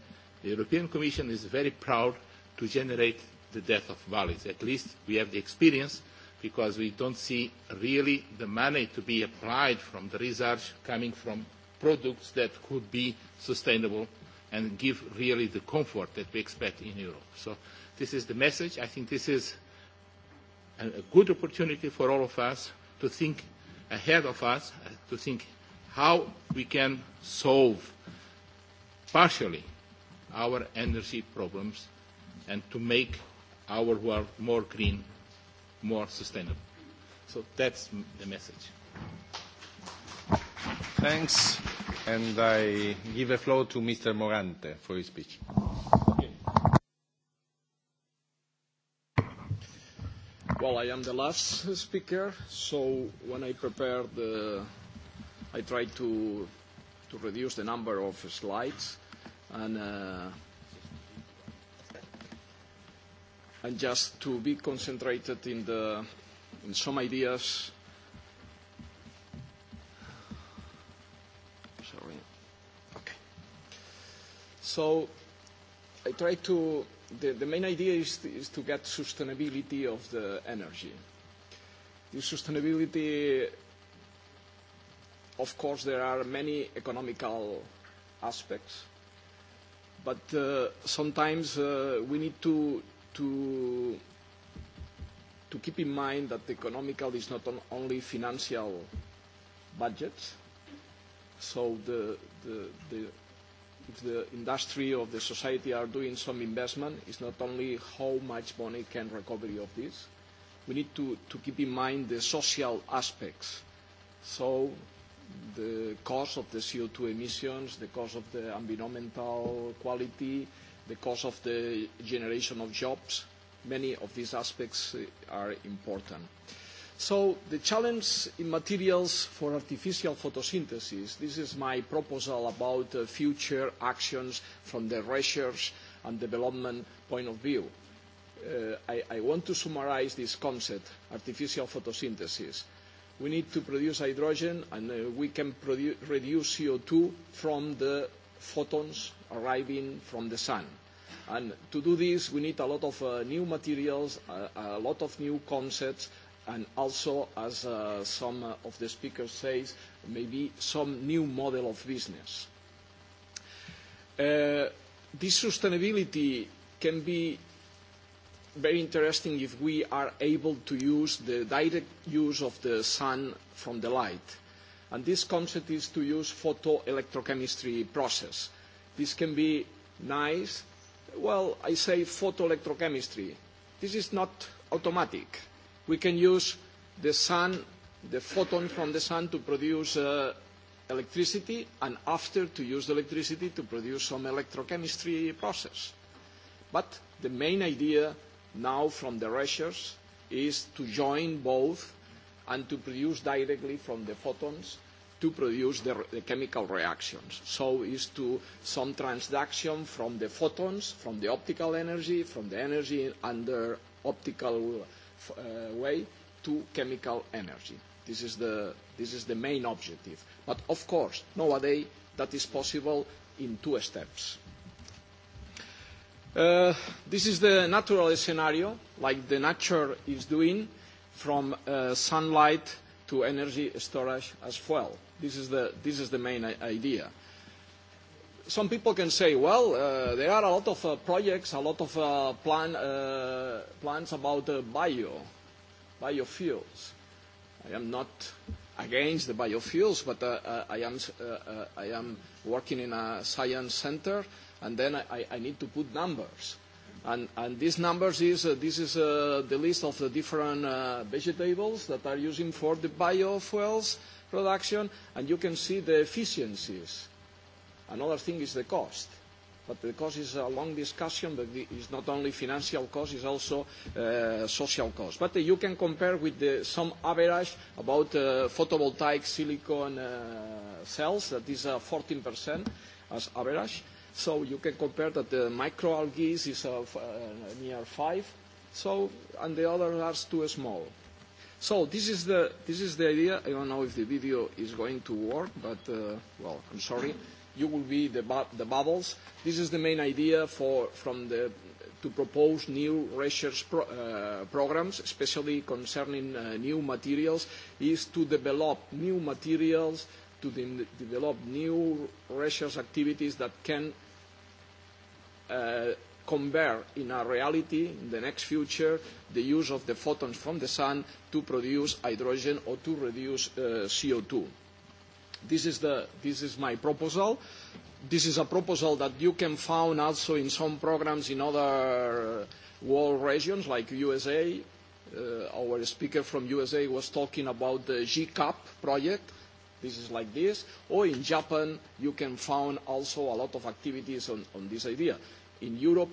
the European Commission is very proud to generate the death of valleys. At least we have the experience because we don't see really the money to be applied from the research coming from products that could be sustainable and give really the comfort that we expect in Europe. So this is the message. I think this is a good opportunity for all of us to think ahead of us, uh, to think how we can solve partially our energy problems and to make our world more green, more sustainable. So that's the message. Thanks. And I give the floor to Mr. Morante for his speech. Okay. Well, I am the last speaker, so when I prepared the... I tried to, to reduce the number of slides, and uh, and just to be concentrated in, the, in some ideas. Sorry. Okay. So I try to, the, the main idea is, is to get sustainability of the energy. The sustainability, of course, there are many economical aspects, but uh, sometimes uh, we need to to to keep in mind that economical is not on only financial budgets. So the, the, the, if the industry or the society are doing some investment, it's not only how much money can recovery of this. We need to, to keep in mind the social aspects. So the cost of the CO2 emissions, the cost of the environmental quality, uh, the cost of the generation of jobs. Many of these aspects eh, are important. So the challenge in materials for artificial photosynthesis, this is my proposal about uh, future actions from the research and development point of view. Uh, I, I want to summarize this concept, artificial photosynthesis. We need to produce hydrogen and uh, we can produ reduce CO2 from the photons arriving from the sun. And to do this, we need a lot of uh, new materials, uh, a lot of new concepts, and also, as uh, some uh, of the speakers says, maybe some new model of business. Uh, this sustainability can be very interesting if we are able to use the direct use of the sun from the light. And this concept is to use photoelectrochemistry process. This can be nice. Well, I say photoelectrochemistry. This is not automatic. We can use the sun, the photon from the sun to produce uh, electricity and after to use the electricity to produce some electrochemistry process. But the main idea now from the research is to join both and to produce directly from the photons to produce the, the chemical reactions. So is to some transduction from the photons, from the optical energy, from the energy under optical uh, way to chemical energy. This is, the, this is the main objective. But of course, nowadays, that is possible in two steps. Uh, this is the natural scenario, like the nature is doing, from uh, sunlight to energy storage as well. This is the, this is the main idea. Some people can say, well, uh, there are a lot of uh, projects, a lot of uh, plan, uh, plans about uh, bio, biofuels. I am not against the biofuels, but uh, uh, I, am, uh, uh, I am working in a science center, and then I, I need to put numbers And, and these numbers is, uh, this is uh, the list of the different uh, vegetables that are using for the biofuels production, and you can see the efficiencies. Another thing is the cost. But the cost is a long discussion, but it's not only financial cost, it's also uh, social cost. But uh, you can compare with the, some average about uh, photovoltaic silicon uh, cells, that is uh, 14% as average. Uh, So you can compare that the microalgae is of uh, near 5, so, and the other are too small. So this is, the, this is the idea. I don't know if the video is going to work, but, uh, well, I'm sorry. You will be the, bu the bubbles. This is the main idea for, from the, to propose new research pro, uh, programs, especially concerning uh, new materials, is to develop new materials, to de develop new research activities that can uh, convert in a reality in the next future the use of the photons from the sun to produce hydrogen or to reduce uh, CO2. This is, the, this is my proposal. This is a proposal that you can find also in some programs in other uh, world regions like USA. Uh, our speaker from USA was talking about the GCAP project, uh, pieces like this, or in Japan you can found also a lot of activities on, on this idea. In Europe,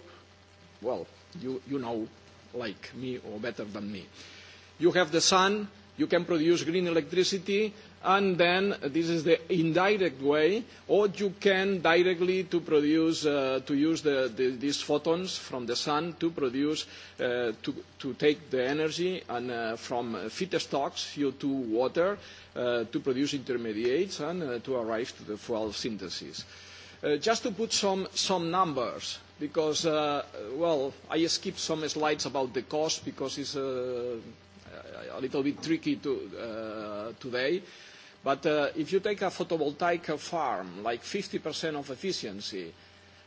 well, you, you know like me or better than me. You have the sun, you can produce green electricity, and then this is the indirect way, or you can directly to produce, uh, to use the, the, these photons from the sun to produce, uh, to, to take the energy and uh, from feedstocks, CO2, water, uh, to produce intermediates and uh, to arrive to the fuel synthesis. Uh, just to put some, some numbers, because, uh, well, I skipped some slides about the cost because it's uh, a little bit tricky to, uh, today. Uh, But uh, if you take a photovoltaic farm, like 50% of efficiency,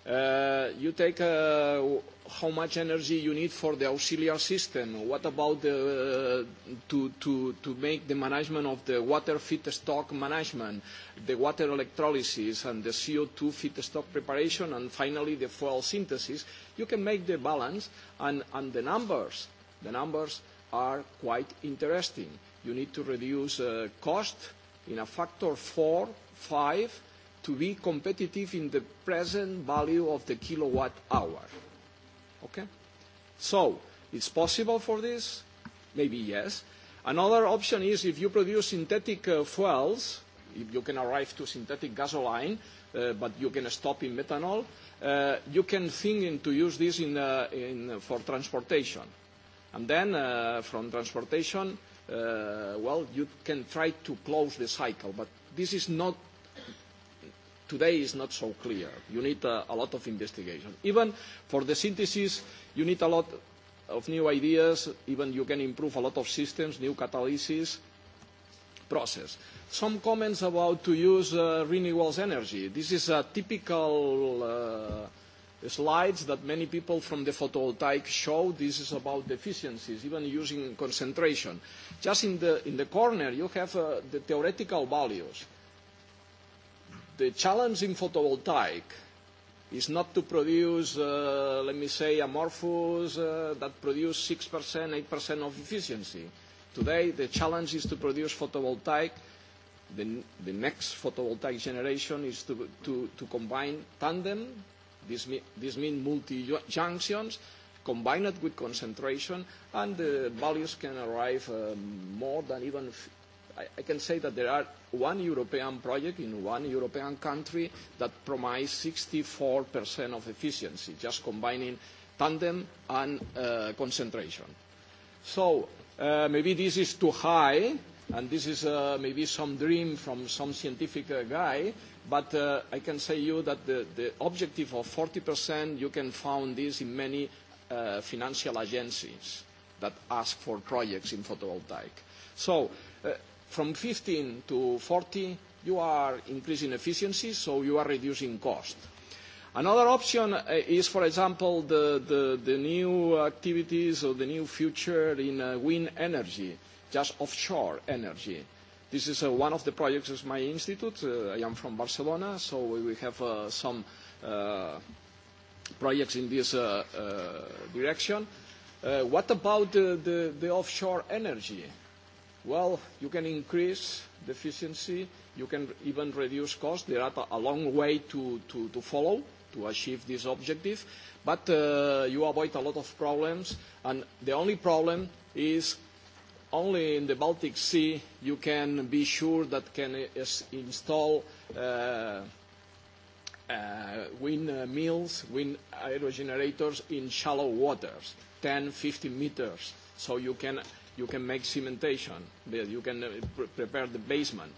uh, you take uh, how much energy you need for the auxiliary system. What about the, uh, to, to, to make the management of the water feedstock management, the water electrolysis, and the CO2 feedstock preparation, and finally the fuel synthesis? You can make the balance, and, and the numbers, the numbers are quite interesting. You need to reduce uh, cost, uh, in a factor four, five, to be competitive in the present value of the kilowatt hour. Okay? So, it's possible for this? Maybe yes. Another option is if you produce synthetic uh, fuels, if you can arrive to synthetic gasoline, uh, but you can stop in methanol, uh, you can think in to use this in, uh, in, uh, for transportation. And then uh, from transportation, uh, uh, well, you can try to close the cycle, but this is not, today is not so clear. You need a, a lot of investigation. Even for the synthesis, you need a lot of new ideas, even you can improve a lot of systems, new catalysis process. Some comments about to use uh, renewables energy. This is a typical uh, slides that many people from the photovoltaic show. This is about efficiencies, even using concentration. Just in the, in the corner, you have uh, the theoretical values. The challenge in photovoltaic is not to produce, uh, let me say, amorphous uh, that produce 6%, 8% of efficiency. Today, the challenge is to produce photovoltaic the, the next photovoltaic generation is to, to, to combine tandem This, mean, this means multi-junctions combined with concentration, and the values can arrive uh, more than even I, I can say that there are one European project in one European country that promises 64% of efficiency, just combining tandem and uh, concentration. So uh, maybe this is too high, and this is uh, maybe some dream from some scientific uh, guy, but uh, I can say you that the, the objective of 40%, you can find this in many uh, financial agencies that ask for projects in photovoltaic. So uh, from 15 to 40, you are increasing efficiency, so you are reducing cost. Another option uh, is, for example, the, the, the new activities or the new future in uh, wind energy, just offshore energy This is uh, one of the projects of my institute. Uh, I am from Barcelona, so we have uh, some uh, projects in this uh, uh, direction. Uh, what about the, the, the offshore energy? Well, you can increase the efficiency, you can even reduce costs. There are a long way to, to, to follow to achieve this objective, but uh, you avoid a lot of problems, and the only problem is only in the Baltic Sea you can be sure that can is install uh, uh, windmills, wind aerogenerators in shallow waters, 10, 50 meters. So you can, you can make cementation, you can uh, pre prepare the basement.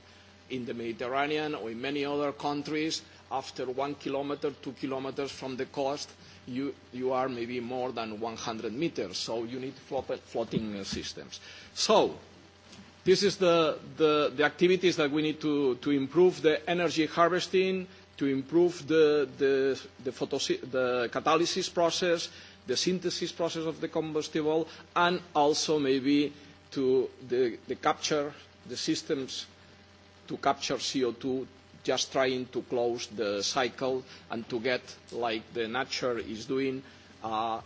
In the Mediterranean or in many other countries, uh, after one kilometer, two kilometers from the coast, you, you are maybe more than 100 meters, so you need float, floating systems. So, this is the, the, the activities that we need to, to improve the energy harvesting, to improve the, the, the, photosy- the catalysis process, the synthesis process of the combustible, and also maybe to the, the capture, the systems to capture CO2 just trying to close the cycle and to get, like the nature is doing, a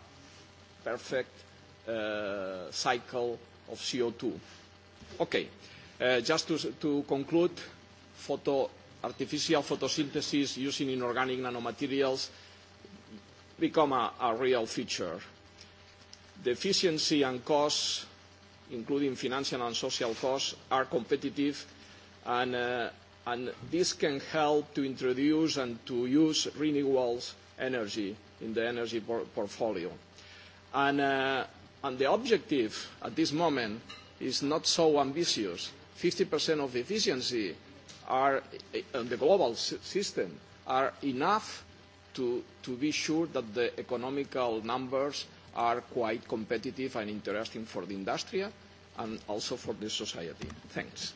perfect uh, cycle of CO2. Okay, uh, just to, to conclude, photo, artificial photosynthesis using inorganic nanomaterials become a, a real feature. The efficiency and costs, including financial and social costs, are competitive and uh, and this can help to introduce and to use renewables energy in the energy por portfolio. And, uh, and the objective at this moment is not so ambitious. 50% of efficiency are, eh, on the global system are enough to, to be sure that the economical numbers are quite competitive and interesting for the industry and also for the society. Thanks.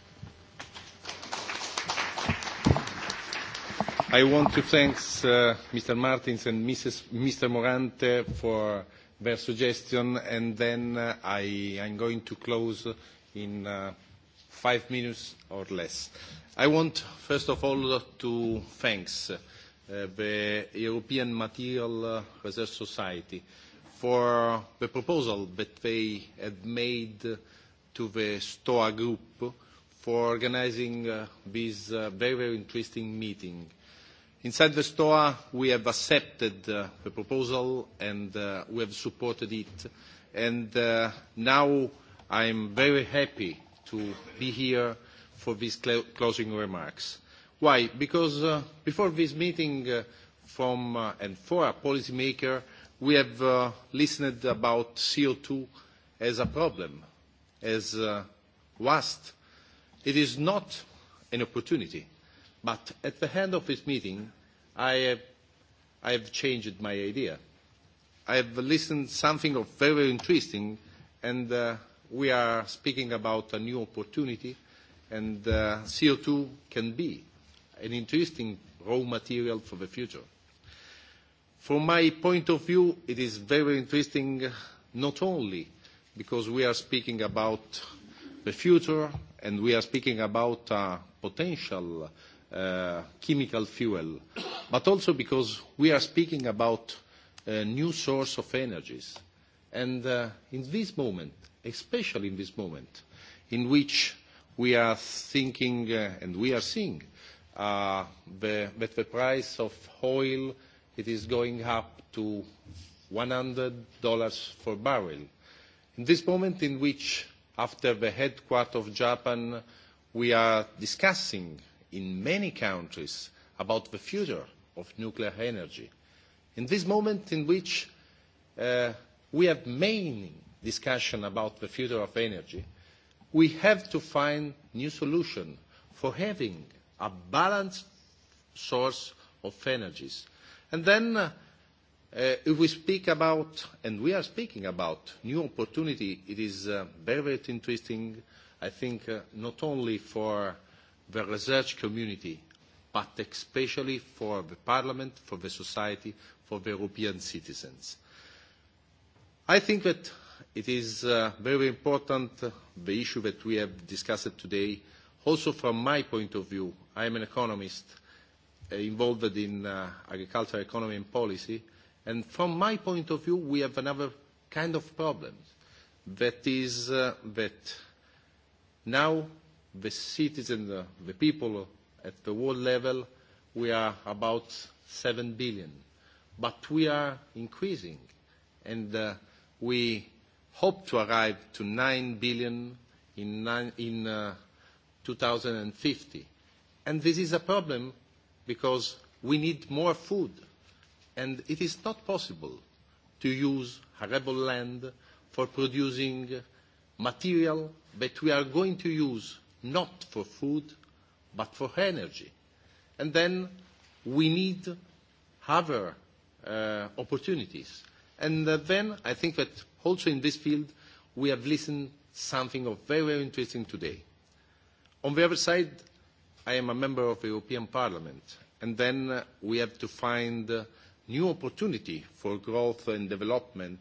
I want to thank uh, Mr. Martins and Mrs. Mr. Morante for their suggestion, and then uh, I, I'm going to close in uh, five minutes or less. I want, first of all, to thank uh, the European Material Research Society for the proposal that they have made to the STOA group for organizing uh, this uh, very, very interesting meeting. Uh, Inside the store, we have accepted uh, the proposal and uh, we have supported it. And uh, now I'm very happy to be here for these cl closing remarks. Why? Because uh, before this meeting uh, from uh, and for a policymaker, we have uh, listened about CO2 as a problem, as uh, waste. It is not an opportunity. But at the end of this meeting, I have, I have changed my idea. I have listened something of very, very interesting, and uh, we are speaking about a new opportunity, and uh, CO2 can be an interesting raw material for the future. From my point of view, it is very interesting not only because we are speaking about the future and we are speaking about uh, potential uh, uh, chemical fuel, but also because we are speaking about a uh, new source of energies. And uh, in this moment, especially in this moment, in which we are thinking uh, and we are seeing uh, the, that the price of oil it is going up to $100 per barrel. In this moment in which, after the headquarters of Japan, we are discussing uh, in many countries about the future of nuclear energy. In this moment in which uh, we have main discussion about the future of energy, we have to find new solution for having a balanced source of energies. And then uh, uh if we speak about, and we are speaking about, new opportunity, it is uh, very, very interesting, I think, uh, not only for the research community, but especially for the Parliament, for the society, for the European citizens. I think that it is uh, very important, uh, the issue that we have discussed today. Also from my point of view, I am an economist uh, involved in uh, agricultural economy and policy, and from my point of view, we have another kind of problem. That is uh, that now the citizens, uh, the people at the world level, we are about 7 billion. But we are increasing, and uh, we hope to arrive to 9 billion in, nine, in uh, 2050. And this is a problem because we need more food, and it is not possible to use arable land for producing material that we are going to use not for food, but for energy. And then we need other uh, opportunities. And uh, then I think that also in this field, we have listened something of very, very interesting today. On the other side, I am a member of the European Parliament, and then uh, we have to find uh, new opportunity for growth and development.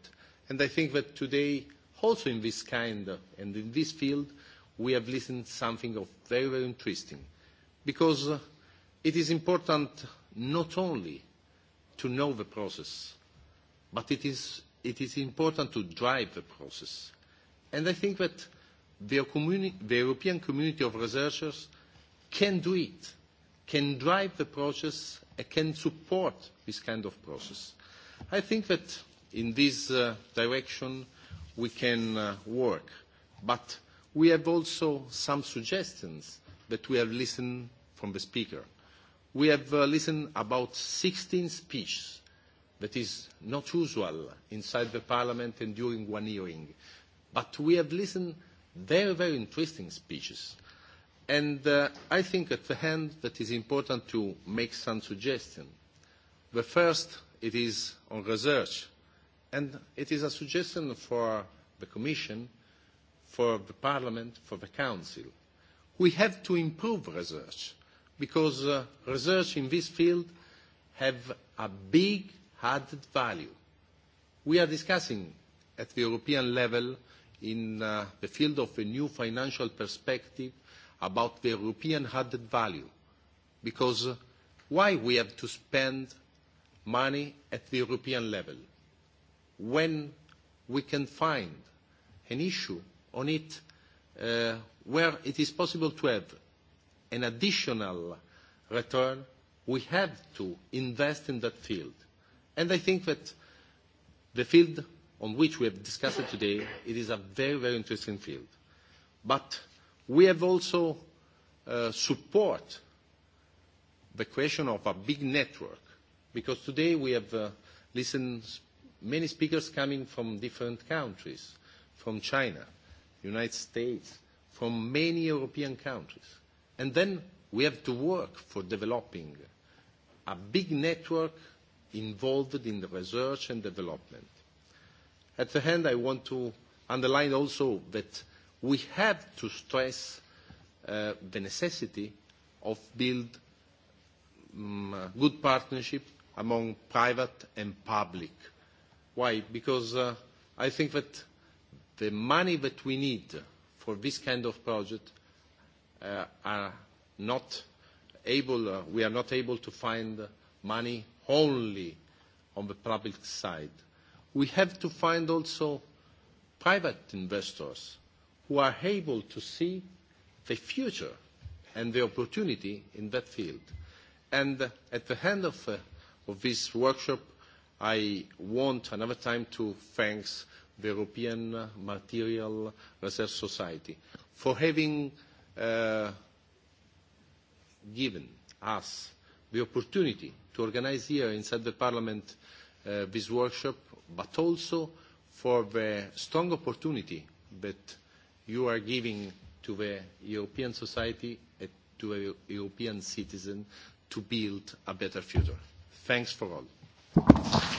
And I think that today, also in this kind and in this field, we have listened something of very, very interesting, because uh, it is important not only to know the process, but it is, it is important to drive the process. And I think that the, communi- the European community of researchers can do it, can drive the process, and can support this kind of process. I think that in this uh, direction we can uh, work, but We have also some suggestions that we have listened from the speaker. We have uh, listened about 16 speeches that is not usual inside the parliament and during one hearing. But we have listened very, very interesting speeches. And uh, I think at the end that is important to make some suggestions. The first, it is on research. And it is a suggestion for the Commission for the Parliament, for the Council. We have to improve research because uh, research in this field have a big added value. We are discussing at the European level in uh, the field of a new financial perspective about the European added value because uh, why we have to spend money at the European level when we can find an issue on it uh, where it is possible to have an additional return, we have to invest in that field. And I think that the field on which we have discussed it today, it is a very, very interesting field. But we have also uh, support the creation of a big network, because today we have uh, listened many speakers coming from different countries, from China, United States, from many European countries. And then we have to work for developing a big network involved in the research and development. At the end, I want to underline also that we have to stress uh, the necessity of build um, good partnership among private and public. Why? Because uh, I think that the money that we need for this kind of project uh, are not able, uh, we are not able to find money only on the public side. We have to find also private investors who are able to see the future and the opportunity in that field. And uh, at the end of, uh, of this workshop, I want another time to thanks the European Material Research Society, for having uh, given us the opportunity to organize here inside the Parliament uh, this workshop, but also for the strong opportunity that you are giving to the European society and to the European citizen to build a better future. Thanks for all.